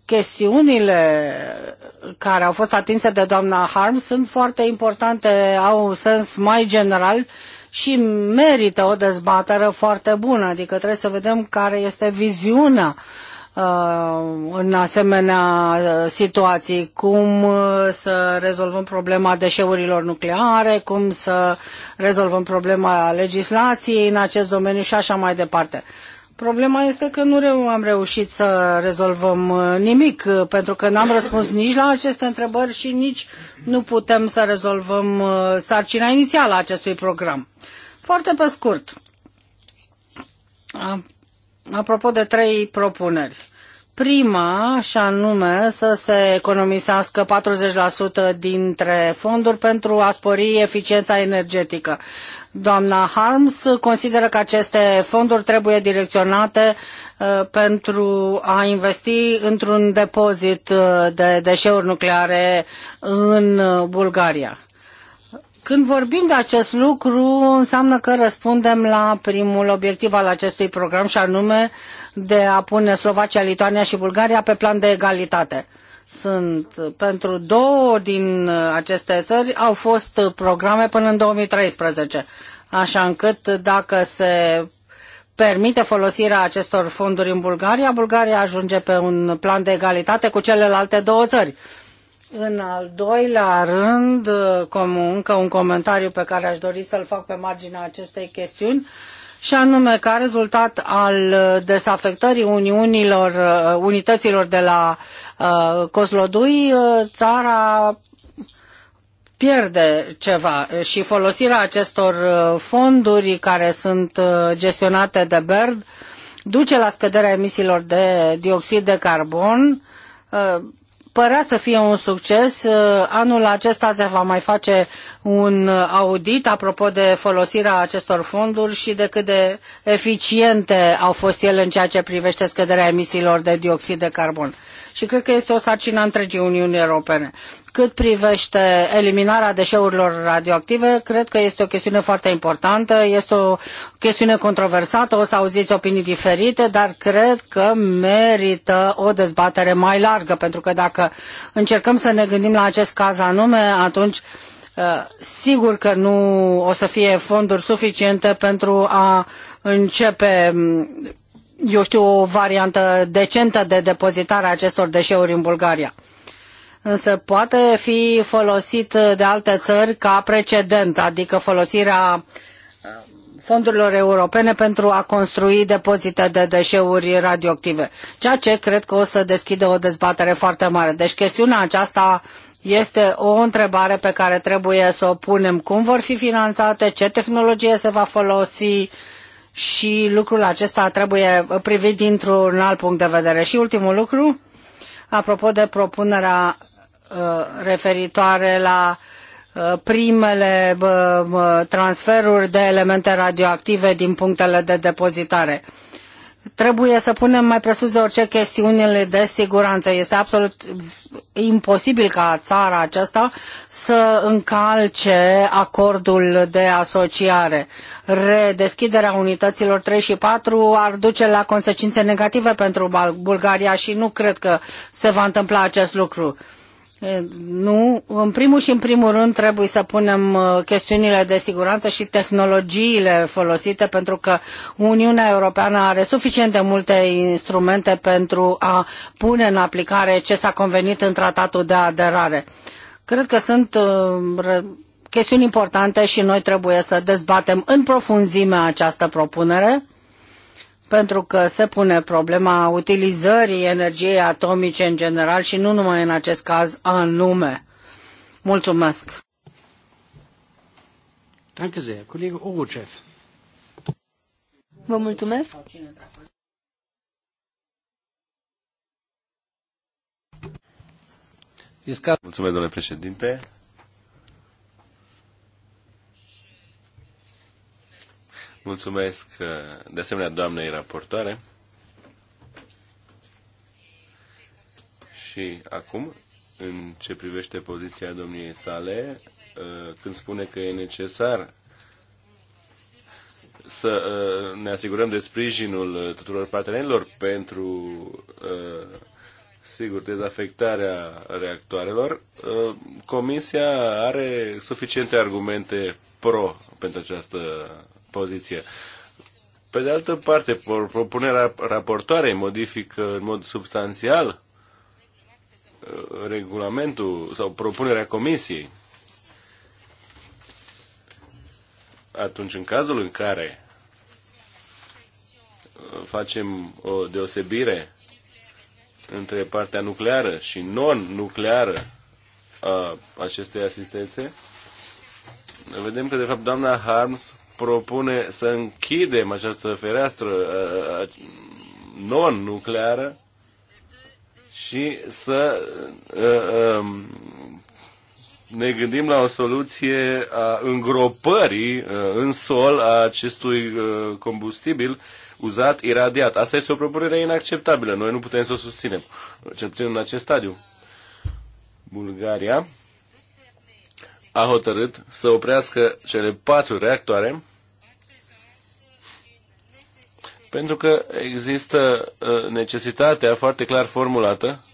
chestiunile care au fost atinse de doamna Harm sunt foarte importante, au un sens mai general și merită o dezbatere foarte bună. Adică trebuie să vedem care este viziunea uh, în asemenea situații, cum uh, să rezolvăm problema deșeurilor nucleare, cum să rezolvăm problema legislației în acest domeniu și așa mai departe. Problema este că nu am reușit să rezolvăm uh, nimic, uh, pentru că n-am răspuns nici la aceste întrebări și nici nu putem să rezolvăm uh, sarcina inițială a acestui program. Foarte pe scurt, apropo de trei propuneri. Prima, și anume să se economisească 40% dintre fonduri pentru a spori eficiența energetică. Doamna Harms consideră că aceste fonduri trebuie direcționate uh, pentru a investi într-un depozit uh, de deșeuri nucleare în uh, Bulgaria. Când vorbim de acest lucru, înseamnă că răspundem la primul obiectiv al acestui program și anume de a pune Slovacia, Lituania și Bulgaria pe plan de egalitate sunt pentru două din aceste țări au fost programe până în 2013, așa încât dacă se permite folosirea acestor fonduri în Bulgaria, Bulgaria ajunge pe un plan de egalitate cu celelalte două țări. În al doilea rând, cum încă un comentariu pe care aș dori să-l fac pe marginea acestei chestiuni, și anume ca rezultat al desafectării uniunilor, unităților de la Uh, Coslodui, uh, țara pierde ceva și folosirea acestor uh, fonduri care sunt gestionate de BERD duce la scăderea emisiilor de dioxid de carbon. Părea să fie un succes. Anul acesta se va mai face un audit apropo de folosirea acestor fonduri și de cât de eficiente au fost ele în ceea ce privește scăderea emisiilor de dioxid de carbon și cred că este o sarcină întregii Uniunii Europene. Cât privește eliminarea deșeurilor radioactive, cred că este o chestiune foarte importantă, este o chestiune controversată, o să auziți opinii diferite, dar cred că merită o dezbatere mai largă, pentru că dacă încercăm să ne gândim la acest caz anume, atunci uh, sigur că nu o să fie fonduri suficiente pentru a începe mm, eu știu, o variantă decentă de depozitare a acestor deșeuri în Bulgaria. Însă poate fi folosit de alte țări ca precedent, adică folosirea uh, fondurilor europene pentru a construi depozite de deșeuri radioactive, ceea ce cred că o să deschidă o dezbatere foarte mare. Deci chestiunea aceasta este o întrebare pe care trebuie să o punem. Cum vor fi finanțate, ce tehnologie se va folosi, și lucrul acesta trebuie privit dintr-un alt punct de vedere. Și ultimul lucru, apropo de propunerea uh, referitoare la uh, primele uh, transferuri de elemente radioactive din punctele de depozitare. Trebuie să punem mai presus de orice chestiunile de siguranță. Este absolut imposibil ca țara aceasta să încalce acordul de asociare. Redeschiderea unităților 3 și 4 ar duce la consecințe negative pentru Bulgaria și nu cred că se va întâmpla acest lucru. Nu, în primul și în primul rând trebuie să punem uh, chestiunile de siguranță și tehnologiile folosite pentru că Uniunea Europeană are suficient de multe instrumente pentru a pune în aplicare ce s-a convenit în tratatul de aderare. Cred că sunt uh, chestiuni importante și noi trebuie să dezbatem în profunzime această propunere pentru că se pune problema utilizării energiei atomice în general și nu numai în acest caz anume. Mulțumesc! Danke sehr, Kollege Vă mulțumesc! Mulțumesc, domnule președinte. Mulțumesc uh, de asemenea doamnei raportoare. Și acum, în ce privește poziția domniei sale, uh, când spune că e necesar să uh, ne asigurăm de sprijinul tuturor partenerilor pentru, sigur, dezafectarea reactoarelor, Comisia are suficiente argumente pro pentru această poziție. Pe de altă parte, propunerea raportoarei modifică în mod substanțial uh, regulamentul sau propunerea comisiei. Atunci, în cazul în care uh, facem o deosebire între partea nucleară și non-nucleară a acestei asistențe, vedem că, de fapt, doamna Harms propune să închidem această fereastră uh, uh, non-nucleară și să uh, um, ne gândim la o soluție a îngropării în sol a acestui combustibil uzat, iradiat. Asta este o propunere inacceptabilă. Noi nu putem să o susținem, cel puțin în acest stadiu. Bulgaria a hotărât să oprească cele patru reactoare pentru că există uh, necesitatea foarte clar formulată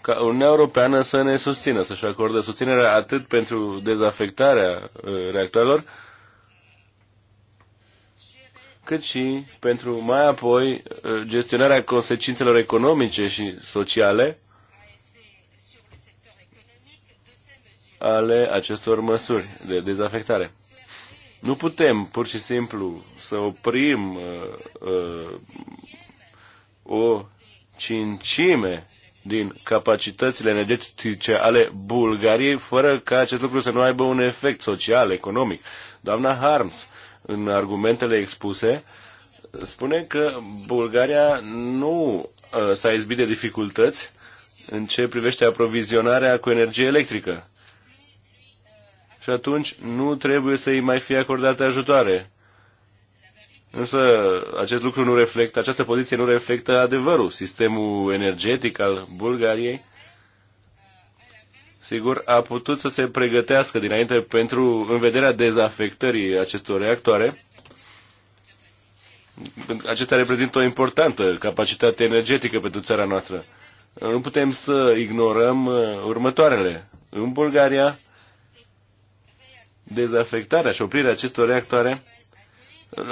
ca Uniunea Europeană să ne susțină, să-și acordă susținerea atât pentru dezafectarea uh, reactoarelor, cât și pentru mai apoi uh, gestionarea consecințelor economice și sociale ale acestor măsuri de dezafectare. Nu putem pur și simplu să oprim uh, uh, o cincime din capacitățile energetice ale Bulgariei, fără ca acest lucru să nu aibă un efect social, economic. Doamna Harms, în argumentele expuse, spune că Bulgaria nu uh, s-a izbit de dificultăți în ce privește aprovizionarea cu energie electrică și atunci nu trebuie să îi mai fie acordate ajutoare. Însă acest lucru nu reflectă, această poziție nu reflectă adevărul. Sistemul energetic al Bulgariei, sigur, a putut să se pregătească dinainte pentru în vederea dezafectării acestor reactoare. Acestea reprezintă o importantă capacitate energetică pentru țara noastră. Nu putem să ignorăm uh, următoarele. În Bulgaria, dezafectarea și oprirea acestor reactoare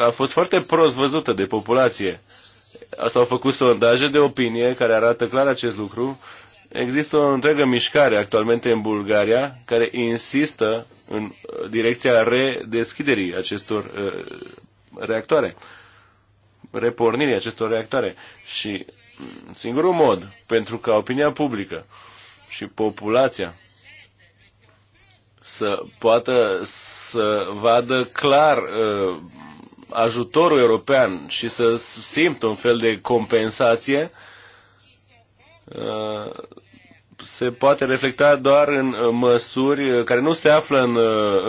a fost foarte prost văzută de populație. S-au făcut sondaje de opinie care arată clar acest lucru. Există o întreagă mișcare actualmente în Bulgaria care insistă în uh, direcția redeschiderii acestor uh, reactoare, repornirii acestor reactoare. Și mm, singurul mod pentru ca opinia publică și populația să poată să vadă clar uh, ajutorul european și să simtă un fel de compensație, uh, se poate reflecta doar în uh, măsuri uh, care nu se află în,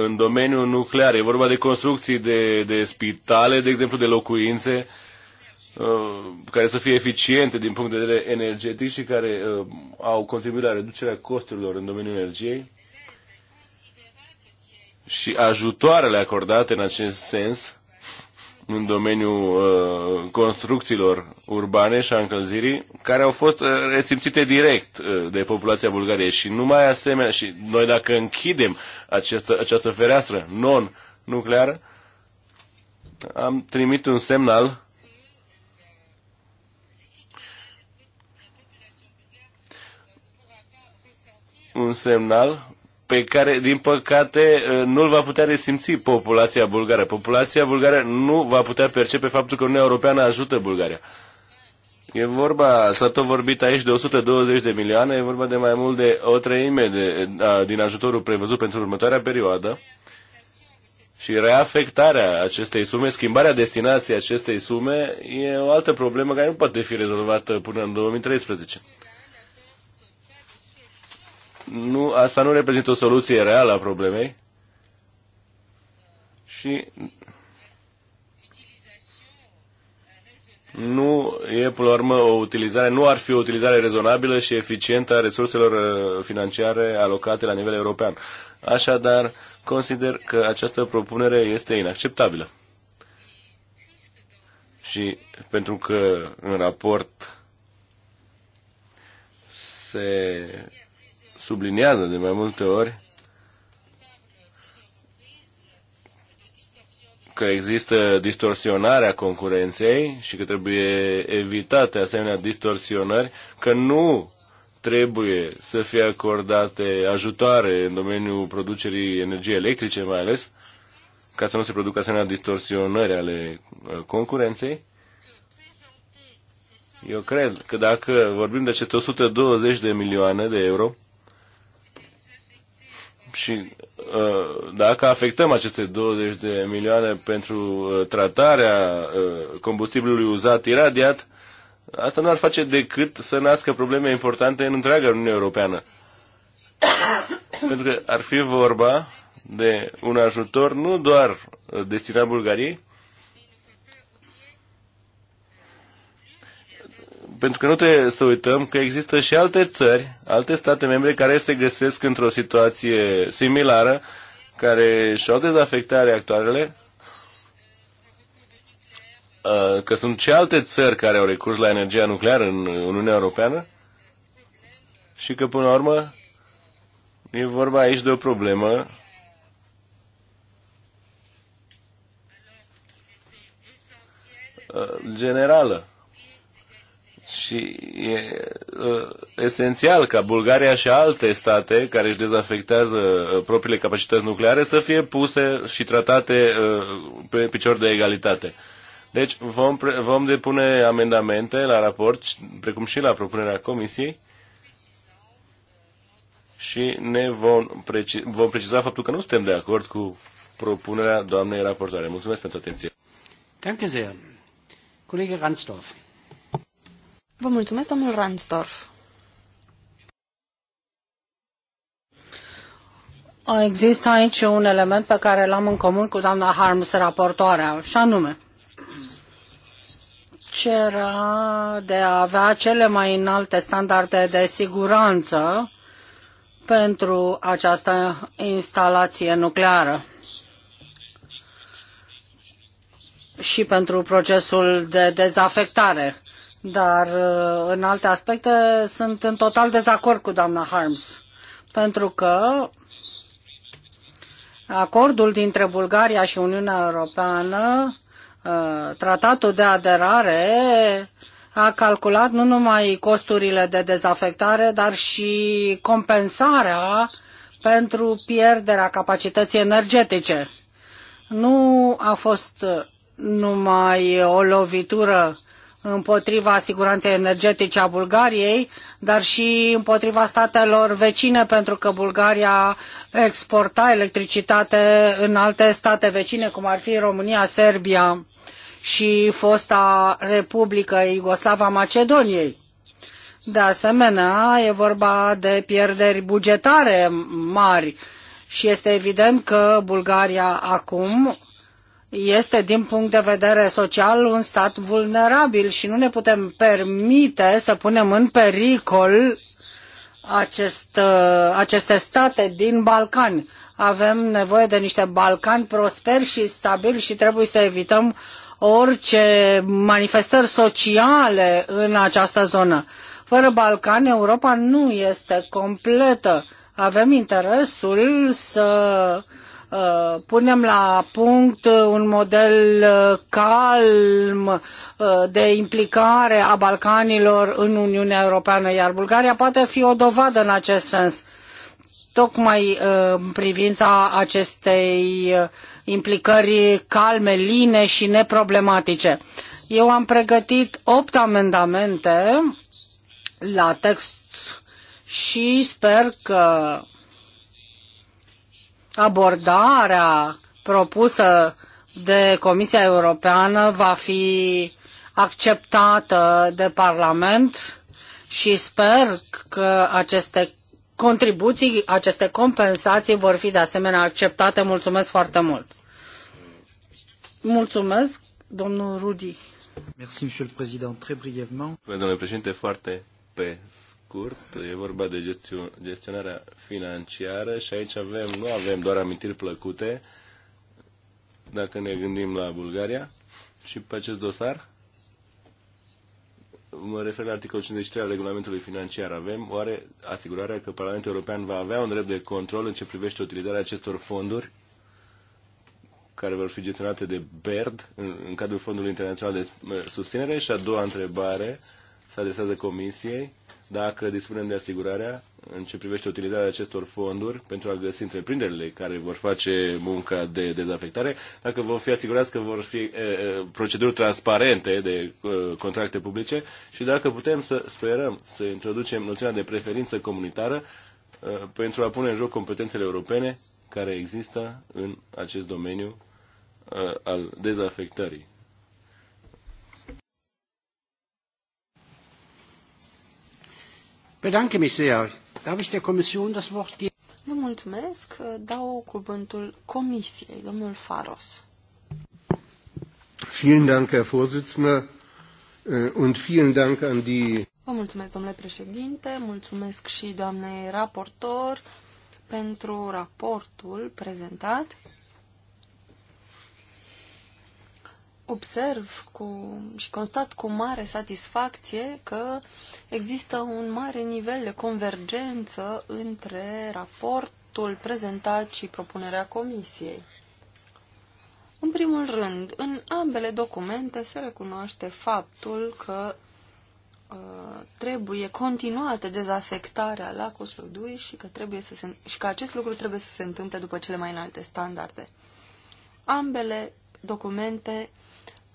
în domeniul nuclear. E vorba de construcții de, de spitale, de exemplu, de locuințe care să fie eficiente din punct de vedere energetic și care au contribuit la reducerea costurilor în domeniul energiei și ajutoarele acordate în acest sens în domeniul uh, construcțiilor urbane și a încălzirii, care au fost uh, resimțite direct uh, de populația Bulgariei. Și numai asemenea, și noi dacă închidem această, această fereastră non-nucleară, am trimit un semnal un semnal pe care, din păcate, uh, nu-l va putea resimți populația bulgară. Populația bulgară nu va putea percepe faptul că Uniunea Europeană ajută Bulgaria. E vorba, s-a tot vorbit aici de 120 de milioane, e vorba de mai mult de o treime de, a, din ajutorul prevăzut pentru următoarea perioadă și reafectarea acestei sume, schimbarea destinației acestei sume, e o altă problemă care nu poate fi rezolvată până în 2013 nu, asta nu reprezintă o soluție reală a problemei și nu e, până la urmă, o utilizare, nu ar fi o utilizare rezonabilă și eficientă a resurselor uh, financiare alocate la nivel european. Așadar, consider că această propunere este inacceptabilă. Și pentru că în raport se subliniază de mai multe ori că există distorsionarea concurenței și că trebuie evitate asemenea distorsionări, că nu trebuie să fie acordate ajutoare în domeniul producerii energiei electrice mai ales, ca să nu se producă asemenea distorsionări ale uh, concurenței. Eu cred că dacă vorbim de aceste 120 de milioane de euro, și uh, dacă afectăm aceste 20 de milioane pentru uh, tratarea uh, combustibilului uzat iradiat, asta n-ar face decât să nască probleme importante în întreaga Uniune Europeană. *coughs* pentru că ar fi vorba de un ajutor nu doar destinat Bulgariei, pentru că nu trebuie să uităm că există și alte țări, alte state membre care se găsesc într-o situație similară, care și-au dezafectat reactoarele, că sunt și alte țări care au recurs la energia nucleară în Uniunea Europeană și că, până la urmă, e vorba aici de o problemă generală și e uh, esențial ca Bulgaria și alte state care își dezafectează uh, propriile capacități nucleare să fie puse și tratate uh, pe picior de egalitate. Deci vom, vom depune amendamente la raport, precum și la propunerea Comisiei, și ne vom, preci- vom preciza faptul că nu suntem de acord cu propunerea doamnei raportoare. Mulțumesc pentru atenție. Danke sehr. Kollege Ransdorf. Vă mulțumesc, domnul Ransdorf. Există aici un element pe care l-am în comun cu doamna Harms, raportoarea, și anume cera de a avea cele mai înalte standarde de siguranță pentru această instalație nucleară și pentru procesul de dezafectare. Dar uh, în alte aspecte sunt în total dezacord cu doamna Harms, pentru că acordul dintre Bulgaria și Uniunea Europeană, uh, tratatul de aderare, a calculat nu numai costurile de dezafectare, dar și compensarea pentru pierderea capacității energetice. Nu a fost numai o lovitură împotriva siguranței energetice a Bulgariei, dar și împotriva statelor vecine, pentru că Bulgaria exporta electricitate în alte state vecine, cum ar fi România, Serbia și fosta Republică Iugoslava Macedoniei. De asemenea, e vorba de pierderi bugetare mari și este evident că Bulgaria acum este, din punct de vedere social, un stat vulnerabil și nu ne putem permite să punem în pericol acest, uh, aceste state din Balcani. Avem nevoie de niște Balcani prosperi și stabili și trebuie să evităm orice manifestări sociale în această zonă. Fără Balcani, Europa nu este completă. Avem interesul să uh, Uh, punem la punct uh, un model uh, calm de implicare a Balcanilor în Uniunea Europeană, iar Bulgaria poate fi o dovadă în acest sens tocmai în privința acestei implicări calme, line și neproblematice. Eu am pregătit opt amendamente la text și sper că abordarea propusă de Comisia Europeană va fi acceptată de Parlament și sper că aceste contribuții, aceste compensații vor fi de asemenea acceptate. Mulțumesc foarte mult. Mulțumesc, domnul Rudi. Merci, monsieur le président. Très brièvement. Domnule președinte, foarte pe scurt, e vorba de gestio- gestionarea financiară și aici avem, nu avem doar amintiri plăcute, dacă ne gândim la Bulgaria și pe acest dosar. Mă refer la articolul 53 al regulamentului financiar. Avem oare asigurarea că Parlamentul European va avea un drept de control în ce privește utilizarea acestor fonduri care vor fi gestionate de BERD în, în cadrul Fondului Internațional de eh, Susținere? Și a doua întrebare se adresează Comisiei dacă dispunem de asigurarea în ce privește utilizarea acestor fonduri pentru a găsi întreprinderile care vor face munca de dezafectare, dacă vom fi asigurați că vor fi e, proceduri transparente de e, contracte publice și dacă putem să sperăm să introducem noțiunea de preferință comunitară e, pentru a pune în joc competențele europene care există în acest domeniu e, al dezafectării. bedanke mich sehr. Darf ich der Kommission das Wort geben? Vă mulțumesc. Dau cuvântul Comisiei, domnul Faros. Vielen Dank, Herr Vorsitzender, äh, und vielen Dank an die... Vă mulțumesc, domnule președinte, mulțumesc și doamnei raportor pentru raportul prezentat. observ cu, și constat cu mare satisfacție că există un mare nivel de convergență între raportul prezentat și propunerea comisiei. În primul rând, în ambele documente se recunoaște faptul că uh, trebuie continuată dezafectarea la Dui și că, trebuie să se, și că acest lucru trebuie să se întâmple după cele mai înalte standarde. Ambele documente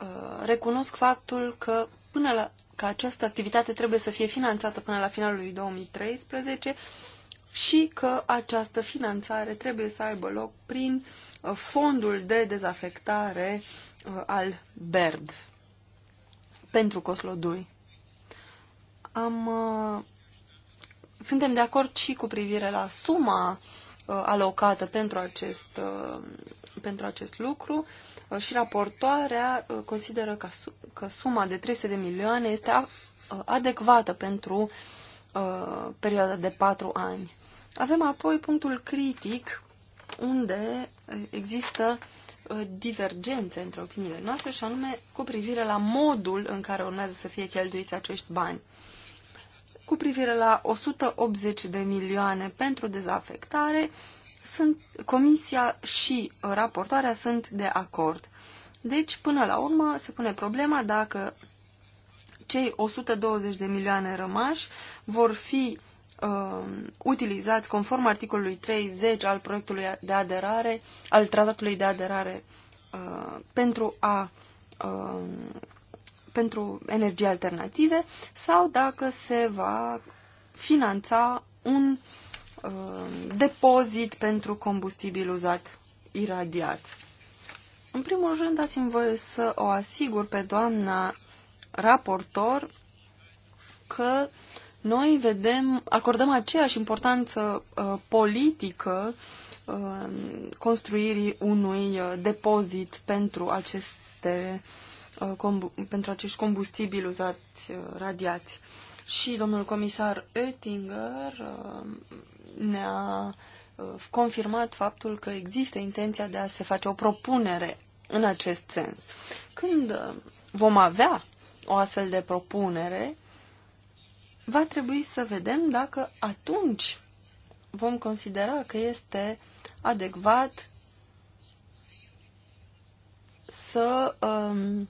Uh, recunosc faptul că până la, că această activitate trebuie să fie finanțată până la finalul lui 2013 și că această finanțare trebuie să aibă loc prin uh, fondul de dezafectare uh, al BERD pentru Coslodui. Am, suntem de acord și cu privire la suma Uh, alocată pentru acest, uh, pentru acest lucru uh, și raportoarea consideră că, că suma de 300 de milioane este adecvată pentru perioada de 4 ani. Avem apoi punctul critic unde există divergențe între opiniile noastre și anume cu privire la modul în care urmează să fie cheltuiți acești bani cu privire la 180 de milioane pentru dezafectare, sunt, comisia și raportoarea sunt de acord. Deci, până la urmă, se pune problema dacă cei 120 de milioane rămași vor fi uh, utilizați conform articolului 30 al proiectului de aderare, al tratatului de aderare, uh, pentru a uh, pentru energii alternative sau dacă se va finanța un uh, depozit pentru combustibil uzat iradiat. În primul rând, dați-mi voie să o asigur pe doamna raportor că noi vedem, acordăm aceeași importanță uh, politică uh, construirii unui uh, depozit pentru aceste Uh, pentru acești combustibili uzați uh, radiați. Și domnul comisar Oettinger uh, ne-a confirmat faptul că există intenția de a se face o propunere în acest sens. Când vom avea o astfel de propunere, va trebui să vedem dacă atunci vom considera că este adecvat să um,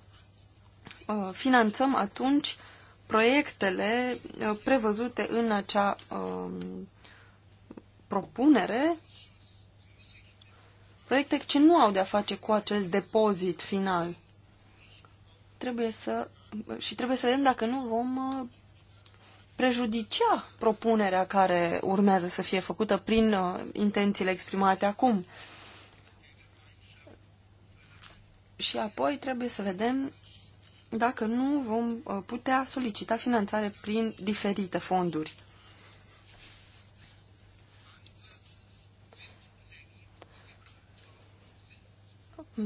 Uh, finanțăm atunci proiectele uh, prevăzute în acea um, propunere, proiecte ce nu au de-a face cu acel depozit final. Trebuie să, și trebuie să vedem dacă nu vom uh, prejudicia propunerea care urmează să fie făcută prin intențiile exprimate acum. Și apoi trebuie să vedem dacă nu vom uh, putea solicita finanțare prin diferite fonduri.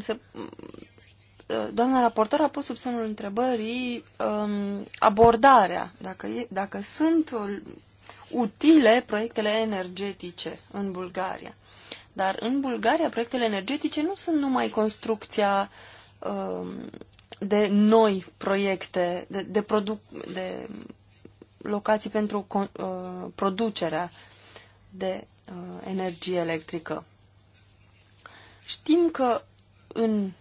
Se, uh, doamna raportor a pus sub semnul întrebării um, abordarea, dacă, e, dacă sunt uh, utile proiectele energetice în Bulgaria. Dar în Bulgaria proiectele energetice nu sunt numai construcția um, de noi proiecte, de, de, produ- de locații pentru con, uh, producerea de uh, energie electrică. Știm că în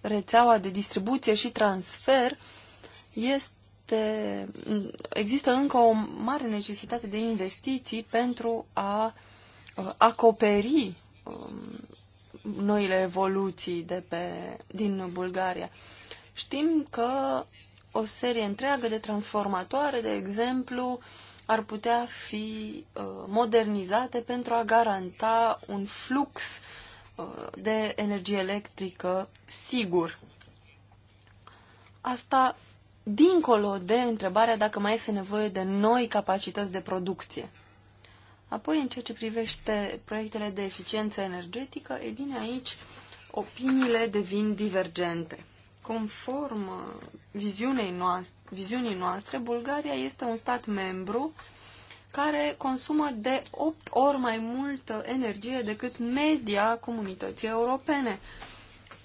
rețeaua de distribuție și transfer este, există încă o mare necesitate de investiții pentru a uh, acoperi uh, noile evoluții de pe, din Bulgaria. Uh, Știm că o serie întreagă de transformatoare, de exemplu, ar putea fi uh, modernizate pentru a garanta un flux uh, de energie electrică sigur. Asta dincolo de întrebarea dacă mai este nevoie de noi capacități de producție. Apoi, în ceea ce privește proiectele de eficiență energetică, e bine aici, opiniile devin divergente. Conform uh, viziunei noastre, viziunii noastre, Bulgaria este un stat membru care consumă de 8 ori mai multă energie decât media comunității europene.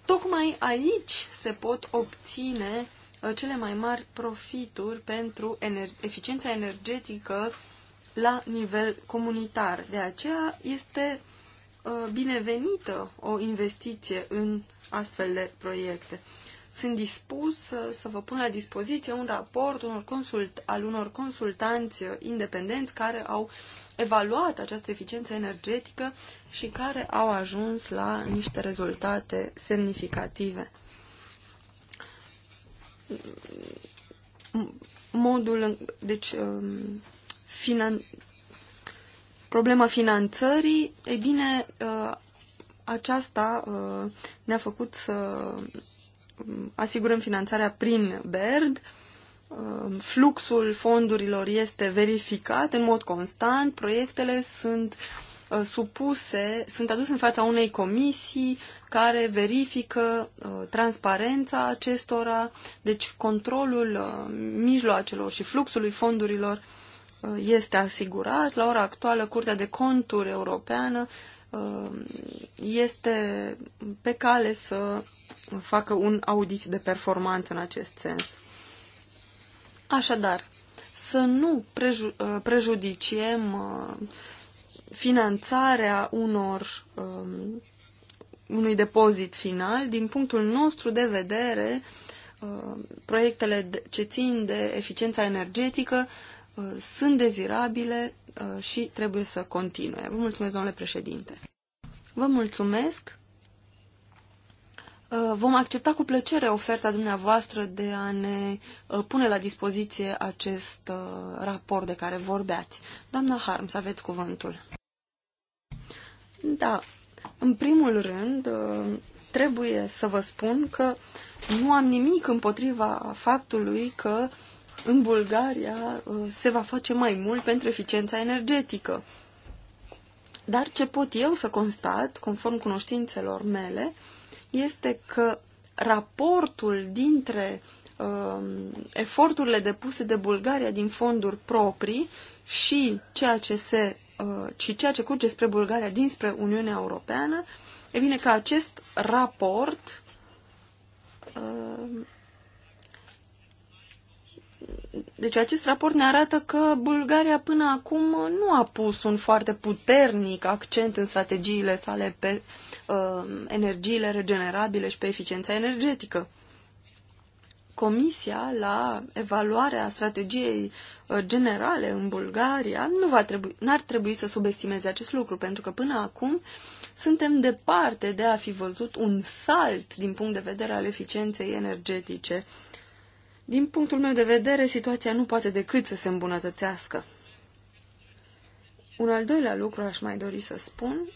Tocmai aici se pot obține uh, cele mai mari profituri pentru ener- eficiența energetică la nivel comunitar. De aceea este uh, binevenită o investiție în astfel de proiecte. Sunt dispus să vă pun la dispoziție un raport unor consult, al unor consultanți independenți care au evaluat această eficiență energetică și care au ajuns la niște rezultate semnificative. Modul, deci, um, finan, problema finanțării, e bine, uh, aceasta uh, ne-a făcut să asigurăm finanțarea prin BERD, um, fluxul fondurilor este verificat în mod constant, proiectele sunt uh, supuse, sunt aduse în fața unei comisii care verifică uh, transparența acestora, deci controlul uh, mijloacelor și fluxului fondurilor este asigurat. La ora actuală, Curtea de Conturi Europeană este pe cale să facă un audit de performanță în acest sens. Așadar, să nu preju uh, prejudiciem uh, finanțarea unor um, unui depozit final, din punctul nostru de vedere, uh, proiectele ce țin de eficiența energetică sunt dezirabile și trebuie să continue. Vă mulțumesc, domnule președinte. Vă mulțumesc. Uh, vom accepta cu plăcere oferta dumneavoastră de a ne uh, pune la dispoziție acest uh, raport de care vorbeați. Doamna Harms, aveți cuvântul. Da, în primul rând, trebuie să vă spun că nu am nimic împotriva faptului că în Bulgaria se va face mai mult pentru eficiența energetică. Dar ce pot eu să constat, conform cunoștințelor mele, este că raportul dintre uh, eforturile depuse de Bulgaria din fonduri proprii și ceea ce se uh, și ceea ce curge spre Bulgaria dinspre Uniunea Europeană, e bine că acest raport um, deci acest raport ne arată că Bulgaria până acum nu a pus un foarte puternic accent în strategiile sale pe Um, energiile regenerabile și pe eficiența energetică. Comisia, la evaluarea strategiei uh, generale în Bulgaria, nu va trebui, n-ar trebui să subestimeze acest lucru, pentru că până acum suntem departe de a fi văzut un salt din punct de vedere al eficienței energetice. Din punctul meu de vedere, situația nu poate decât să se îmbunătățească. Un al doilea lucru aș mai dori să spun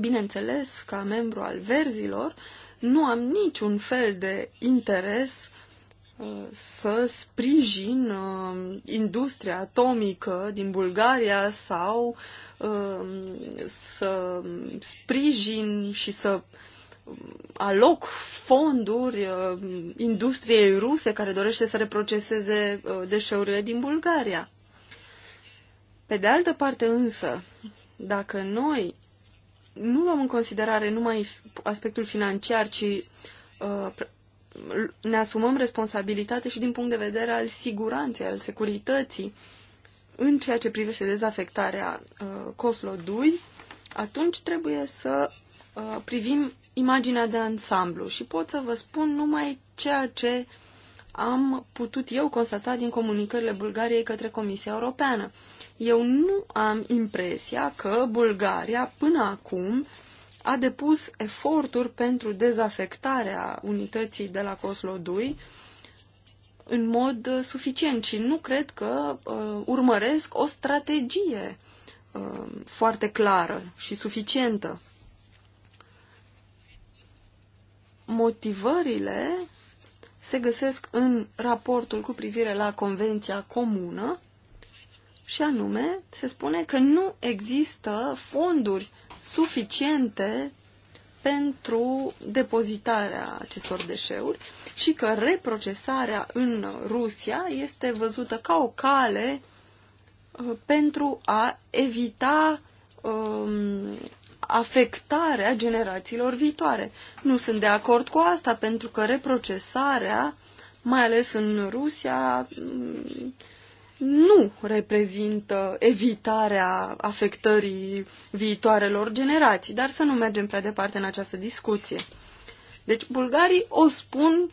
Bineînțeles, ca membru al verzilor, nu am niciun fel de interes uh, să sprijin uh, industria atomică din Bulgaria sau uh, să sprijin și să aloc fonduri industriei ruse care dorește să reproceseze deșeurile din Bulgaria. Pe de altă parte însă, dacă noi nu luăm în considerare numai aspectul financiar, ci uh, ne asumăm responsabilitate și din punct de vedere al siguranței, al securității, în ceea ce privește dezafectarea uh, coslodui, atunci trebuie să uh, privim imaginea de ansamblu și pot să vă spun numai ceea ce am putut eu constata din comunicările Bulgariei către Comisia Europeană. Eu nu am impresia că Bulgaria până acum a depus eforturi pentru dezafectarea unității de la Coslodui în mod uh, suficient și nu cred că uh, urmăresc o strategie uh, foarte clară și suficientă. Motivările se găsesc în raportul cu privire la Convenția Comună și anume se spune că nu există fonduri suficiente pentru depozitarea acestor deșeuri și că reprocesarea în Rusia este văzută ca o cale uh, pentru a evita um, afectarea generațiilor viitoare. Nu sunt de acord cu asta pentru că reprocesarea, mai ales în Rusia, um, nu reprezintă evitarea afectării viitoarelor generații, dar să nu mergem prea departe în această discuție. Deci bulgarii o spun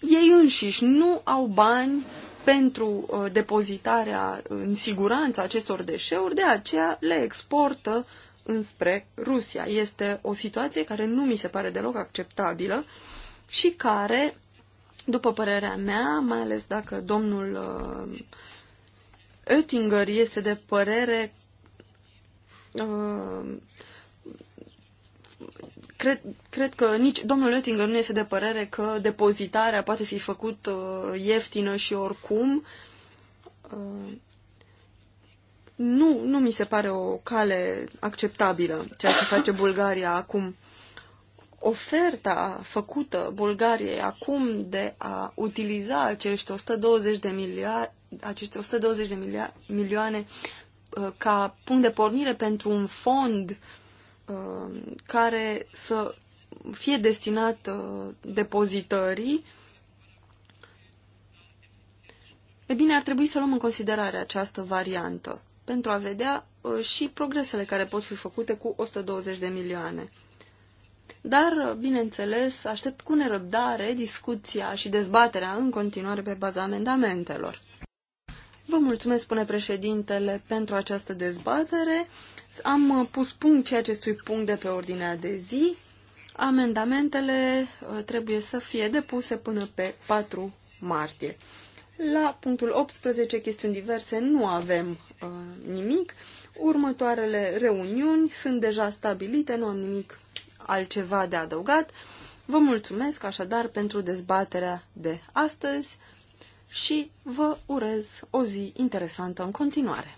ei înșiși, nu au bani pentru uh, depozitarea în siguranță acestor deșeuri, de aceea le exportă înspre Rusia. Este o situație care nu mi se pare deloc acceptabilă și care, după părerea mea, mai ales dacă domnul uh, Oettinger este de părere uh, Cred, cred că nici domnul Oettinger nu este de părere că depozitarea poate fi făcut uh, ieftină și oricum. Uh, nu, nu mi se pare o cale acceptabilă ceea ce face Bulgaria acum oferta făcută Bulgariei acum de a utiliza acești 120 de miliarde, aceste 120 de milioane uh, ca punct de pornire pentru un fond uh, care să fie destinat uh, depozitării, e bine, ar trebui să luăm în considerare această variantă pentru a vedea și progresele care pot fi făcute cu 120 de milioane dar, bineînțeles, aștept cu nerăbdare discuția și dezbaterea în continuare pe baza amendamentelor. Vă mulțumesc, spune președintele, pentru această dezbatere. Am pus punct și acestui punct de pe ordinea de zi. Amendamentele uh, trebuie să fie depuse până pe 4 martie. La punctul 18, chestiuni diverse, nu avem uh, nimic. Următoarele reuniuni sunt deja stabilite, nu am nimic altceva de adăugat. Vă mulțumesc așadar pentru dezbaterea de astăzi și vă urez o zi interesantă în continuare.